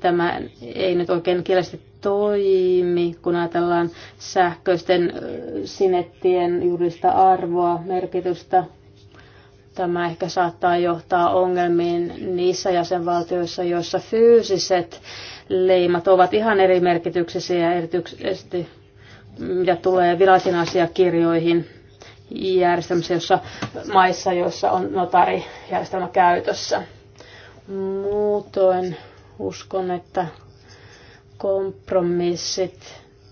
Tämä ei nyt oikein kielestä toimi, kun ajatellaan sähköisten sinettien juridista arvoa, merkitystä, Tämä ehkä saattaa johtaa ongelmiin niissä jäsenvaltioissa, joissa fyysiset leimat ovat ihan eri merkityksisiä, erityisesti mitä tulee virallisiin asiakirjoihin järjestelmissä, jossa, maissa, joissa on notarijärjestelmä käytössä. Muutoin uskon, että kompromissit,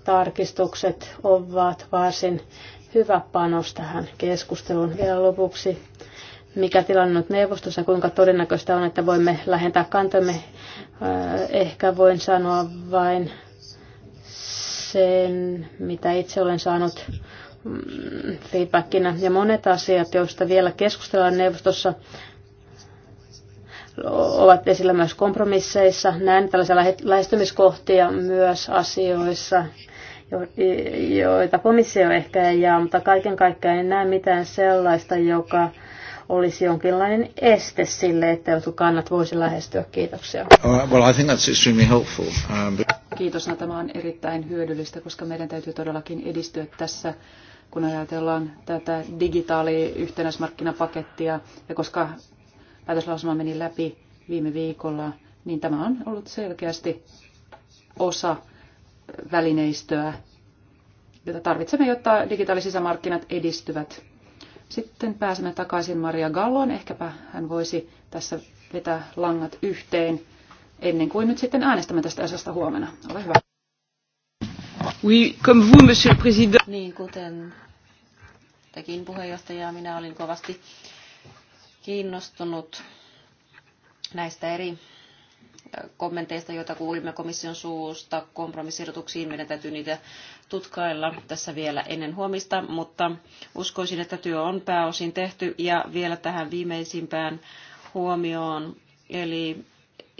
tarkistukset ovat varsin hyvä panos tähän keskusteluun. Vielä lopuksi mikä tilanne on neuvostossa, kuinka todennäköistä on, että voimme lähentää kantamme. Ehkä voin sanoa vain sen, mitä itse olen saanut mm, feedbackinä. Ja monet asiat, joista vielä keskustellaan neuvostossa, ovat esillä myös kompromisseissa. Näen tällaisia lähestymiskohtia myös asioissa, joita komissio ehkä ei jaa, mutta kaiken kaikkiaan en näe mitään sellaista, joka olisi jonkinlainen este sille, että jotkut kannat voisi lähestyä. Kiitoksia. Well, I think that's extremely helpful. Um, but... Kiitos. No, tämä on erittäin hyödyllistä, koska meidän täytyy todellakin edistyä tässä kun ajatellaan tätä digitaali yhtenäismarkkinapakettia, ja koska päätöslausuma meni läpi viime viikolla, niin tämä on ollut selkeästi osa välineistöä, jota tarvitsemme, jotta digitaalisisämarkkinat edistyvät. Sitten pääsemme takaisin Maria Galloon. Ehkäpä hän voisi tässä vetää langat yhteen ennen kuin nyt sitten äänestämme tästä asiasta huomenna. Ole hyvä. Oui, comme vous, monsieur le président. Niin, kuten tekin puheenjohtaja, minä olin kovasti kiinnostunut näistä eri kommenteista, joita kuulimme komission suusta kompromissirotuksiin. Meidän täytyy niitä tutkailla tässä vielä ennen huomista, mutta uskoisin, että työ on pääosin tehty. Ja vielä tähän viimeisimpään huomioon, eli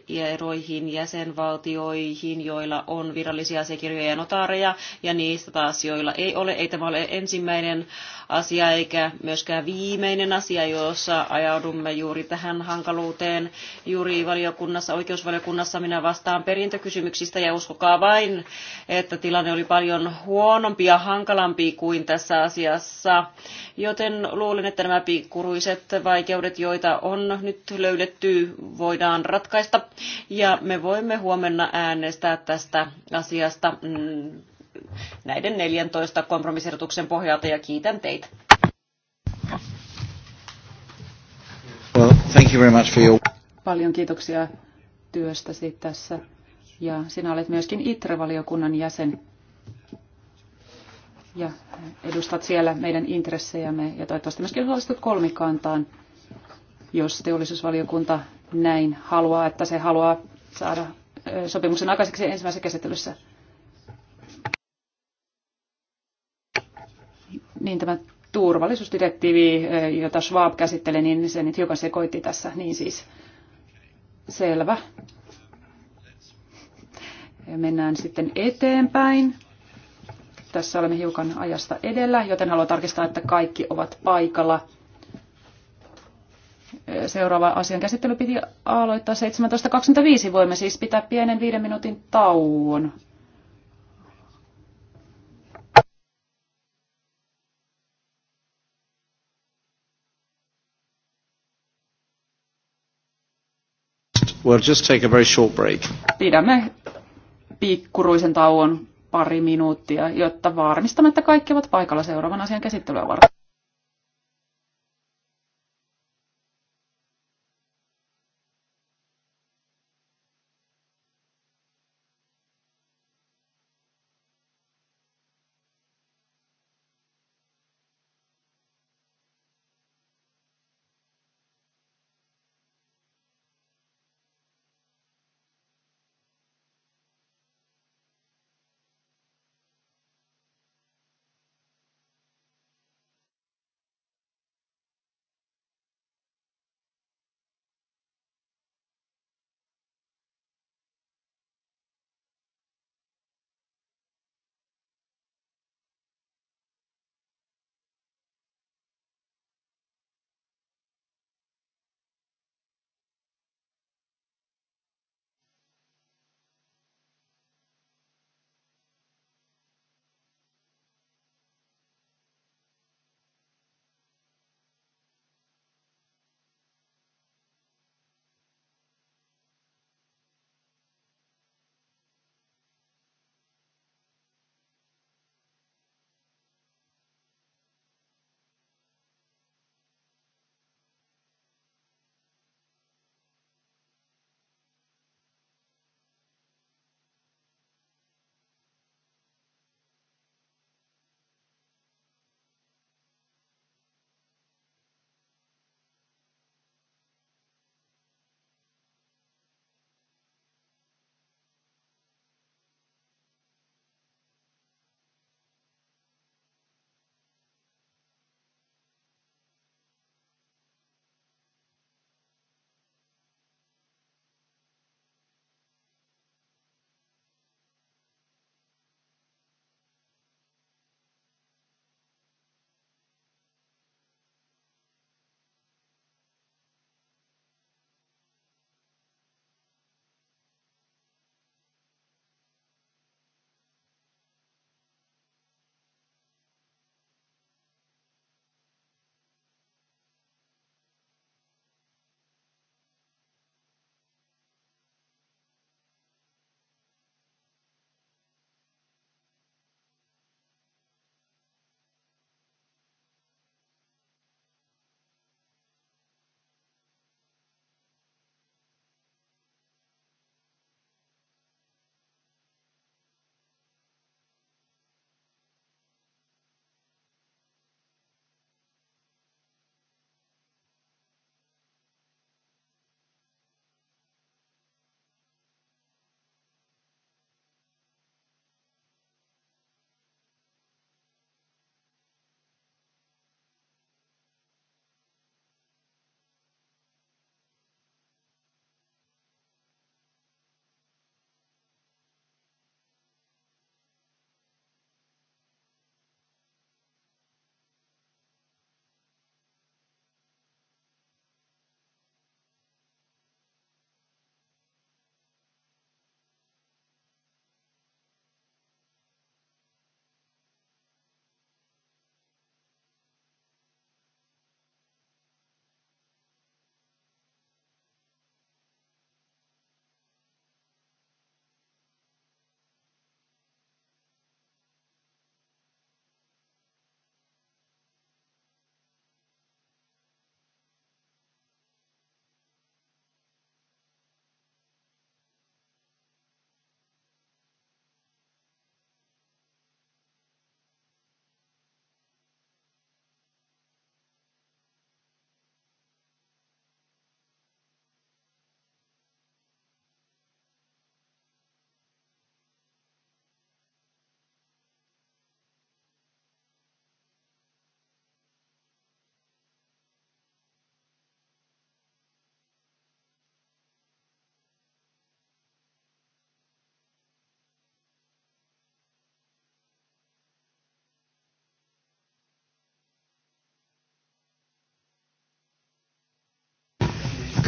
eroihin jäsenvaltioihin, joilla on virallisia asiakirjoja ja notaareja, ja niistä taas, joilla ei ole. Ei tämä ole ensimmäinen asia eikä myöskään viimeinen asia, jossa ajaudumme juuri tähän hankaluuteen. Juuri valiokunnassa, oikeusvaliokunnassa minä vastaan perintökysymyksistä, ja uskokaa vain, että tilanne oli paljon huonompi ja hankalampi kuin tässä asiassa. Joten luulen, että nämä pikkuruiset vaikeudet, joita on nyt löydetty, voidaan ratkaista ja me voimme huomenna äänestää tästä asiasta mm, näiden 14 kompromissiehdotuksen pohjalta ja kiitän teitä. Well, thank you very much for your... Paljon kiitoksia työstäsi tässä ja sinä olet myöskin ITRE-valiokunnan jäsen ja edustat siellä meidän intressejämme ja toivottavasti myöskin osallistut kolmikantaan jos teollisuusvaliokunta näin haluaa, että se haluaa saada sopimuksen aikaiseksi ensimmäisessä käsittelyssä. Niin tämä turvallisuusdirektiivi, jota Schwab käsitteli, niin se nyt hiukan sekoitti tässä. Niin siis selvä. Ja mennään sitten eteenpäin. Tässä olemme hiukan ajasta edellä, joten haluan tarkistaa, että kaikki ovat paikalla seuraava asian käsittely piti aloittaa 17.25. Voimme siis pitää pienen viiden minuutin tauon. We'll just take a very short break. Pidämme pikkuruisen tauon pari minuuttia, jotta varmistamme, että kaikki ovat paikalla seuraavan asian käsittelyä varten.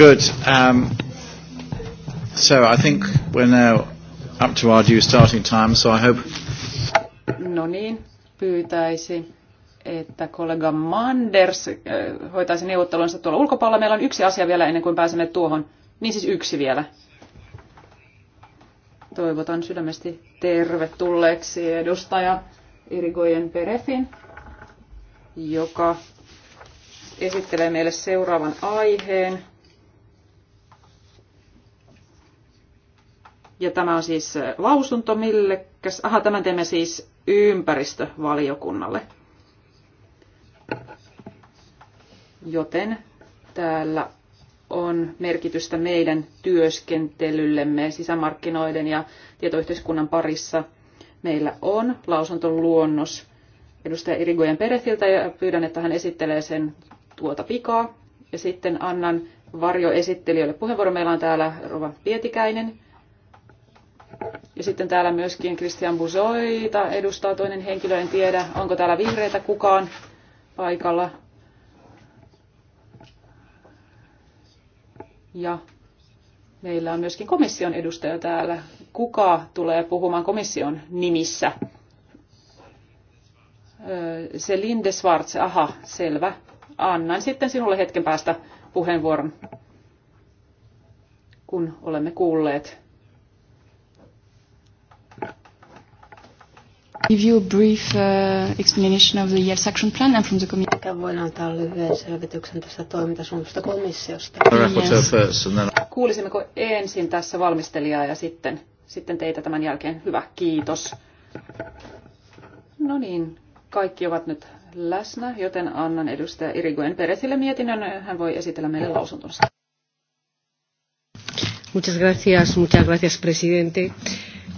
Good. Um, so I think we're now up to our due starting time, so I hope... No niin, pyytäisi, että kollega Manders äh, hoitaisi neuvottelunsa tuolla ulkopuolella. Meillä on yksi asia vielä ennen kuin pääsemme tuohon. Niin siis yksi vielä. Toivotan sydämesti tervetulleeksi edustaja Irigoyen Perefin, joka esittelee meille seuraavan aiheen. Ja tämä on siis äh, lausunto mille, Aha, tämän teemme siis ympäristövaliokunnalle. Joten täällä on merkitystä meidän työskentelyllemme sisämarkkinoiden ja tietoyhteiskunnan parissa. Meillä on lausuntoluonnos edustaja Irigojen Perethiltä ja pyydän, että hän esittelee sen tuota pikaa. Ja sitten annan varjoesittelijöille puheenvuoro. Meillä on täällä Rova Pietikäinen, ja sitten täällä myöskin Christian Buzoita edustaa toinen henkilö, en tiedä, onko täällä vihreitä kukaan paikalla. Ja meillä on myöskin komission edustaja täällä. Kuka tulee puhumaan komission nimissä? Se Linde Schwarz, aha, selvä. Annan sitten sinulle hetken päästä puheenvuoron, kun olemme kuulleet Give you a brief uh, explanation of the Yale's action plan and from the committee. Voin antaa lyhyen selvityksen tästä toimintasuunnasta komissiosta. Yes. Kuulisimmeko ensin tässä valmistelijaa ja sitten, sitten teitä tämän jälkeen. Hyvä, kiitos. No niin, kaikki ovat nyt läsnä, joten annan edustaja Irigoyen Peresille mietinnön. Hän voi esitellä meille lausuntonsa. Muchas gracias, muchas gracias, presidente.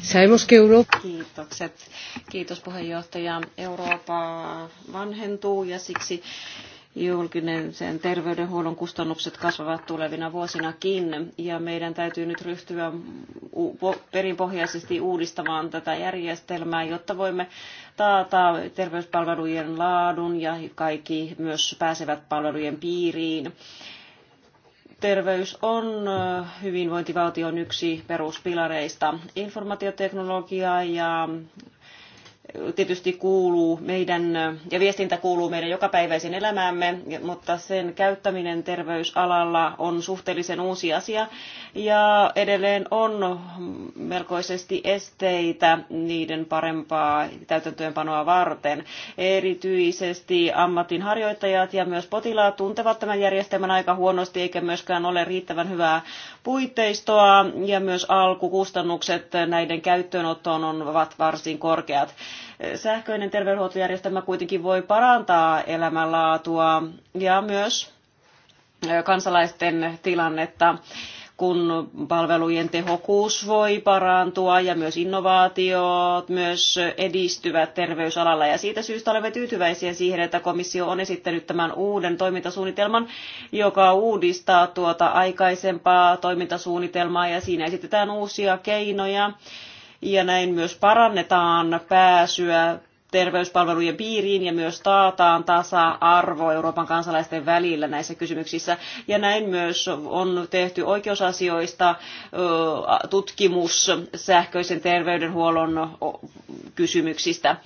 Sabemos que Kiitokset. Kiitos puheenjohtaja. Eurooppa vanhentuu ja siksi julkinen sen terveydenhuollon kustannukset kasvavat tulevina vuosinakin ja meidän täytyy nyt ryhtyä perinpohjaisesti uudistamaan tätä järjestelmää, jotta voimme taata terveyspalvelujen laadun ja kaikki myös pääsevät palvelujen piiriin Terveys on hyvinvointivaltion yksi peruspilareista. Informaatioteknologia ja tietysti kuuluu meidän, ja viestintä kuuluu meidän jokapäiväisen elämäämme, mutta sen käyttäminen terveysalalla on suhteellisen uusi asia, ja edelleen on melkoisesti esteitä niiden parempaa täytäntöönpanoa varten. Erityisesti ammatinharjoittajat ja myös potilaat tuntevat tämän järjestelmän aika huonosti, eikä myöskään ole riittävän hyvää puitteistoa ja myös alkukustannukset näiden käyttöönottoon ovat varsin korkeat. Sähköinen terveydenhuoltojärjestelmä kuitenkin voi parantaa elämänlaatua ja myös kansalaisten tilannetta kun palvelujen tehokkuus voi parantua ja myös innovaatiot myös edistyvät terveysalalla. Ja siitä syystä olemme tyytyväisiä siihen, että komissio on esittänyt tämän uuden toimintasuunnitelman, joka uudistaa tuota aikaisempaa toimintasuunnitelmaa ja siinä esitetään uusia keinoja ja näin myös parannetaan pääsyä terveyspalvelujen piiriin ja myös taataan tasa-arvo Euroopan kansalaisten välillä näissä kysymyksissä. Ja näin myös on tehty oikeusasioista tutkimus sähköisen terveydenhuollon kysymyksistä.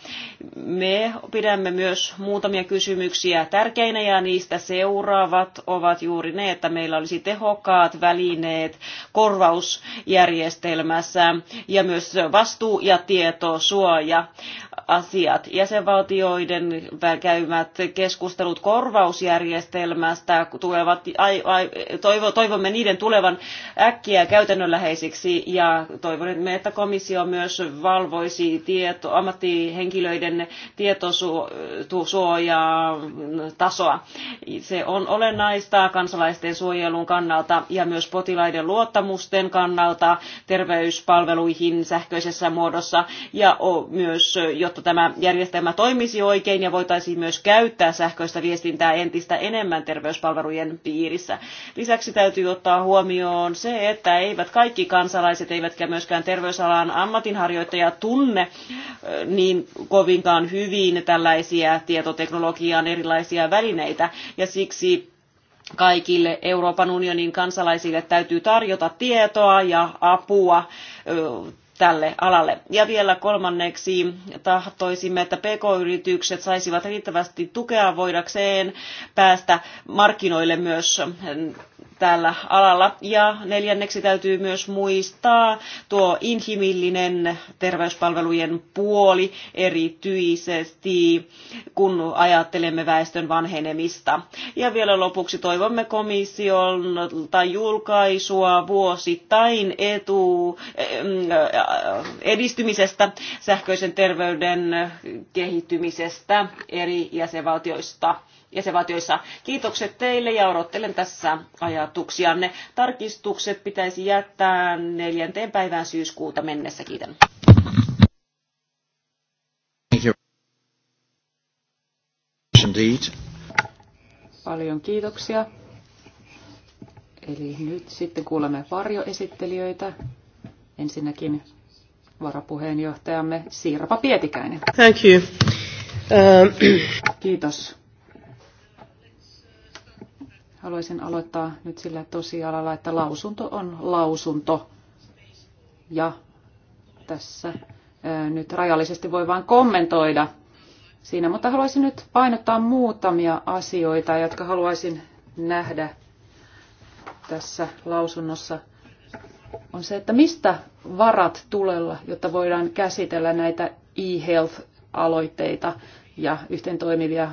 Me pidämme myös muutamia kysymyksiä tärkeinä ja niistä seuraavat ovat juuri ne, että meillä olisi tehokkaat välineet korvausjärjestelmässä ja myös vastuu- ja tietosuoja asiat rajat. Jäsenvaltioiden käymät keskustelut korvausjärjestelmästä tulevat, ai, ai, toivo, toivomme niiden tulevan äkkiä käytännönläheisiksi ja toivomme, että komissio myös valvoisi tieto, ammattihenkilöiden tietosuojaa tasoa. Se on olennaista kansalaisten suojelun kannalta ja myös potilaiden luottamusten kannalta terveyspalveluihin sähköisessä muodossa ja myös, jotta tämä järjestelmä toimisi oikein ja voitaisiin myös käyttää sähköistä viestintää entistä enemmän terveyspalvelujen piirissä. Lisäksi täytyy ottaa huomioon se, että eivät kaikki kansalaiset eivätkä myöskään terveysalan ammatinharjoittajat tunne niin kovinkaan hyvin tällaisia tietoteknologian erilaisia välineitä ja siksi kaikille Euroopan unionin kansalaisille täytyy tarjota tietoa ja apua tälle alalle. Ja vielä kolmanneksi tahtoisimme, että pk-yritykset saisivat riittävästi tukea voidakseen päästä markkinoille myös tällä alalla. Ja neljänneksi täytyy myös muistaa tuo inhimillinen terveyspalvelujen puoli erityisesti, kun ajattelemme väestön vanhenemista. Ja vielä lopuksi toivomme komission tai julkaisua vuosittain etu, eh, edistymisestä, sähköisen terveyden kehittymisestä eri jäsenvaltioista jäsenvaltioissa. Kiitokset teille ja odottelen tässä ajatuksianne. Tarkistukset pitäisi jättää neljänteen päivään syyskuuta mennessä. Kiitän. Paljon kiitoksia. Eli nyt sitten kuulemme varjoesittelijöitä. Ensinnäkin varapuheenjohtajamme Sirpa Pietikäinen. Thank you. Uh... Kiitos. Haluaisin aloittaa nyt sillä tosialalla, että lausunto on lausunto. Ja tässä nyt rajallisesti voi vain kommentoida siinä, mutta haluaisin nyt painottaa muutamia asioita, jotka haluaisin nähdä tässä lausunnossa, on se, että mistä varat tulella, jotta voidaan käsitellä näitä e-health-aloitteita ja yhteen toimivia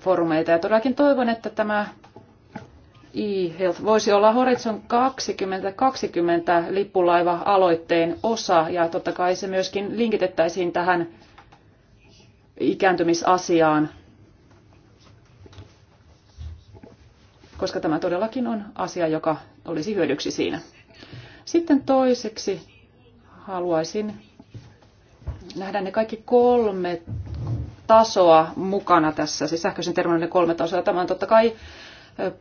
foorumeita. Ja todellakin toivon, että tämä e-health voisi olla Horizon 2020 lippulaiva-aloitteen osa, ja totta kai se myöskin linkitettäisiin tähän ikääntymisasiaan, koska tämä todellakin on asia, joka olisi hyödyksi siinä. Sitten toiseksi haluaisin nähdä ne kaikki kolme tasoa mukana tässä, siis sähköisen terminaalin kolme tasoa. Tämä on totta kai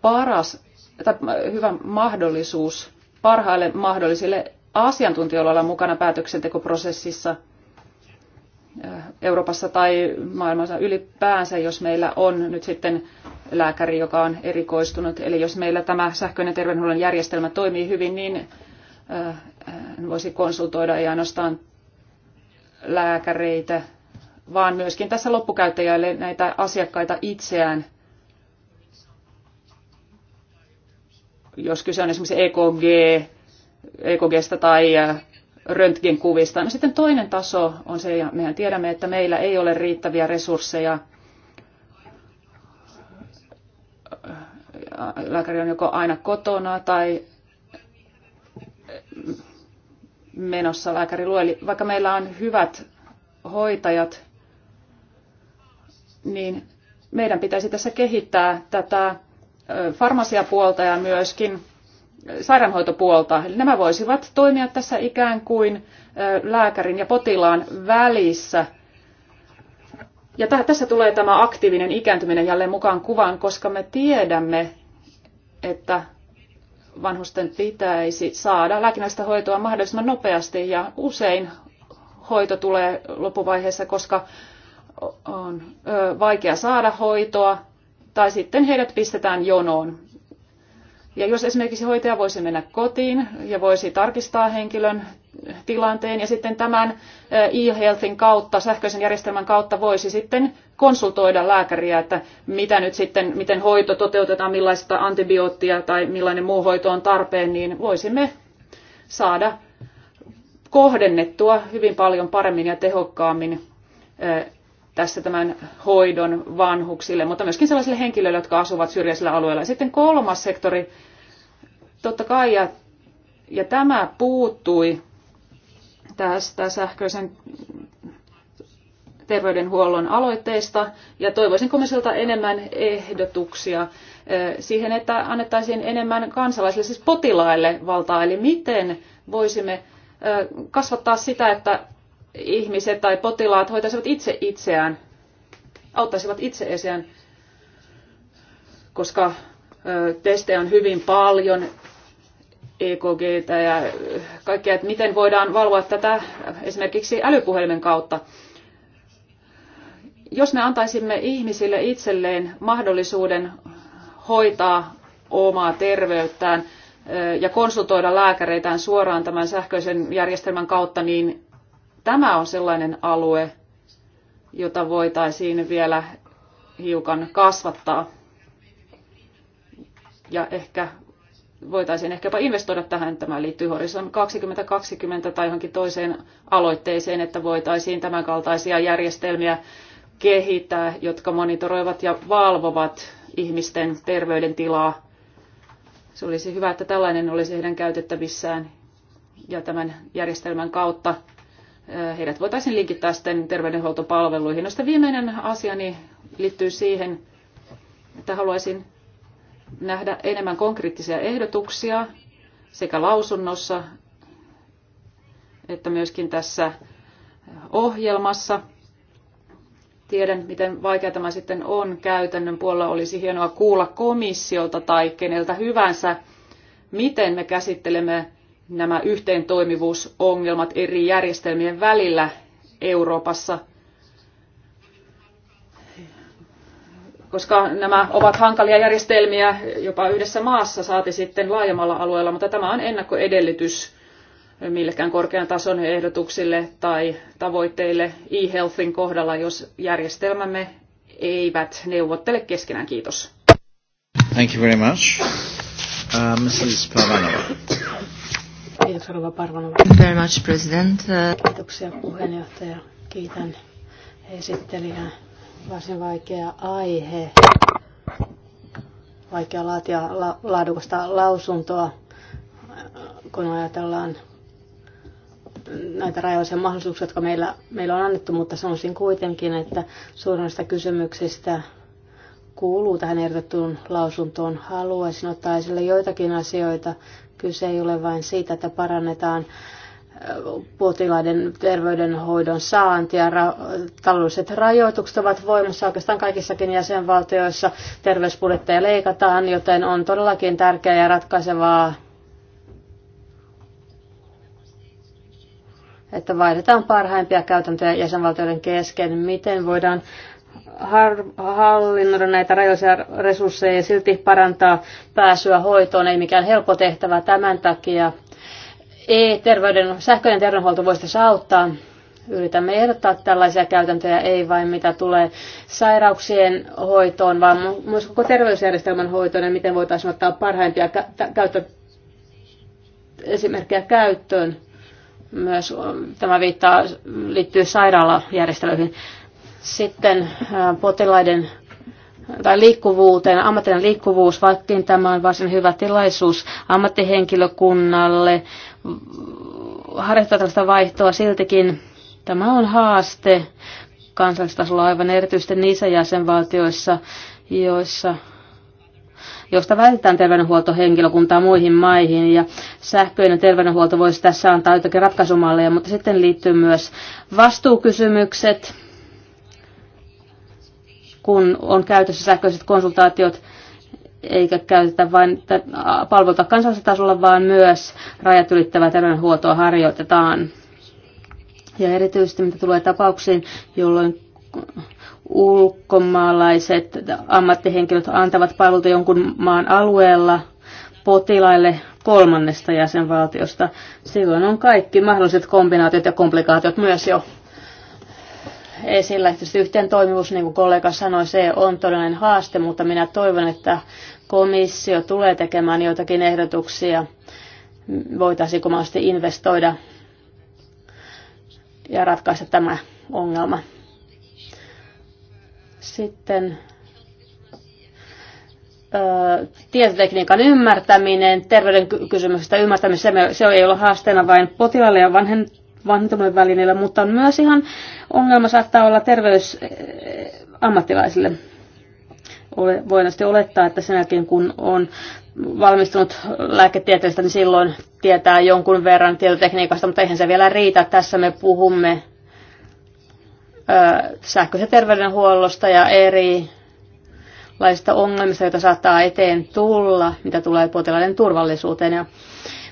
paras tai hyvä mahdollisuus parhaille mahdollisille asiantuntijoille olla mukana päätöksentekoprosessissa Euroopassa tai maailmassa ylipäänsä, jos meillä on nyt sitten lääkäri, joka on erikoistunut. Eli jos meillä tämä sähköinen terveydenhuollon järjestelmä toimii hyvin, niin voisi konsultoida ei ainoastaan lääkäreitä vaan myöskin tässä loppukäyttäjälle näitä asiakkaita itseään. Jos kyse on esimerkiksi EKG, EKGstä tai äh, röntgenkuvista. No sitten toinen taso on se, ja mehän tiedämme, että meillä ei ole riittäviä resursseja. Lääkäri on joko aina kotona tai menossa lääkäriluo. Eli vaikka meillä on hyvät hoitajat, niin meidän pitäisi tässä kehittää tätä farmasiapuolta ja myöskin sairaanhoitopuolta. Eli nämä voisivat toimia tässä ikään kuin lääkärin ja potilaan välissä. Ja tässä tulee tämä aktiivinen ikääntyminen jälleen mukaan kuvaan, koska me tiedämme, että vanhusten pitäisi saada lääkinnällistä hoitoa mahdollisimman nopeasti ja usein hoito tulee loppuvaiheessa, koska on vaikea saada hoitoa, tai sitten heidät pistetään jonoon. Ja jos esimerkiksi hoitaja voisi mennä kotiin ja voisi tarkistaa henkilön tilanteen ja sitten tämän e-healthin kautta, sähköisen järjestelmän kautta voisi sitten konsultoida lääkäriä, että mitä nyt sitten, miten hoito toteutetaan, millaista antibioottia tai millainen muu hoito on tarpeen, niin voisimme saada kohdennettua hyvin paljon paremmin ja tehokkaammin tässä tämän hoidon vanhuksille, mutta myöskin sellaisille henkilöille, jotka asuvat syrjäisillä alueilla. Sitten kolmas sektori, totta kai, ja, ja tämä puuttui tästä sähköisen terveydenhuollon aloitteista ja toivoisin komissiolta enemmän ehdotuksia eh, siihen, että annettaisiin enemmän kansalaisille, siis potilaille valtaa, eli miten voisimme eh, kasvattaa sitä, että ihmiset tai potilaat hoitaisivat itse itseään, auttaisivat itse itseään, koska testejä on hyvin paljon, EKG ja kaikkea, että miten voidaan valvoa tätä esimerkiksi älypuhelimen kautta. Jos me antaisimme ihmisille itselleen mahdollisuuden hoitaa omaa terveyttään ja konsultoida lääkäreitään suoraan tämän sähköisen järjestelmän kautta, niin Tämä on sellainen alue, jota voitaisiin vielä hiukan kasvattaa. Ja ehkä voitaisiin ehkäpä investoida tähän, tämä liittyy Horizon 2020 tai johonkin toiseen aloitteeseen, että voitaisiin tämänkaltaisia järjestelmiä kehittää, jotka monitoroivat ja valvovat ihmisten terveydentilaa. Se olisi hyvä, että tällainen olisi heidän käytettävissään ja tämän järjestelmän kautta heidät voitaisiin linkittää sitten terveydenhuoltopalveluihin. Noista viimeinen asiani liittyy siihen, että haluaisin nähdä enemmän konkreettisia ehdotuksia sekä lausunnossa että myöskin tässä ohjelmassa. Tiedän, miten vaikea tämä sitten on käytännön puolella. Olisi hienoa kuulla komissiolta tai keneltä hyvänsä, miten me käsittelemme nämä yhteentoimivuusongelmat eri järjestelmien välillä Euroopassa, koska nämä ovat hankalia järjestelmiä jopa yhdessä maassa, saati sitten laajemmalla alueella, mutta tämä on ennakkoedellytys millekään korkean tason ehdotuksille tai tavoitteille e-healthin kohdalla, jos järjestelmämme eivät neuvottele keskenään. Kiitos. Thank you very much. Uh, Mrs. Kiitoksia, Rova Very much, President. Uh, Kiitoksia, puheenjohtaja. Kiitän esittelijää. Varsin vaikea aihe. Vaikea laatia la- laadukasta lausuntoa, kun ajatellaan näitä rajallisia mahdollisuuksia, jotka meillä, meillä on annettu, mutta sanoisin kuitenkin, että suurin kysymyksistä kuuluu tähän ehdotettuun lausuntoon. Haluaisin ottaa esille joitakin asioita, Kyse ei ole vain siitä, että parannetaan äh, potilaiden terveydenhoidon ja Ra- taloudelliset rajoitukset ovat voimassa oikeastaan kaikissakin jäsenvaltioissa. Terveysbudjetteja leikataan, joten on todellakin tärkeää ja ratkaisevaa, että vaihdetaan parhaimpia käytäntöjä jäsenvaltioiden kesken, miten voidaan hallinnoida näitä rajallisia resursseja ja silti parantaa pääsyä hoitoon. Ei mikään helppo tehtävä tämän takia. E-terveyden, sähköinen terveydenhuolto voisi tässä auttaa. Yritämme ehdottaa tällaisia käytäntöjä, ei vain mitä tulee sairauksien hoitoon, vaan myös koko terveysjärjestelmän hoitoon ja miten voitaisiin ottaa parhaimpia käyttö, esimerkkejä käyttöön. Myös tämä viittaa, liittyy sairaalajärjestelyihin sitten äh, potilaiden tai liikkuvuuteen, ammatillinen liikkuvuus, vaikkakin tämä on varsin hyvä tilaisuus ammattihenkilökunnalle harjoittaa tällaista vaihtoa siltikin. Tämä on haaste kansallistasolla aivan erityisesti niissä jäsenvaltioissa, joissa josta vältetään terveydenhuoltohenkilökuntaa muihin maihin. Ja sähköinen terveydenhuolto voisi tässä antaa jotakin ratkaisumalleja, mutta sitten liittyy myös vastuukysymykset kun on käytössä sähköiset konsultaatiot, eikä käytetä vain palveluita kansallisella tasolla, vaan myös rajat ylittävää terveydenhuoltoa harjoitetaan. Ja erityisesti mitä tulee tapauksiin, jolloin ulkomaalaiset ammattihenkilöt antavat palveluita jonkun maan alueella potilaille kolmannesta jäsenvaltiosta. Silloin on kaikki mahdolliset kombinaatiot ja komplikaatiot myös jo esillä. Tietysti yhteen toimivuus, niin kuin kollega sanoi, se on todellinen haaste, mutta minä toivon, että komissio tulee tekemään joitakin ehdotuksia, voitaisiinko mahdollisesti investoida ja ratkaista tämä ongelma. Sitten tietotekniikan ymmärtäminen, terveyden kysymyksestä ymmärtäminen, se ei ole haasteena vain potilaalle ja vanhen, vanhentuneille välineillä, mutta on myös ihan ongelma saattaa olla terveysammattilaisille. Eh, Ole, voidaan sitten olettaa, että sen jälkeen kun on valmistunut lääketieteestä, niin silloin tietää jonkun verran tietotekniikasta, mutta eihän se vielä riitä. Tässä me puhumme ö, sähköisen terveydenhuollosta ja eri laista ongelmista, joita saattaa eteen tulla, mitä tulee potilaiden turvallisuuteen ja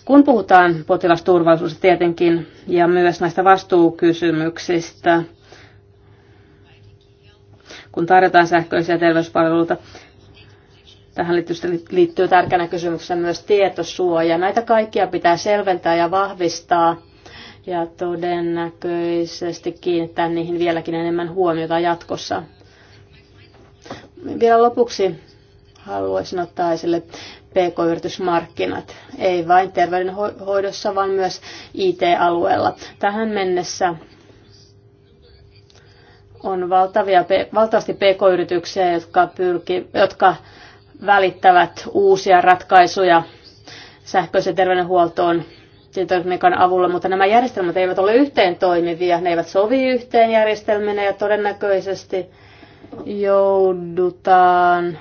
kun puhutaan potilasturvallisuudesta tietenkin ja myös näistä vastuukysymyksistä, kun tarjotaan sähköisiä terveyspalveluita, tähän liittyy tärkeänä kysymyksenä myös tietosuoja. Näitä kaikkia pitää selventää ja vahvistaa ja todennäköisesti kiinnittää niihin vieläkin enemmän huomiota jatkossa. Vielä lopuksi haluaisin ottaa esille pk-yritysmarkkinat, ei vain terveydenhoidossa, vaan myös IT-alueella. Tähän mennessä on valtavia, valtavasti pk-yrityksiä, jotka, pyrki, jotka välittävät uusia ratkaisuja sähköiseen terveydenhuoltoon tietotekniikan avulla, mutta nämä järjestelmät eivät ole yhteen toimivia, ne eivät sovi yhteen järjestelmänä ja todennäköisesti joudutaan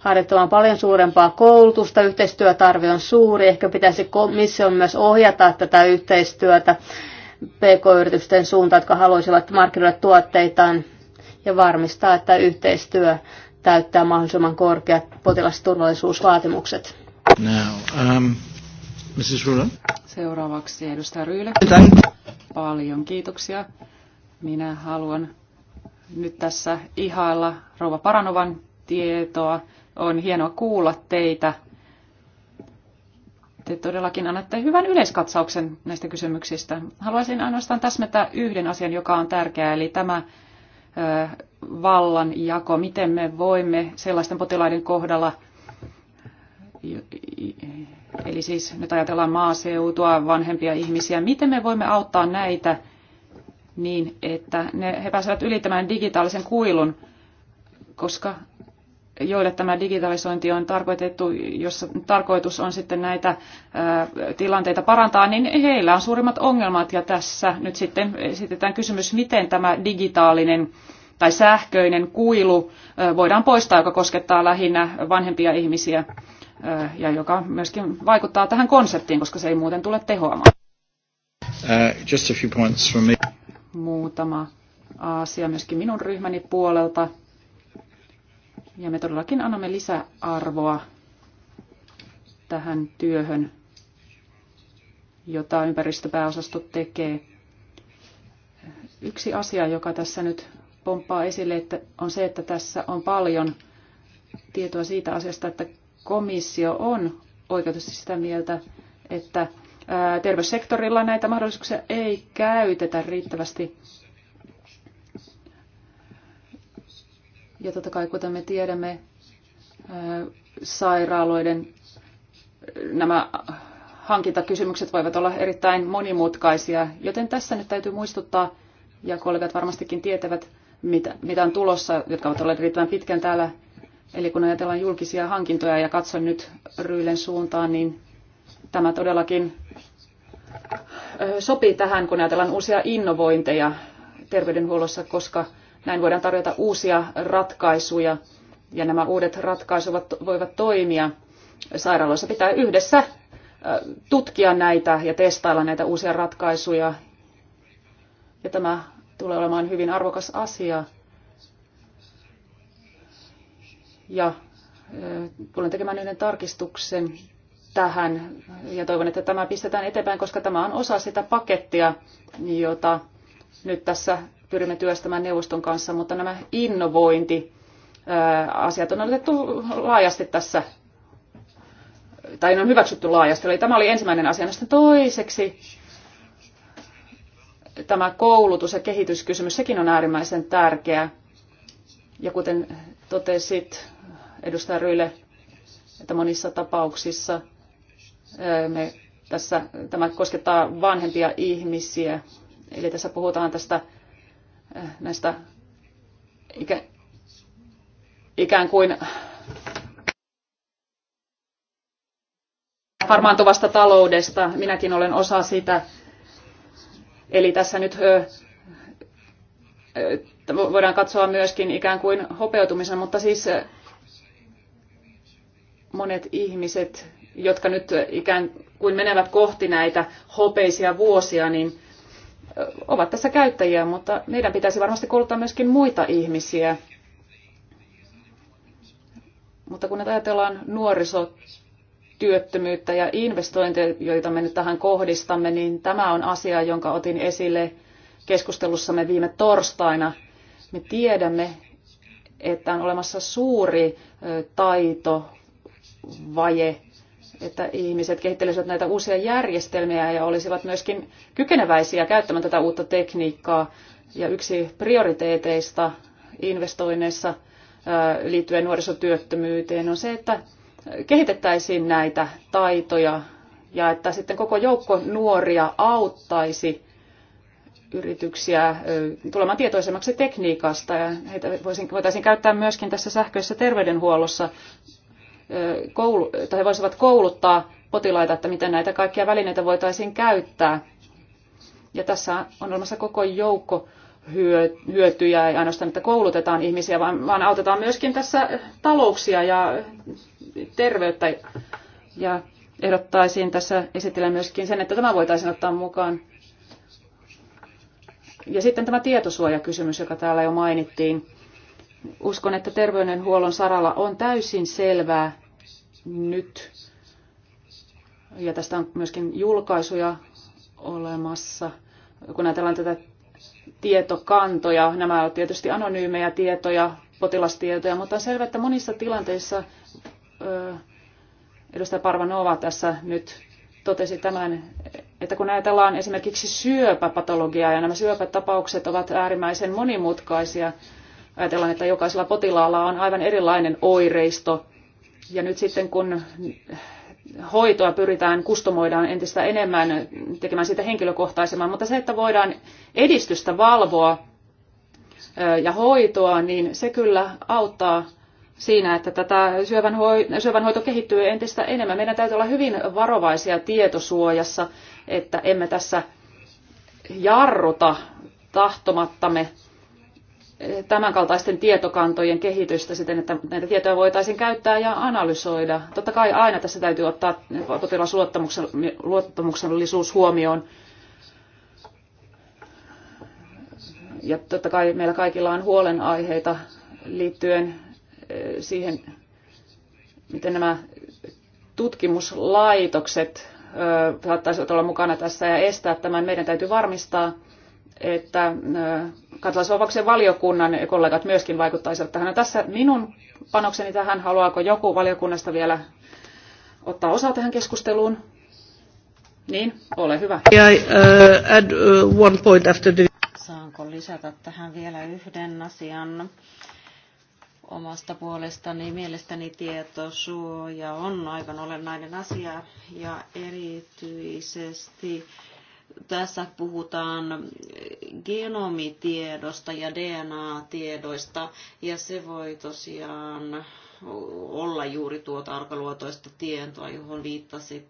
harjoittamaan paljon suurempaa koulutusta, yhteistyötarve on suuri, ehkä pitäisi komission myös ohjata tätä yhteistyötä pk-yritysten suuntaan, jotka haluaisivat markkinoida tuotteitaan ja varmistaa, että yhteistyö täyttää mahdollisimman korkeat potilasturvallisuusvaatimukset. Now, um, Mrs. Seuraavaksi edustaja Ryyle. Paljon kiitoksia. Minä haluan nyt tässä ihailla rouva Paranovan tietoa. On hienoa kuulla teitä. Te todellakin annatte hyvän yleiskatsauksen näistä kysymyksistä. Haluaisin ainoastaan täsmätä yhden asian, joka on tärkeä, eli tämä vallanjako, miten me voimme sellaisten potilaiden kohdalla, eli siis nyt ajatellaan maaseutua, vanhempia ihmisiä, miten me voimme auttaa näitä niin, että ne, he pääsevät ylittämään digitaalisen kuilun, koska joille tämä digitalisointi on tarkoitettu, jos tarkoitus on sitten näitä tilanteita parantaa, niin heillä on suurimmat ongelmat. Ja tässä nyt sitten esitetään kysymys, miten tämä digitaalinen tai sähköinen kuilu voidaan poistaa, joka koskettaa lähinnä vanhempia ihmisiä ja joka myöskin vaikuttaa tähän konseptiin, koska se ei muuten tule tehoamaan. Uh, just a few points from me. Muutama asia myöskin minun ryhmäni puolelta ja me todellakin annamme lisäarvoa tähän työhön, jota ympäristöpääosasto tekee. Yksi asia, joka tässä nyt pomppaa esille, että on se, että tässä on paljon tietoa siitä asiasta, että komissio on oikeutusti sitä mieltä, että terveyssektorilla näitä mahdollisuuksia ei käytetä riittävästi. Ja totta kai, kuten me tiedämme, sairaaloiden nämä hankintakysymykset voivat olla erittäin monimutkaisia, joten tässä nyt täytyy muistuttaa, ja kollegat varmastikin tietävät, mitä, mitä on tulossa, jotka ovat olleet riittävän pitkän täällä. Eli kun ajatellaan julkisia hankintoja ja katson nyt Ryylen suuntaan, niin tämä todellakin sopii tähän, kun ajatellaan uusia innovointeja terveydenhuollossa, koska – näin voidaan tarjota uusia ratkaisuja ja nämä uudet ratkaisut voivat toimia. Sairaaloissa pitää yhdessä tutkia näitä ja testailla näitä uusia ratkaisuja. Ja tämä tulee olemaan hyvin arvokas asia. Ja tulen tekemään yhden tarkistuksen tähän ja toivon, että tämä pistetään eteenpäin, koska tämä on osa sitä pakettia, jota nyt tässä pyrimme työstämään neuvoston kanssa, mutta nämä innovointi asiat on otettu laajasti tässä, tai ne on hyväksytty laajasti. Eli tämä oli ensimmäinen asia. No sitten toiseksi tämä koulutus- ja kehityskysymys, sekin on äärimmäisen tärkeä. Ja kuten totesit, edustaja Ryle, että monissa tapauksissa me tässä, tämä koskettaa vanhempia ihmisiä. Eli tässä puhutaan tästä Eh, näistä ikä, ikään kuin harmaantuvasta taloudesta. Minäkin olen osa sitä. Eli tässä nyt voidaan katsoa myöskin ikään kuin hopeutumisen, mutta siis monet ihmiset, jotka nyt ikään kuin menevät kohti näitä hopeisia vuosia, niin ovat tässä käyttäjiä, mutta meidän pitäisi varmasti kouluttaa myöskin muita ihmisiä. Mutta kun nyt ajatellaan nuorisotyöttömyyttä ja investointeja, joita me nyt tähän kohdistamme, niin tämä on asia, jonka otin esille keskustelussamme viime torstaina. Me tiedämme, että on olemassa suuri taitovaje että ihmiset kehittelisivät näitä uusia järjestelmiä ja olisivat myöskin kykeneväisiä käyttämään tätä uutta tekniikkaa. Ja yksi prioriteeteista investoinneissa liittyen nuorisotyöttömyyteen on se, että kehitettäisiin näitä taitoja ja että sitten koko joukko nuoria auttaisi yrityksiä tulemaan tietoisemmaksi tekniikasta ja heitä voitaisiin käyttää myöskin tässä sähköisessä terveydenhuollossa koulu, tai he voisivat kouluttaa potilaita, että miten näitä kaikkia välineitä voitaisiin käyttää. Ja tässä on olemassa koko joukko hyötyjä, ei ainoastaan, että koulutetaan ihmisiä, vaan, vaan autetaan myöskin tässä talouksia ja terveyttä. Ja ehdottaisin tässä esitellä myöskin sen, että tämä voitaisiin ottaa mukaan. Ja sitten tämä tietosuojakysymys, joka täällä jo mainittiin. Uskon, että terveydenhuollon saralla on täysin selvää, nyt, ja tästä on myöskin julkaisuja olemassa, kun ajatellaan tätä tietokantoja, nämä ovat tietysti anonyymejä tietoja, potilastietoja, mutta on selvää, että monissa tilanteissa ö, edustaja Parvanova tässä nyt totesi tämän, että kun ajatellaan esimerkiksi syöpäpatologiaa ja nämä syöpätapaukset ovat äärimmäisen monimutkaisia, ajatellaan, että jokaisella potilaalla on aivan erilainen oireisto ja nyt sitten kun hoitoa pyritään kustomoidaan entistä enemmän, tekemään sitä henkilökohtaisemman, mutta se, että voidaan edistystä valvoa ja hoitoa, niin se kyllä auttaa siinä, että tätä syövän, syövän hoito kehittyy entistä enemmän. Meidän täytyy olla hyvin varovaisia tietosuojassa, että emme tässä jarruta tahtomattamme tämänkaltaisten tietokantojen kehitystä siten, että näitä tietoja voitaisiin käyttää ja analysoida. Totta kai aina tässä täytyy ottaa potilasluottamuksellisuus huomioon. Ja totta kai meillä kaikilla on huolenaiheita liittyen eh, siihen, miten nämä tutkimuslaitokset eh, saattaisivat olla mukana tässä ja estää tämän. Meidän täytyy varmistaa, että eh, kansalaisvapauksen valiokunnan kollegat myöskin vaikuttaisivat tähän. tässä minun panokseni tähän, haluaako joku valiokunnasta vielä ottaa osaa tähän keskusteluun? Niin, ole hyvä. I, uh, add, uh, one point after the... Saanko lisätä tähän vielä yhden asian? omasta puolestani mielestäni tietosuoja on aivan olennainen asia ja erityisesti tässä puhutaan genomitiedosta ja DNA-tiedoista, ja se voi tosiaan olla juuri tuota arkaluotoista tietoa, johon viittasit.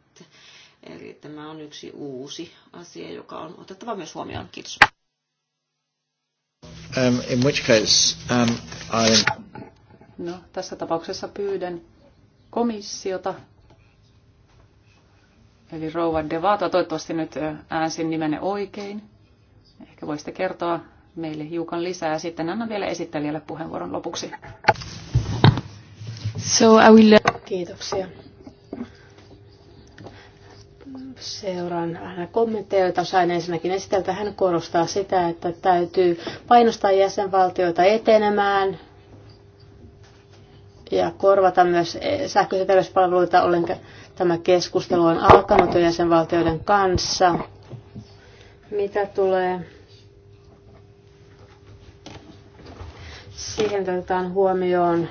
Eli tämä on yksi uusi asia, joka on otettava myös huomioon. Kiitos. Um, in which case, um, I... No, tässä tapauksessa pyydän komissiota eli Rouva Devata. Toivottavasti nyt äänsin nimenne oikein. Ehkä voisitte kertoa meille hiukan lisää. Sitten annan vielä esittelijälle puheenvuoron lopuksi. So I will... Kiitoksia. Seuraan hänen kommentteja, joita sain ensinnäkin esiteltä. Hän korostaa sitä, että täytyy painostaa jäsenvaltioita etenemään ja korvata myös sähköisiä terveyspalveluita ollenkä Tämä keskustelu on alkanut jäsenvaltioiden kanssa. Mitä tulee siihen, että otetaan huomioon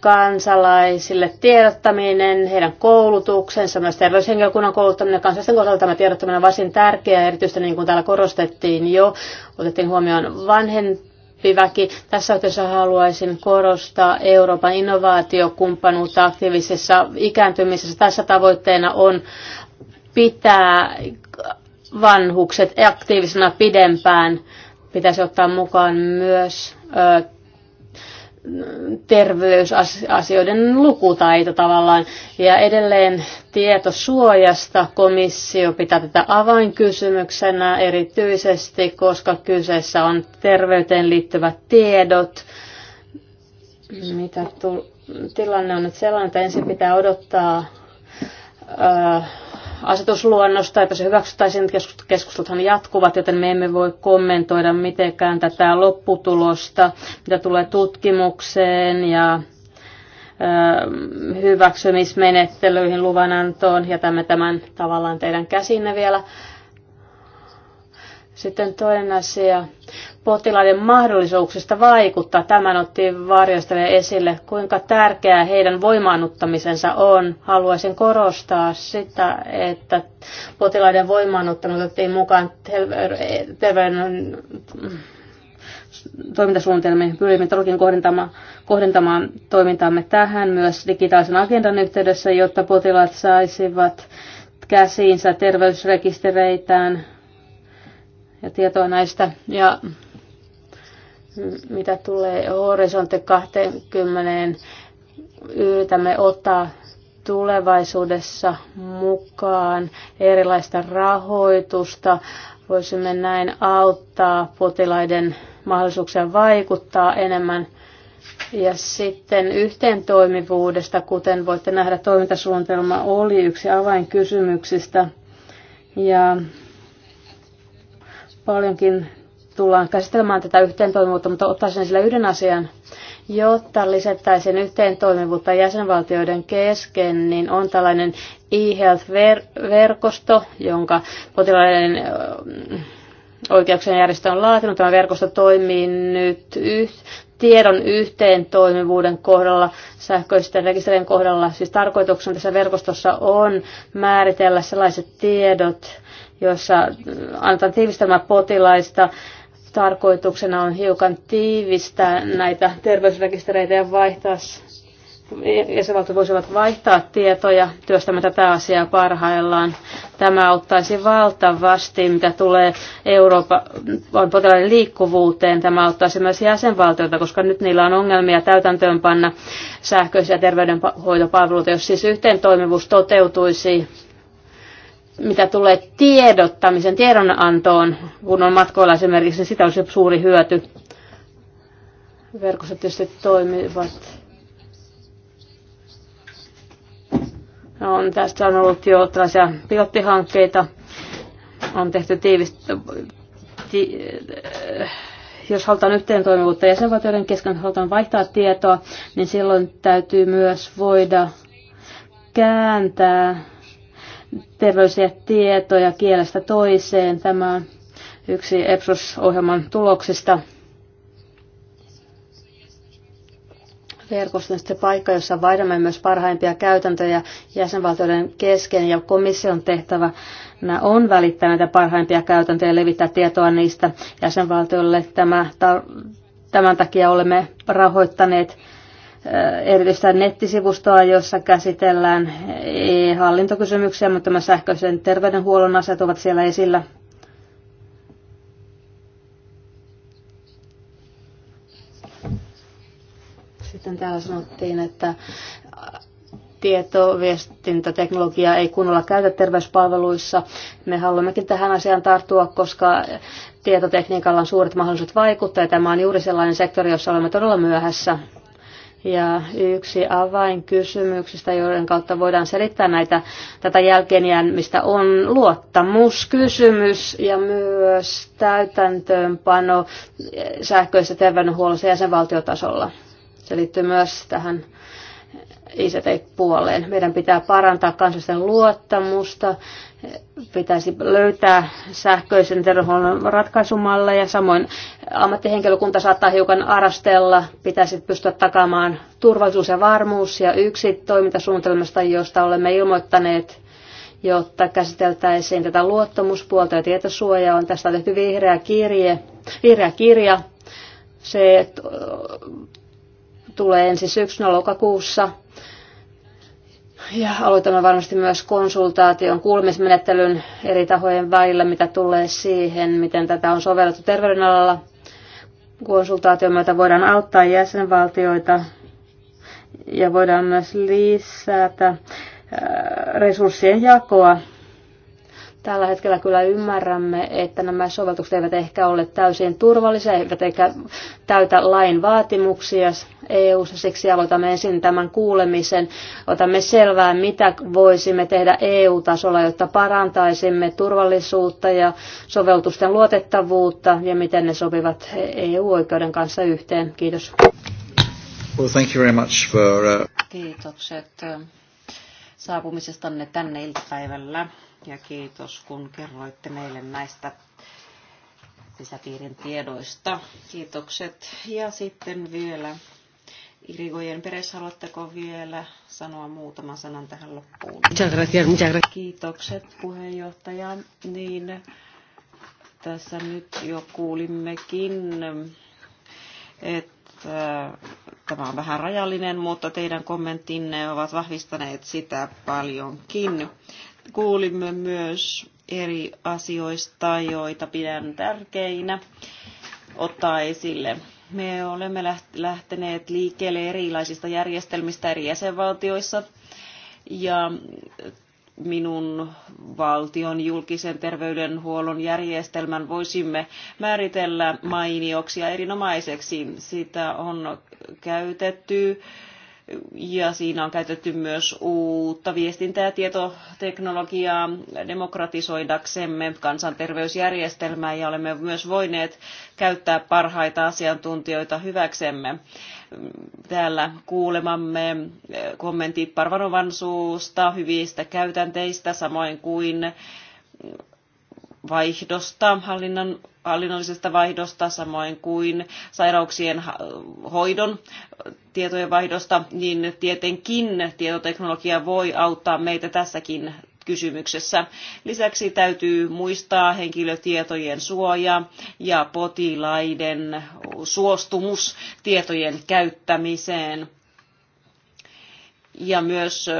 kansalaisille tiedottaminen, heidän koulutuksensa, myös terveyshenkilökunnan kouluttaminen, kansalaisten kohdalla tämä tiedottaminen on varsin tärkeää, erityisesti niin kuin täällä korostettiin jo, otettiin huomioon vanhen, oppiväki. Tässä yhteydessä haluaisin korostaa Euroopan innovaatiokumppanuutta aktiivisessa ikääntymisessä. Tässä tavoitteena on pitää vanhukset aktiivisena pidempään. Pitäisi ottaa mukaan myös terveysasioiden lukutaito tavallaan. Ja edelleen tietosuojasta komissio pitää tätä avainkysymyksenä erityisesti, koska kyseessä on terveyteen liittyvät tiedot. Mitä tilanne on nyt sellainen, että ensin pitää odottaa asetusluonnosta, että se hyväksyttäisiin, keskusteluthan jatkuvat, joten me emme voi kommentoida mitenkään tätä lopputulosta, mitä tulee tutkimukseen ja hyväksymismenettelyihin, luvanantoon. Jätämme tämän tavallaan teidän käsinne vielä. Sitten toinen asia, potilaiden mahdollisuuksista vaikuttaa. Tämän otti varjostelija esille, kuinka tärkeää heidän voimaannuttamisensa on. Haluaisin korostaa sitä, että potilaiden voimaannuttaminen otettiin mukaan terveyden mm, toimintasuunnitelmiin. Pyrimme todellakin kohdentamaan, kohdentamaan toimintaamme tähän myös digitaalisen agendan yhteydessä, jotta potilaat saisivat käsiinsä terveysrekistereitään ja tietoa näistä. Ja mitä tulee horisontti 20, yritämme ottaa tulevaisuudessa mukaan erilaista rahoitusta. Voisimme näin auttaa potilaiden mahdollisuuksia vaikuttaa enemmän. Ja sitten yhteen toimivuudesta, kuten voitte nähdä, toimintasuunnitelma oli yksi avainkysymyksistä. Ja Paljonkin tullaan käsittelemään tätä yhteentoimivuutta, mutta ottaisin sillä yhden asian. Jotta lisättäisiin yhteentoimivuutta jäsenvaltioiden kesken, niin on tällainen e-health-verkosto, jonka potilaiden oikeuksien järjestö on laatinut. Tämä verkosto toimii nyt yh- tiedon yhteen toimivuuden kohdalla, sähköisten rekisterien kohdalla. Siis tarkoituksena tässä verkostossa on määritellä sellaiset tiedot, jossa annetaan tiivistämään potilaista. Tarkoituksena on hiukan tiivistää näitä terveysrekistereitä ja vaihtaa jäsenvaltiot voisivat vaihtaa tietoja työstämme tätä asiaa parhaillaan. Tämä auttaisi valtavasti, mitä tulee Euroopan potilaiden liikkuvuuteen. Tämä auttaisi myös jäsenvaltioita, koska nyt niillä on ongelmia täytäntöönpanna sähköisiä terveydenhoitopalveluita. Jos siis yhteen toimivuus toteutuisi, mitä tulee tiedottamisen, tiedonantoon, kun on matkoilla esimerkiksi, niin sitä olisi suuri hyöty. Verkossa tietysti toimivat. On, tästä on ollut jo tällaisia pilottihankkeita. On tehty tiivistä, ti, jos halutaan yhteen toimivuutta jäsenvaltioiden kesken, halutaan vaihtaa tietoa, niin silloin täytyy myös voida kääntää terveellisiä tietoja kielestä toiseen. Tämä on yksi EPSOS-ohjelman tuloksista. on se paikka, jossa vaihdamme myös parhaimpia käytäntöjä jäsenvaltioiden kesken ja komission tehtävä on välittää näitä parhaimpia käytäntöjä ja levittää tietoa niistä jäsenvaltioille. Tämä, tämän takia olemme rahoittaneet Äh, erillistä nettisivustoa, jossa käsitellään e-hallintokysymyksiä, mutta myös sähköisen terveydenhuollon asiat ovat siellä esillä. Sitten täällä sanottiin, että tietoviestintäteknologiaa ei kunnolla käytä terveyspalveluissa. Me haluammekin tähän asiaan tarttua, koska tietotekniikalla on suuret mahdollisuudet vaikuttaa ja tämä on juuri sellainen sektori, jossa olemme todella myöhässä ja yksi avainkysymyksistä, joiden kautta voidaan selittää näitä, tätä jälkeenjäämistä, on luottamuskysymys ja myös täytäntöönpano sähköisessä terveydenhuollossa jäsenvaltiotasolla. Se liittyy myös tähän ICT-puoleen. Meidän pitää parantaa kansallisten luottamusta, pitäisi löytää sähköisen terveydenhuollon ratkaisumalleja, samoin ammattihenkilökunta saattaa hiukan arastella, pitäisi pystyä takaamaan turvallisuus ja varmuus ja yksi toimintasuunnitelmasta, josta olemme ilmoittaneet jotta käsiteltäisiin tätä luottamuspuolta ja tietosuojaa. On tästä tehty vihreä, kirje, vihreä kirja. Se tulee ensi syksynä lokakuussa ja aloitamme varmasti myös konsultaation kuulemismenettelyn eri tahojen välillä, mitä tulee siihen, miten tätä on sovellettu terveydenalalla. Konsultaation myötä voidaan auttaa jäsenvaltioita ja voidaan myös lisätä äh, resurssien jakoa. Tällä hetkellä kyllä ymmärrämme, että nämä sovellukset eivät ehkä ole täysin turvallisia, eivät eikä täytä lain vaatimuksia EU-ssa. Siksi aloitamme ensin tämän kuulemisen. Otamme selvää, mitä voisimme tehdä EU-tasolla, jotta parantaisimme turvallisuutta ja sovellutusten luotettavuutta ja miten ne sopivat EU-oikeuden kanssa yhteen. Kiitos. Well, thank you very much for, uh... Kiitokset uh, saapumisestanne tänne iltapäivällä ja kiitos kun kerroitte meille näistä sisäpiirin tiedoista. Kiitokset. Ja sitten vielä Irigoyen Peres, haluatteko vielä sanoa muutaman sanan tähän loppuun? Kiitokset puheenjohtaja. Niin, tässä nyt jo kuulimmekin, että tämä on vähän rajallinen, mutta teidän kommenttinne ovat vahvistaneet sitä paljonkin. Kuulimme myös eri asioista, joita pidän tärkeinä ottaa esille me olemme lähteneet liikkeelle erilaisista järjestelmistä eri jäsenvaltioissa ja minun valtion julkisen terveydenhuollon järjestelmän voisimme määritellä mainioksi ja erinomaiseksi. Sitä on käytetty ja siinä on käytetty myös uutta viestintä- ja tietoteknologiaa demokratisoidaksemme kansanterveysjärjestelmää ja olemme myös voineet käyttää parhaita asiantuntijoita hyväksemme. Täällä kuulemamme eh, kommentit Parvanovan suusta hyvistä käytänteistä, samoin kuin vaihdosta, hallinnan, hallinnollisesta vaihdosta, samoin kuin sairauksien hoidon tietojen vaihdosta, niin tietenkin tietoteknologia voi auttaa meitä tässäkin kysymyksessä. Lisäksi täytyy muistaa henkilötietojen suoja ja potilaiden suostumus tietojen käyttämiseen. Ja myös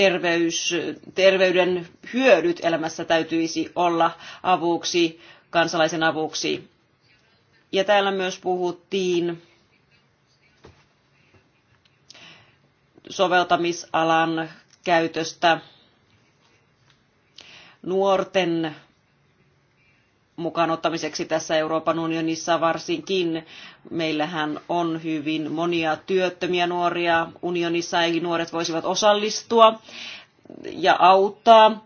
terveys, terveyden hyödyt elämässä täytyisi olla avuksi, kansalaisen avuksi. Ja täällä myös puhuttiin soveltamisalan käytöstä nuorten mukaan ottamiseksi tässä Euroopan unionissa varsinkin. Meillähän on hyvin monia työttömiä nuoria unionissa, eli nuoret voisivat osallistua ja auttaa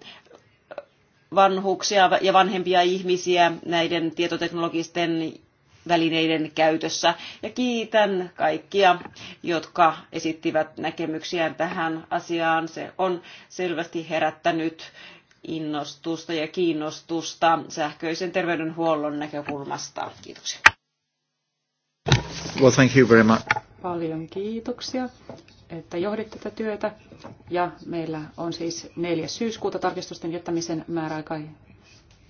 vanhuksia ja vanhempia ihmisiä näiden tietoteknologisten välineiden käytössä. Ja kiitän kaikkia, jotka esittivät näkemyksiään tähän asiaan. Se on selvästi herättänyt innostusta ja kiinnostusta sähköisen terveydenhuollon näkökulmasta. Kiitoksia. Well, thank you very much. Paljon kiitoksia, että johdit tätä työtä. Ja meillä on siis 4. syyskuuta tarkistusten jättämisen määräaika,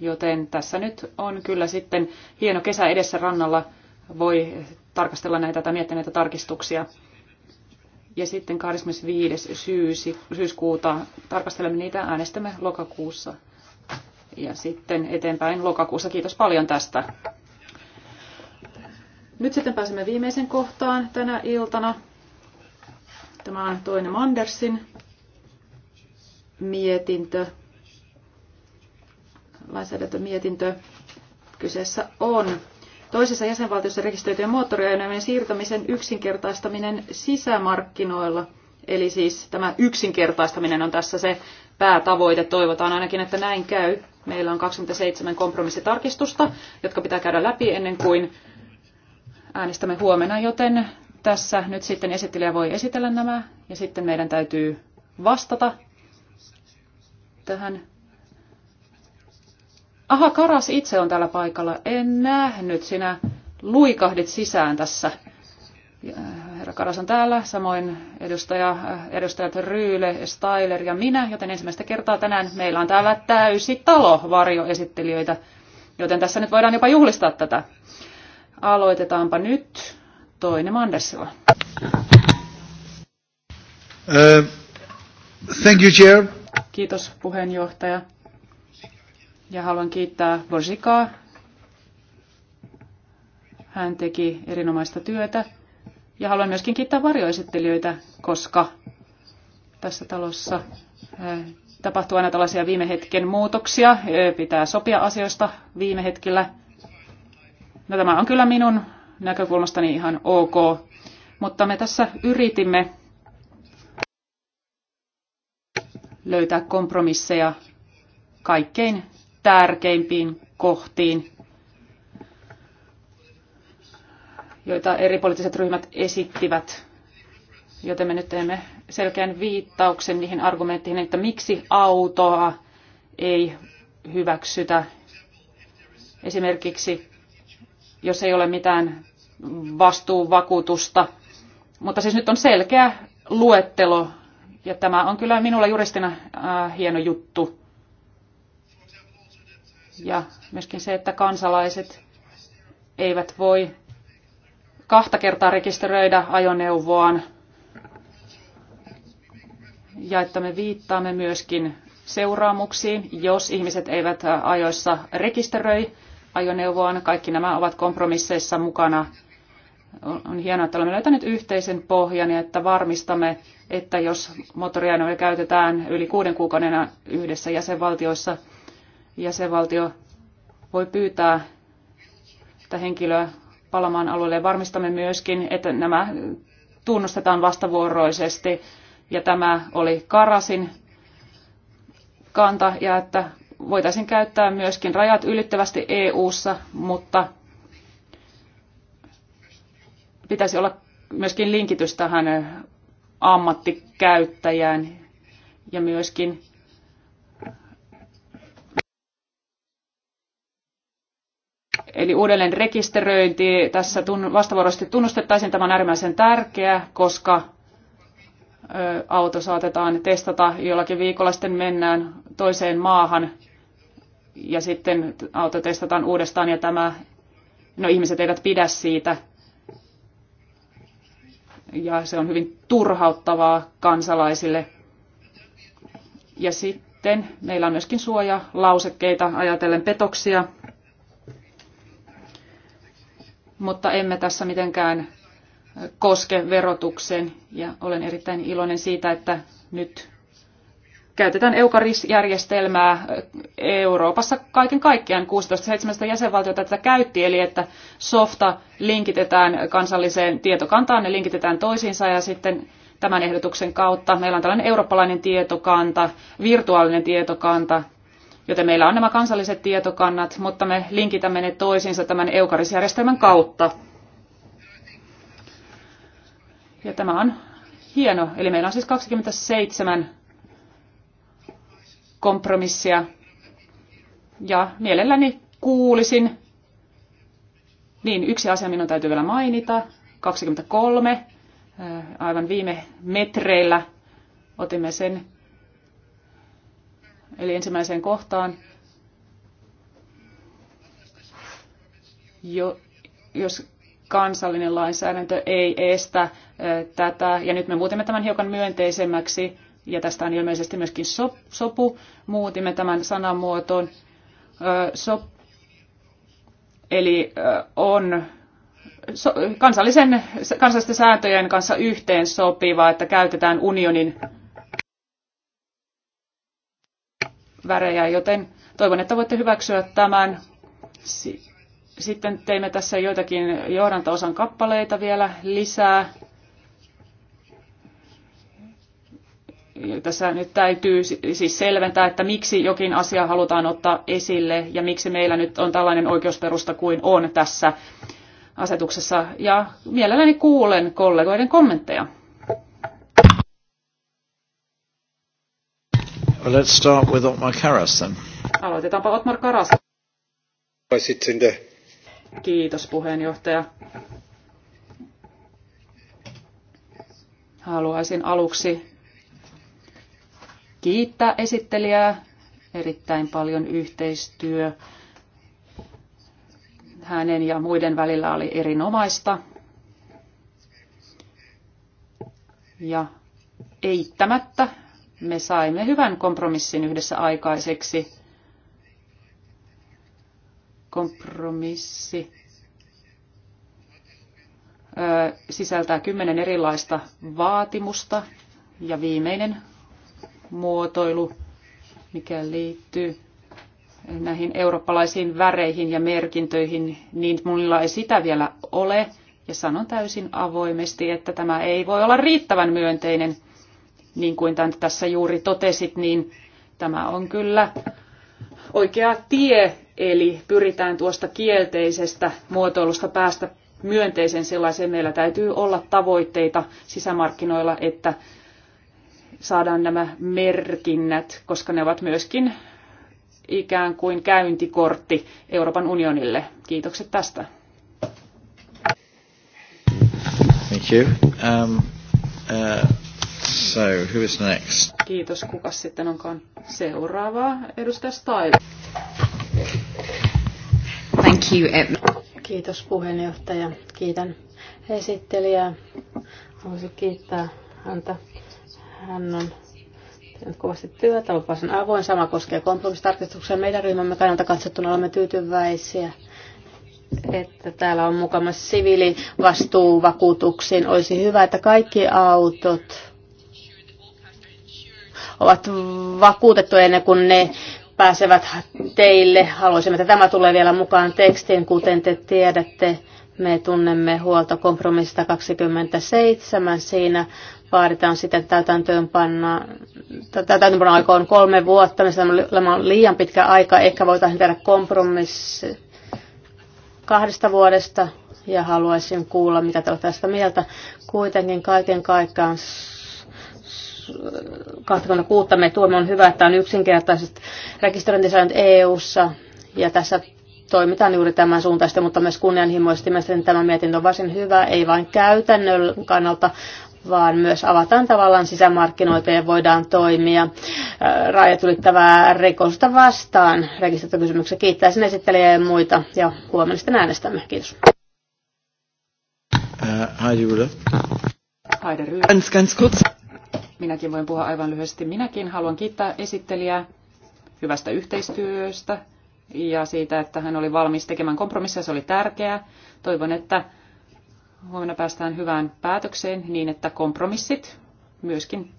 joten tässä nyt on kyllä sitten hieno kesä edessä rannalla. Voi tarkastella näitä tai miettiä näitä tarkistuksia. Ja sitten 25. Syysi, syyskuuta tarkastelemme niitä, äänestämme lokakuussa. Ja sitten eteenpäin lokakuussa. Kiitos paljon tästä. Nyt sitten pääsemme viimeisen kohtaan tänä iltana. Tämä on toinen Mandersin mietintö, lainsäädäntömietintö. Kyseessä on Toisessa jäsenvaltiossa rekisteröityjen moottoriajoneuvojen siirtämisen yksinkertaistaminen sisämarkkinoilla. Eli siis tämä yksinkertaistaminen on tässä se päätavoite. Toivotaan ainakin, että näin käy. Meillä on 27 kompromissitarkistusta, jotka pitää käydä läpi ennen kuin äänestämme huomenna, joten tässä nyt sitten esittelijä voi esitellä nämä ja sitten meidän täytyy vastata tähän Aha, Karas itse on täällä paikalla. En nähnyt. Sinä luikahdit sisään tässä. Äh, herra Karas on täällä, samoin edustaja, äh, edustajat Ryyle, Styler ja minä, joten ensimmäistä kertaa tänään meillä on täällä täysi talo varjoesittelijöitä, joten tässä nyt voidaan jopa juhlistaa tätä. Aloitetaanpa nyt toinen Mandersilla. Uh, thank you, Chair. Kiitos puheenjohtaja. Ja haluan kiittää Bozikaa. Hän teki erinomaista työtä. Ja haluan myöskin kiittää varjoesittelijöitä, koska tässä talossa eh, tapahtuu aina tällaisia viime hetken muutoksia. Eh, pitää sopia asioista viime hetkellä. No tämä on kyllä minun näkökulmastani ihan ok. Mutta me tässä yritimme löytää kompromisseja kaikkein tärkeimpiin kohtiin, joita eri poliittiset ryhmät esittivät. Joten me nyt teemme selkeän viittauksen niihin argumentteihin, että miksi autoa ei hyväksytä. Esimerkiksi, jos ei ole mitään vastuuvakuutusta. Mutta siis nyt on selkeä luettelo, ja tämä on kyllä minulla juristina äh, hieno juttu ja myöskin se, että kansalaiset eivät voi kahta kertaa rekisteröidä ajoneuvoaan ja että me viittaamme myöskin seuraamuksiin, jos ihmiset eivät ajoissa rekisteröi ajoneuvoaan. Kaikki nämä ovat kompromisseissa mukana. On hienoa, että olemme löytäneet yhteisen pohjan ja että varmistamme, että jos moottoriajoneuvoja käytetään yli kuuden kuukauden yhdessä jäsenvaltioissa – jäsenvaltio voi pyytää tätä henkilöä palamaan alueelle. Varmistamme myöskin, että nämä tunnustetaan vastavuoroisesti. Ja tämä oli Karasin kanta ja että voitaisiin käyttää myöskin rajat ylittävästi EU-ssa, mutta pitäisi olla myöskin linkitys tähän ammattikäyttäjään ja myöskin Eli uudelleen rekisteröinti tässä vastavuoroisesti tunnustettaisiin. Tämä on äärimmäisen tärkeää, koska auto saatetaan testata jollakin viikolla, sitten mennään toiseen maahan ja sitten auto testataan uudestaan ja tämä, no ihmiset eivät pidä siitä. Ja se on hyvin turhauttavaa kansalaisille. Ja sitten meillä on myöskin suojalausekkeita ajatellen petoksia mutta emme tässä mitenkään koske verotukseen. Ja olen erittäin iloinen siitä, että nyt käytetään Eukaris-järjestelmää Euroopassa kaiken kaikkiaan 16-17 jäsenvaltiota tätä käytti, eli että softa linkitetään kansalliseen tietokantaan, ne linkitetään toisiinsa ja sitten tämän ehdotuksen kautta meillä on tällainen eurooppalainen tietokanta, virtuaalinen tietokanta, Joten meillä on nämä kansalliset tietokannat, mutta me linkitämme ne toisiinsa tämän Eukarisjärjestelmän kautta. Ja tämä on hieno. Eli meillä on siis 27 kompromissia. Ja mielelläni kuulisin, niin yksi asia minun täytyy vielä mainita, 23, aivan viime metreillä otimme sen eli ensimmäiseen kohtaan, jo, jos kansallinen lainsäädäntö ei estä tätä, ja nyt me muutimme tämän hiukan myönteisemmäksi, ja tästä on ilmeisesti myöskin sopu, muutimme tämän sanamuoton, sop, eli on kansallisen, kansallisten sääntöjen kanssa yhteen sopiva, että käytetään unionin värejä, joten toivon, että voitte hyväksyä tämän. Sitten teimme tässä joitakin johdantaosan osan kappaleita vielä lisää. Tässä nyt täytyy siis selventää, että miksi jokin asia halutaan ottaa esille ja miksi meillä nyt on tällainen oikeusperusta kuin on tässä asetuksessa. Ja mielelläni kuulen kollegoiden kommentteja. Well, let's start with Otmar Karas then. Aloitetaanpa Otmar Karas. Kiitos puheenjohtaja. Haluaisin aluksi kiittää esittelijää erittäin paljon yhteistyö. Hänen ja muiden välillä oli erinomaista. Ja eittämättä me saimme hyvän kompromissin yhdessä aikaiseksi. Kompromissi sisältää kymmenen erilaista vaatimusta ja viimeinen muotoilu, mikä liittyy näihin eurooppalaisiin väreihin ja merkintöihin, niin minulla ei sitä vielä ole. Ja sanon täysin avoimesti, että tämä ei voi olla riittävän myönteinen – niin kuin tämän tässä juuri totesit, niin tämä on kyllä oikea tie, eli pyritään tuosta kielteisestä muotoilusta päästä myönteisen sellaiseen. Meillä täytyy olla tavoitteita sisämarkkinoilla, että saadaan nämä merkinnät, koska ne ovat myöskin ikään kuin käyntikortti Euroopan unionille. Kiitokset tästä. Thank you. Um, uh... So, who is next? Kiitos. Kuka sitten onkaan seuraava? Edustaja Style. Thank you. Kiitos puheenjohtaja. Kiitän esittelijää. Haluaisin kiittää häntä. Hän on tehnyt kovasti työtä, lupasin avoin. Sama koskee kompromissitarkistuksia. Meidän ryhmämme kannalta katsottuna olemme tyytyväisiä että täällä on mukana siviilivastuuvakuutuksiin. Olisi hyvä, että kaikki autot ovat vakuutettuja ennen kuin ne pääsevät teille. Haluaisimme, että tämä tulee vielä mukaan tekstiin, kuten te tiedätte. Me tunnemme huolta kompromissista 27. Siinä vaaditaan sitten täytäntöönpanna, täytäntöönpanna aika on kolme vuotta, mistä on liian pitkä aika. Ehkä voitaisiin tehdä kompromissi kahdesta vuodesta ja haluaisin kuulla, mitä te olette tästä mieltä. Kuitenkin kaiken kaikkiaan 26 me tuomme on hyvä, että on yksinkertaiset rekisteröintisäännöt EU-ssa ja tässä toimitaan juuri tämän suuntaisesti, mutta myös kunnianhimoisesti. Mielestäni tämä mietintö on varsin hyvä, ei vain käytännön kannalta, vaan myös avataan tavallaan sisämarkkinoita ja voidaan toimia rajat ylittävää rikosta vastaan. kysymyksiä kiittäisin esittelijää ja muita ja huomenna sitten äänestämme. Kiitos. Äh, Heidi Rühle. Heidi Rühle. Ganz, ganz kurz. Minäkin voin puhua aivan lyhyesti. Minäkin haluan kiittää esittelijää hyvästä yhteistyöstä ja siitä, että hän oli valmis tekemään kompromisseja. Se oli tärkeää. Toivon, että huomenna päästään hyvään päätökseen niin, että kompromissit myöskin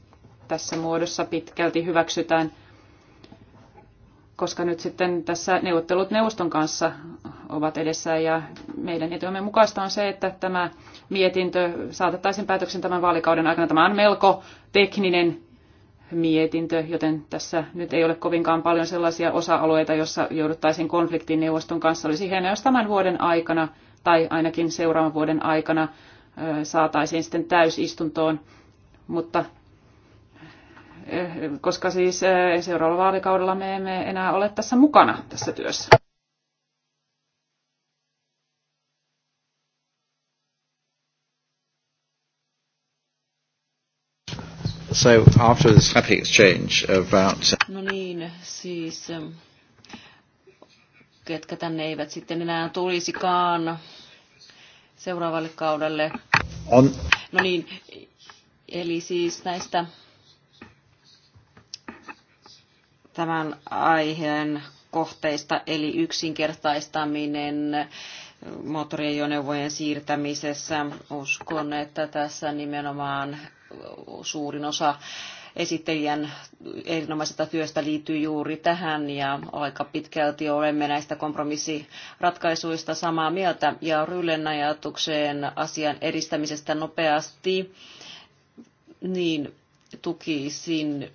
tässä muodossa pitkälti hyväksytään, koska nyt sitten tässä neuvottelut neuvoston kanssa ovat edessä ja meidän etumme mukaista on se, että tämä mietintö saatettaisiin päätöksen tämän vaalikauden aikana. Tämä on melko tekninen mietintö, joten tässä nyt ei ole kovinkaan paljon sellaisia osa-alueita, joissa jouduttaisiin konfliktiin neuvoston kanssa. Olisi hienoa, jos tämän vuoden aikana tai ainakin seuraavan vuoden aikana saataisiin sitten täysistuntoon, mutta koska siis seuraavalla vaalikaudella me emme enää ole tässä mukana tässä työssä. So after this happy exchange about... Uh, no niin, siis ähm, ketkä tänne eivät sitten enää tulisikaan seuraavalle kaudelle. On. No niin, eli siis näistä tämän aiheen kohteista, eli yksinkertaistaminen ja siirtämisessä. Uskon, että tässä nimenomaan suurin osa esittelijän erinomaisesta työstä liittyy juuri tähän ja aika pitkälti olemme näistä kompromissiratkaisuista samaa mieltä ja Ryllen ajatukseen asian edistämisestä nopeasti, niin tukisin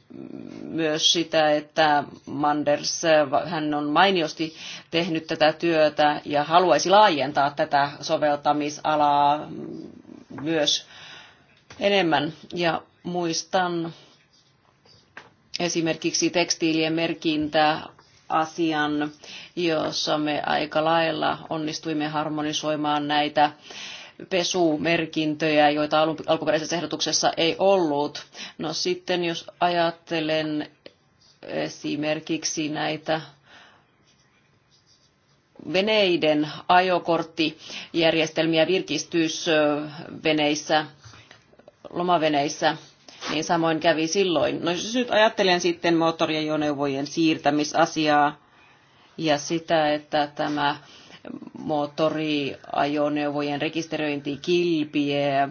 myös sitä, että Manders, hän on mainiosti tehnyt tätä työtä ja haluaisi laajentaa tätä soveltamisalaa myös enemmän. Ja muistan esimerkiksi tekstiilien merkintää asian, jossa me aika lailla onnistuimme harmonisoimaan näitä pesumerkintöjä, joita alkuperäisessä ehdotuksessa ei ollut. No sitten jos ajattelen esimerkiksi näitä veneiden ajokorttijärjestelmiä virkistysveneissä, lomaveneissä, niin samoin kävi silloin. No jos siis nyt ajattelen sitten moottoriajoneuvojen siirtämisasiaa ja sitä, että tämä moottoriajoneuvojen rekisteröinti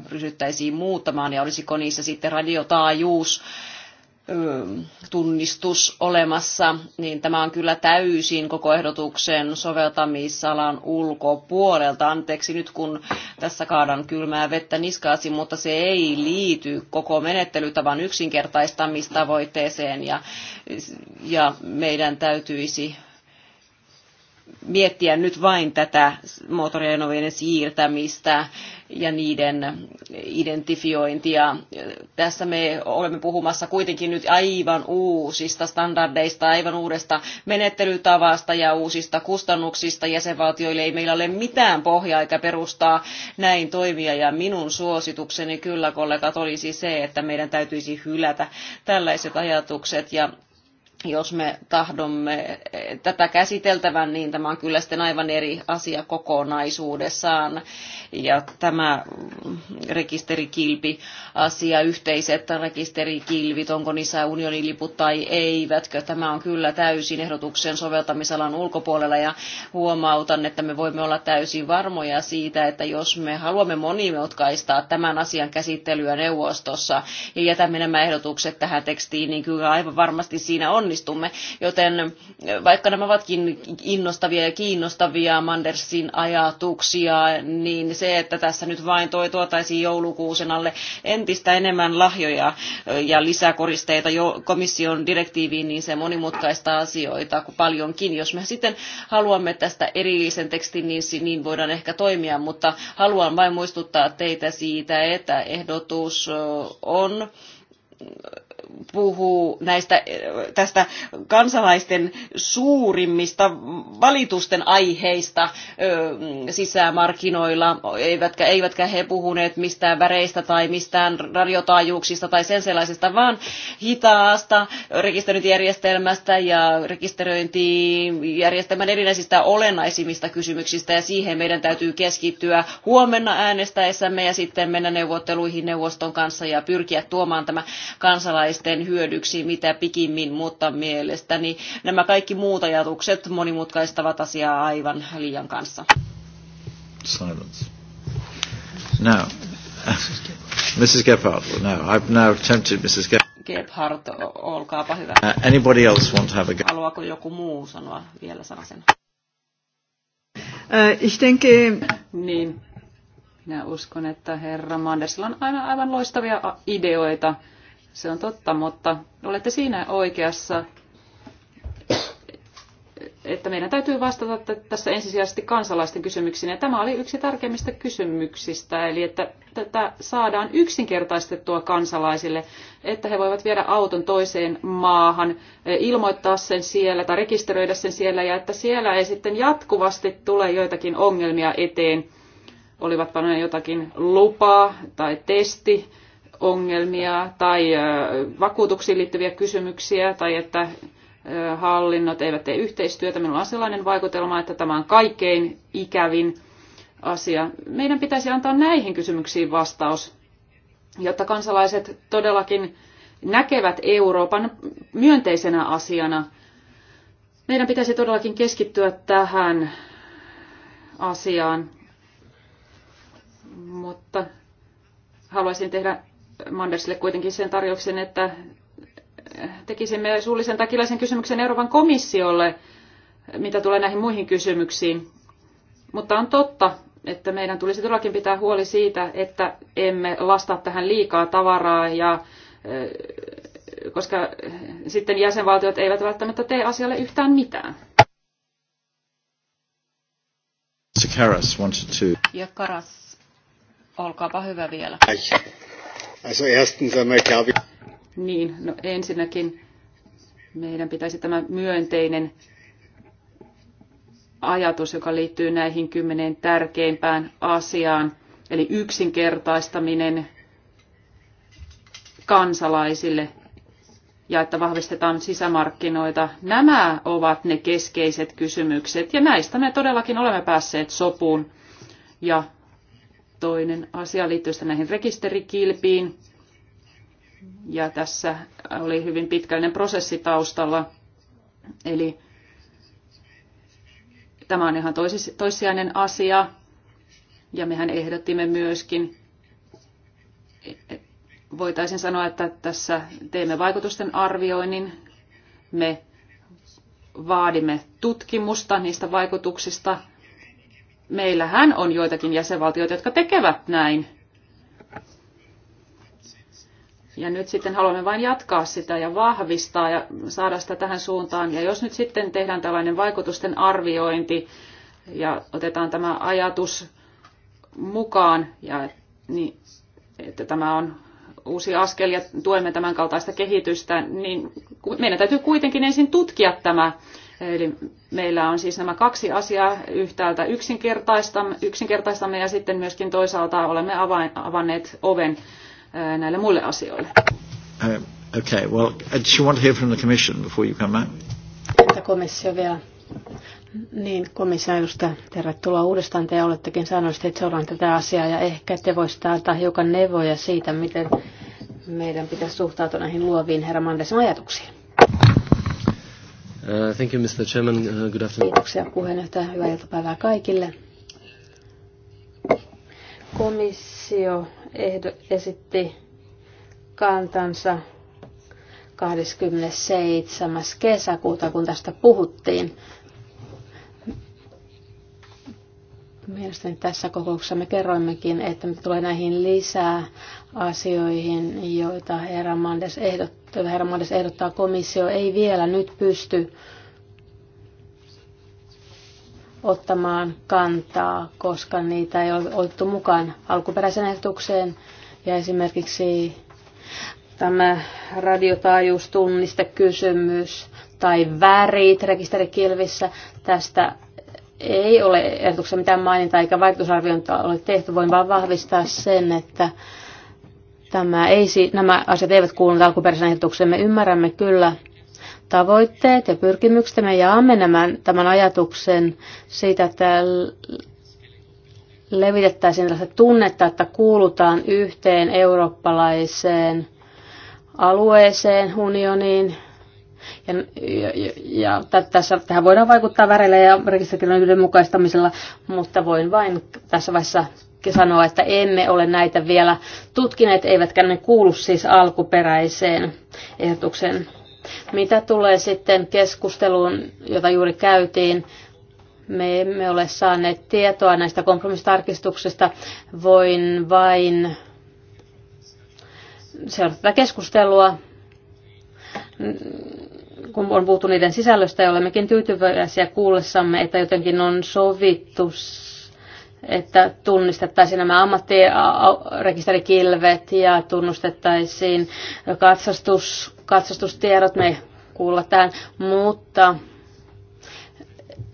ryhdyttäisiin muuttamaan ja olisiko niissä sitten radiotaajuus tunnistus olemassa, niin tämä on kyllä täysin koko ehdotuksen soveltamisalan ulkopuolelta. Anteeksi nyt, kun tässä kaadan kylmää vettä niskaasi, mutta se ei liity koko menettelytavan yksinkertaistamistavoitteeseen ja, ja meidän täytyisi miettiä nyt vain tätä moottorienovien siirtämistä ja niiden identifiointia. Tässä me olemme puhumassa kuitenkin nyt aivan uusista standardeista, aivan uudesta menettelytavasta ja uusista kustannuksista jäsenvaltioille. Ei meillä ole mitään pohjaa eikä perustaa näin toimia ja minun suositukseni kyllä kollegat olisi se, että meidän täytyisi hylätä tällaiset ajatukset ja jos me tahdomme eh, tätä käsiteltävän, niin tämä on kyllä sitten aivan eri asia kokonaisuudessaan. Ja tämä mm, rekisterikilpi asia, yhteiset rekisterikilvit, onko niissä unioniliput tai eivätkö, tämä on kyllä täysin ehdotuksen soveltamisalan ulkopuolella ja huomautan, että me voimme olla täysin varmoja siitä, että jos me haluamme monimutkaistaa tämän asian käsittelyä neuvostossa ja jätämme nämä ehdotukset tähän tekstiin, niin kyllä aivan varmasti siinä on onnistumme. Joten eh, vaikka nämä ovatkin innostavia ja kiinnostavia Mandersin ajatuksia, niin se, että tässä nyt vain toi tuotaisiin joulukuusen alle entistä enemmän lahjoja eh, ja lisäkoristeita jo komission direktiiviin, niin se monimutkaista asioita kuin paljonkin. Jos me sitten haluamme tästä erillisen tekstin, niin, niin voidaan ehkä toimia, mutta haluan vain muistuttaa teitä siitä, että ehdotus eh, on puhuu näistä, tästä kansalaisten suurimmista valitusten aiheista sisämarkkinoilla, eivätkä, eivätkä he puhuneet mistään väreistä tai mistään radiotaajuuksista tai sen sellaisesta, vaan hitaasta rekisteröintijärjestelmästä ja rekisteröintijärjestelmän erinäisistä olennaisimmista kysymyksistä, ja siihen meidän täytyy keskittyä huomenna äänestäessämme ja sitten mennä neuvotteluihin neuvoston kanssa ja pyrkiä tuomaan tämä kansalais kansalaisten hyödyksi mitä pikimmin, mutta mielestäni nämä kaikki muut ajatukset monimutkaistavat asiaa aivan liian kanssa. Silence. Now, Mrs. Gephardt, now, I've now tempted Mrs. Gephardt. olkaapa hyvä. Uh, anybody else want to have a go? Haluaako joku muu sanoa vielä sanasen? Uh, ich denke... Niin, minä uskon, että herra Mandersilla on aina aivan loistavia ideoita se on totta, mutta olette siinä oikeassa, että meidän täytyy vastata tässä ensisijaisesti kansalaisten kysymyksiin. Ja tämä oli yksi tärkeimmistä kysymyksistä, eli että tätä saadaan yksinkertaistettua kansalaisille, että he voivat viedä auton toiseen maahan, e, ilmoittaa sen siellä tai rekisteröidä sen siellä, ja että siellä ei sitten jatkuvasti tule joitakin ongelmia eteen, olivatpa ne jotakin lupaa tai testi ongelmia tai vakuutuksiin liittyviä kysymyksiä tai että hallinnot eivät tee yhteistyötä. Minulla on sellainen vaikutelma, että tämä on kaikkein ikävin asia. Meidän pitäisi antaa näihin kysymyksiin vastaus, jotta kansalaiset todellakin näkevät Euroopan myönteisenä asiana. Meidän pitäisi todellakin keskittyä tähän asiaan, mutta haluaisin tehdä Mandersille kuitenkin sen tarjouksen, että tekisimme suullisen tai kirjallisen kysymyksen Euroopan komissiolle, mitä tulee näihin muihin kysymyksiin. Mutta on totta, että meidän tulisi todellakin pitää huoli siitä, että emme lasta tähän liikaa tavaraa, ja, koska sitten jäsenvaltiot eivät välttämättä tee asialle yhtään mitään. Ja Karas, olkaapa hyvä vielä. Also erstens einmal glaube ich... Niin, no ensinnäkin meidän pitäisi tämä myönteinen ajatus, joka liittyy näihin kymmeneen tärkeimpään asiaan, eli yksinkertaistaminen kansalaisille ja että vahvistetaan sisämarkkinoita. Nämä ovat ne keskeiset kysymykset ja näistä me todellakin olemme päässeet sopuun ja Toinen asia liittyy näihin rekisterikilpiin. Ja tässä oli hyvin pitkällinen prosessi taustalla. Eli tämä on ihan toissijainen asia. Ja mehän ehdottimme myöskin, voitaisiin sanoa, että tässä teemme vaikutusten arvioinnin. Me vaadimme tutkimusta niistä vaikutuksista, meillähän on joitakin jäsenvaltioita, jotka tekevät näin. Ja nyt sitten haluamme vain jatkaa sitä ja vahvistaa ja saada sitä tähän suuntaan. Ja jos nyt sitten tehdään tällainen vaikutusten arviointi ja otetaan tämä ajatus mukaan, ja, niin, että tämä on uusi askel ja tuemme tämän kaltaista kehitystä, niin meidän täytyy kuitenkin ensin tutkia tämä Eli meillä on siis nämä kaksi asiaa yhtäältä yksinkertaistamme, yksinkertaistamme ja sitten myöskin toisaalta olemme avanneet oven näille muille asioille. Uh, okay, well, uh, do you want to hear from the commission before you come back? Komissio vielä. Niin, komissio edustaja, tervetuloa uudestaan. Te olettekin sanoneet, että seuraan tätä asiaa ja ehkä te voisitte antaa hiukan neuvoja siitä, miten meidän pitäisi suhtautua näihin luoviin herra Mandesin ajatuksiin. Uh, thank you, Mr. Chairman. Uh, good afternoon. Kiitoksia puheenjohtaja. Hyvää iltapäivää kaikille. Komissio ehdo, esitti kantansa 27. kesäkuuta, kun tästä puhuttiin. Mielestäni tässä kokouksessa me kerroimmekin, että me tulee näihin lisää asioihin, joita herra Mandes, ehdottaa, herra Mandes ehdottaa. Komissio ei vielä nyt pysty ottamaan kantaa, koska niitä ei ole otettu mukaan alkuperäisen ehdotukseen. Ja esimerkiksi tämä radiotaajuustunnistekysymys tai värit rekisterikilvissä, tästä ei ole ehdotuksessa mitään mainintaa eikä vaikutusarviointia ole tehty. Voin vain vahvistaa sen, että Tämä ei, nämä asiat eivät kuulu alkuperäisen ehdotukseen. Me ymmärrämme kyllä tavoitteet ja pyrkimykset. Me jaamme nämän, tämän ajatuksen siitä, että levitettäisiin tällaista tunnetta, että kuulutaan yhteen eurooppalaiseen alueeseen, unioniin, ja, ja, ja, ja tässä, tähän voidaan vaikuttaa väreillä ja rekisteröinnin yhdenmukaistamisella, mutta voin vain tässä vaiheessa sanoa, että emme ole näitä vielä tutkineet, eivätkä ne kuulu siis alkuperäiseen ehdotukseen. Mitä tulee sitten keskusteluun, jota juuri käytiin, me emme ole saaneet tietoa näistä kompromissitarkistuksista. Voin vain seurata keskustelua kun on puhuttu niiden sisällöstä ja olemmekin tyytyväisiä kuullessamme, että jotenkin on sovittu, että tunnistettaisiin nämä ammattirekisterikilvet ja tunnustettaisiin katsastus, katsastustiedot, me kuullaan, mutta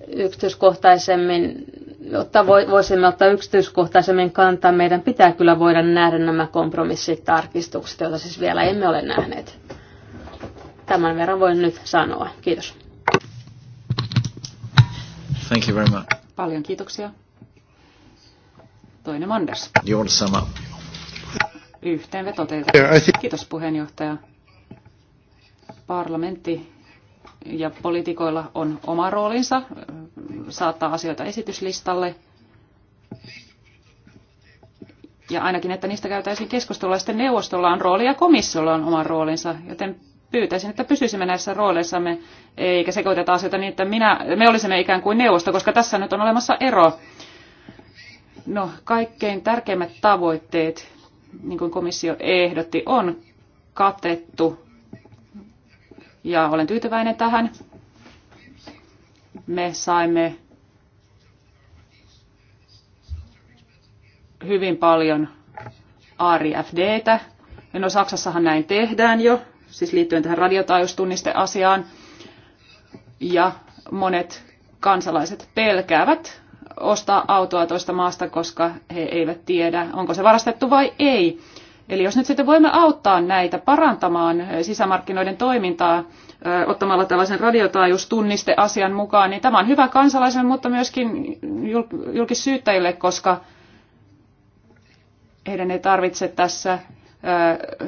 yksityiskohtaisemmin jotta voisimme ottaa yksityiskohtaisemmin kantaa, meidän pitää kyllä voida nähdä nämä kompromissitarkistukset, joita siis vielä emme ole nähneet. Tämän verran voin nyt sanoa. Kiitos. Thank you very much. Paljon kiitoksia. Toinen Manders. Juuri sama. Yhteenveto teiltä. Kiitos puheenjohtaja. Parlamentti ja poliitikoilla on oma roolinsa saattaa asioita esityslistalle. Ja ainakin, että niistä käytäisiin keskustelua. Sitten neuvostolla on rooli ja komissiolla on oma roolinsa, joten pyytäisin, että pysyisimme näissä rooleissamme, eikä sekoiteta asioita niin, että minä, me olisimme ikään kuin neuvosto, koska tässä nyt on olemassa ero. No, kaikkein tärkeimmät tavoitteet, niin kuin komissio ehdotti, on katettu. Ja olen tyytyväinen tähän. Me saimme hyvin paljon ARIFDtä. No Saksassahan näin tehdään jo siis liittyen tähän radiotaajuustunnisteasiaan. Ja monet kansalaiset pelkäävät ostaa autoa toista maasta, koska he eivät tiedä, onko se varastettu vai ei. Eli jos nyt sitten voimme auttaa näitä parantamaan sisämarkkinoiden toimintaa ottamalla tällaisen radiotaajuustunnisteasian mukaan, niin tämä on hyvä kansalaisen, mutta myöskin julkisyyttäjille, koska heidän ei tarvitse tässä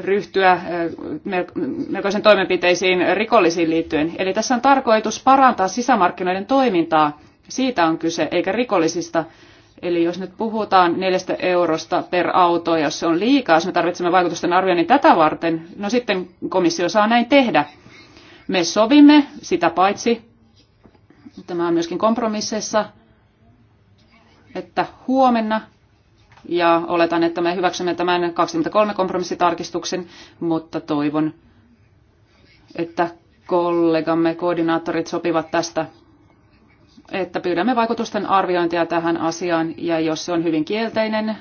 ryhtyä melkoisen toimenpiteisiin rikollisiin liittyen. Eli tässä on tarkoitus parantaa sisämarkkinoiden toimintaa. Siitä on kyse, eikä rikollisista. Eli jos nyt puhutaan neljästä eurosta per auto, jos se on liikaa, jos me tarvitsemme vaikutusten arvioinnin tätä varten, no sitten komissio saa näin tehdä. Me sovimme sitä paitsi, tämä on myöskin kompromisseissa, että huomenna ja oletan, että me hyväksymme tämän 23 kompromissitarkistuksen, mutta toivon, että kollegamme koordinaattorit sopivat tästä, että pyydämme vaikutusten arviointia tähän asiaan ja jos se on hyvin kielteinen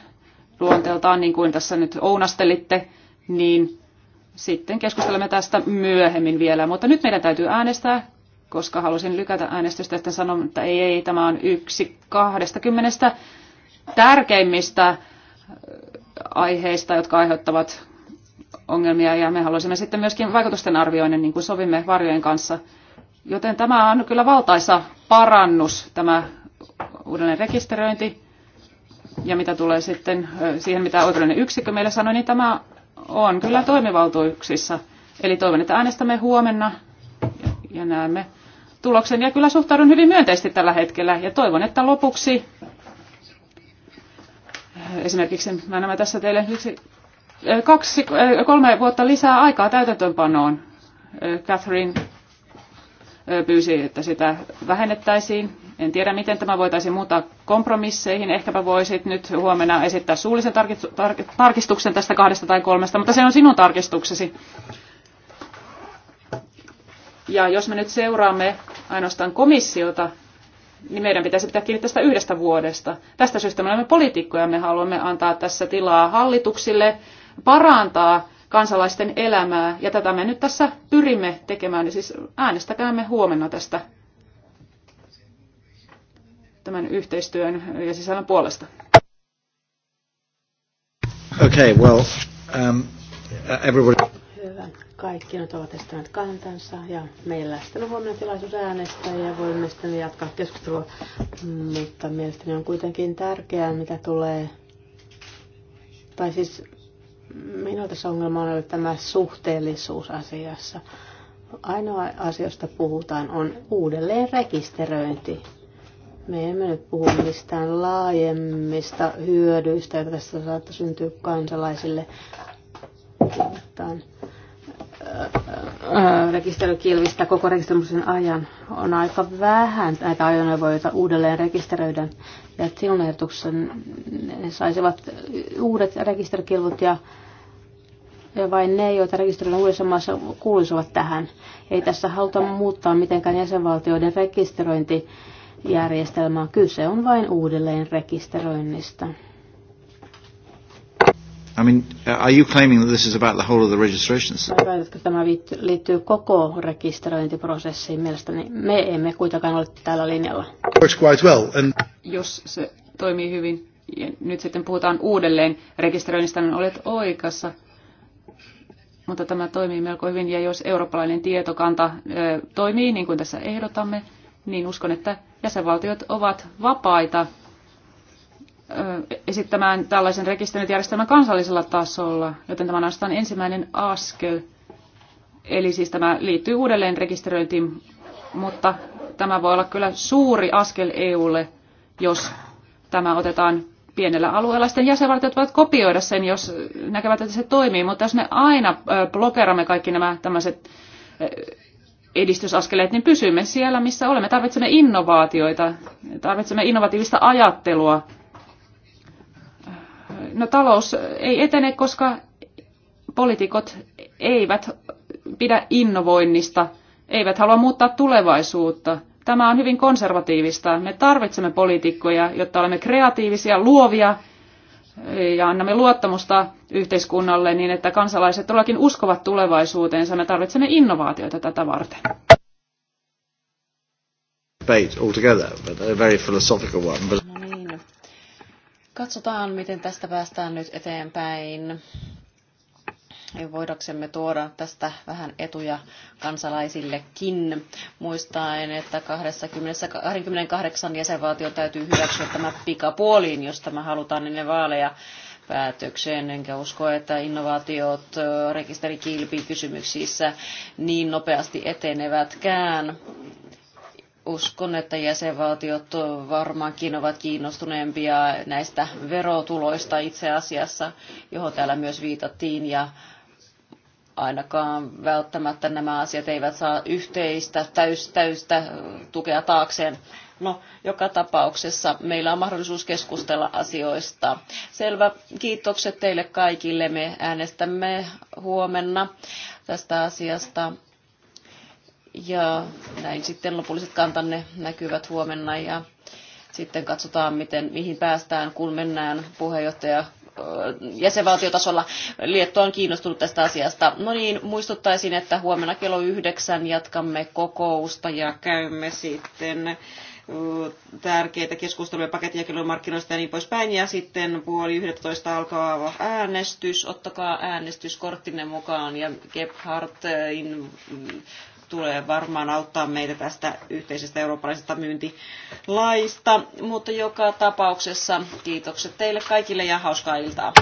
luonteeltaan, niin kuin tässä nyt ounastelitte, niin sitten keskustelemme tästä myöhemmin vielä. Mutta nyt meidän täytyy äänestää, koska halusin lykätä äänestystä, että sanon, että ei, ei, tämä on yksi kahdestakymmenestä tärkeimmistä äh, aiheista, jotka aiheuttavat ongelmia ja me haluaisimme sitten myöskin vaikutusten arvioinnin, niin kuin sovimme varjojen kanssa. Joten tämä on kyllä valtaisa parannus, tämä uudelleen rekisteröinti. Ja mitä tulee sitten äh, siihen, mitä oikeudellinen yksikkö meille sanoi, niin tämä on kyllä toimivaltuuksissa. Eli toivon, että äänestämme huomenna ja näemme tuloksen. Ja kyllä suhtaudun hyvin myönteisesti tällä hetkellä ja toivon, että lopuksi Esimerkiksi mä nämä tässä teille yksi, äh, kaksi, äh, kolme vuotta lisää aikaa täytäntöönpanoon. Äh, Catherine pyysi, että sitä vähennettäisiin. En tiedä, miten tämä voitaisiin muuttaa kompromisseihin. Ehkäpä voisit nyt huomenna esittää suullisen tarkistuksen tästä kahdesta tai kolmesta, mutta se on sinun tarkistuksesi. Ja jos me nyt seuraamme ainoastaan komissiota, niin meidän pitäisi pitää kiinni tästä yhdestä vuodesta. Tästä syystä me olemme poliitikkoja, me haluamme antaa tässä tilaa hallituksille parantaa kansalaisten elämää, ja tätä me nyt tässä pyrimme tekemään, niin siis äänestäkäämme huomenna tästä tämän yhteistyön ja sisällön puolesta. Okay, well, um, everybody... Kaikki nyt ovat estäneet kantansa ja meillä sitten on huomenna tilaisuus äänestää ja voimme sitten jatkaa keskustelua. Mutta mielestäni on kuitenkin tärkeää, mitä tulee, tai siis minulla tässä ongelma on ollut tämä suhteellisuus asiassa. Ainoa asiasta puhutaan, on uudelleen rekisteröinti. Me emme nyt puhu mistään laajemmista hyödyistä, joita tässä saattaa syntyä kansalaisille on. Äh, äh, rekisterökilvistä koko rekisteröimisen ajan on aika vähän näitä ajoneuvoja, joita uudelleen rekisteröidään. Ja silloin ehdotuksessa ne saisivat uudet rekisterökilvut ja, ja vain ne, joita rekisteröidään uudessa maassa, kuuluisivat tähän. Ei tässä haluta muuttaa mitenkään jäsenvaltioiden rekisteröintijärjestelmää. Kyse on vain uudelleen rekisteröinnistä. I mean, uh, are you claiming that this is about the whole of the registration tämä liittyy koko rekisteröintiprosessiin mielestäni? Me emme kuitenkaan ole tällä linjalla. Works quite well and... Jos se toimii hyvin ja nyt sitten puhutaan uudelleen rekisteröinnistä, niin olet oikeassa. Mutta tämä toimii melko hyvin ja jos eurooppalainen tietokanta ö, toimii niin kuin tässä ehdotamme, niin uskon, että jäsenvaltiot ovat vapaita esittämään tällaisen rekisteröintijärjestelmän kansallisella tasolla, joten tämä on ainoastaan ensimmäinen askel. Eli siis tämä liittyy uudelleen rekisteröintiin, mutta tämä voi olla kyllä suuri askel EUlle, jos tämä otetaan pienellä alueella. Sitten jäsenvaltiot voivat kopioida sen, jos näkevät, että se toimii, mutta jos me aina blokeramme kaikki nämä tämmöiset edistysaskeleet, niin pysymme siellä, missä olemme. Tarvitsemme innovaatioita, tarvitsemme innovatiivista ajattelua no talous ei etene, koska poliitikot eivät pidä innovoinnista, eivät halua muuttaa tulevaisuutta. Tämä on hyvin konservatiivista. Me tarvitsemme poliitikkoja, jotta olemme kreatiivisia, luovia ja annamme luottamusta yhteiskunnalle niin, että kansalaiset todellakin uskovat tulevaisuuteensa. Me tarvitsemme innovaatioita tätä varten. Altogether, but a very philosophical one. But... Katsotaan, miten tästä päästään nyt eteenpäin. Voidaksemme tuoda tästä vähän etuja kansalaisillekin, muistaen, että 20, 28 jäsenvaltion täytyy hyväksyä tämä pikapuoliin, jos tämä halutaan ennen vaaleja päätökseen, enkä usko, että innovaatiot rekisterikilpikysymyksissä kysymyksissä niin nopeasti etenevätkään uskon, että jäsenvaltiot varmaankin ovat kiinnostuneempia näistä verotuloista itse asiassa, johon täällä myös viitattiin. Ja ainakaan välttämättä nämä asiat eivät saa yhteistä, täys, täystä tukea taakseen. No, joka tapauksessa meillä on mahdollisuus keskustella asioista. Selvä, kiitokset teille kaikille. Me äänestämme huomenna tästä asiasta ja näin sitten lopulliset kantanne näkyvät huomenna ja sitten katsotaan, miten, mihin päästään, kun mennään puheenjohtaja jäsenvaltiotasolla. Liettua on kiinnostunut tästä asiasta. No niin, muistuttaisin, että huomenna kello yhdeksän jatkamme kokousta ja käymme sitten tärkeitä keskusteluja pakettijakelumarkkinoista ja niin poispäin. Ja sitten puoli 11 alkaa äänestys. Ottakaa äänestyskorttinne mukaan ja Gebhardtin tulee varmaan auttaa meitä tästä yhteisestä eurooppalaisesta myyntilaista. Mutta joka tapauksessa kiitokset teille kaikille ja hauskaa iltaa.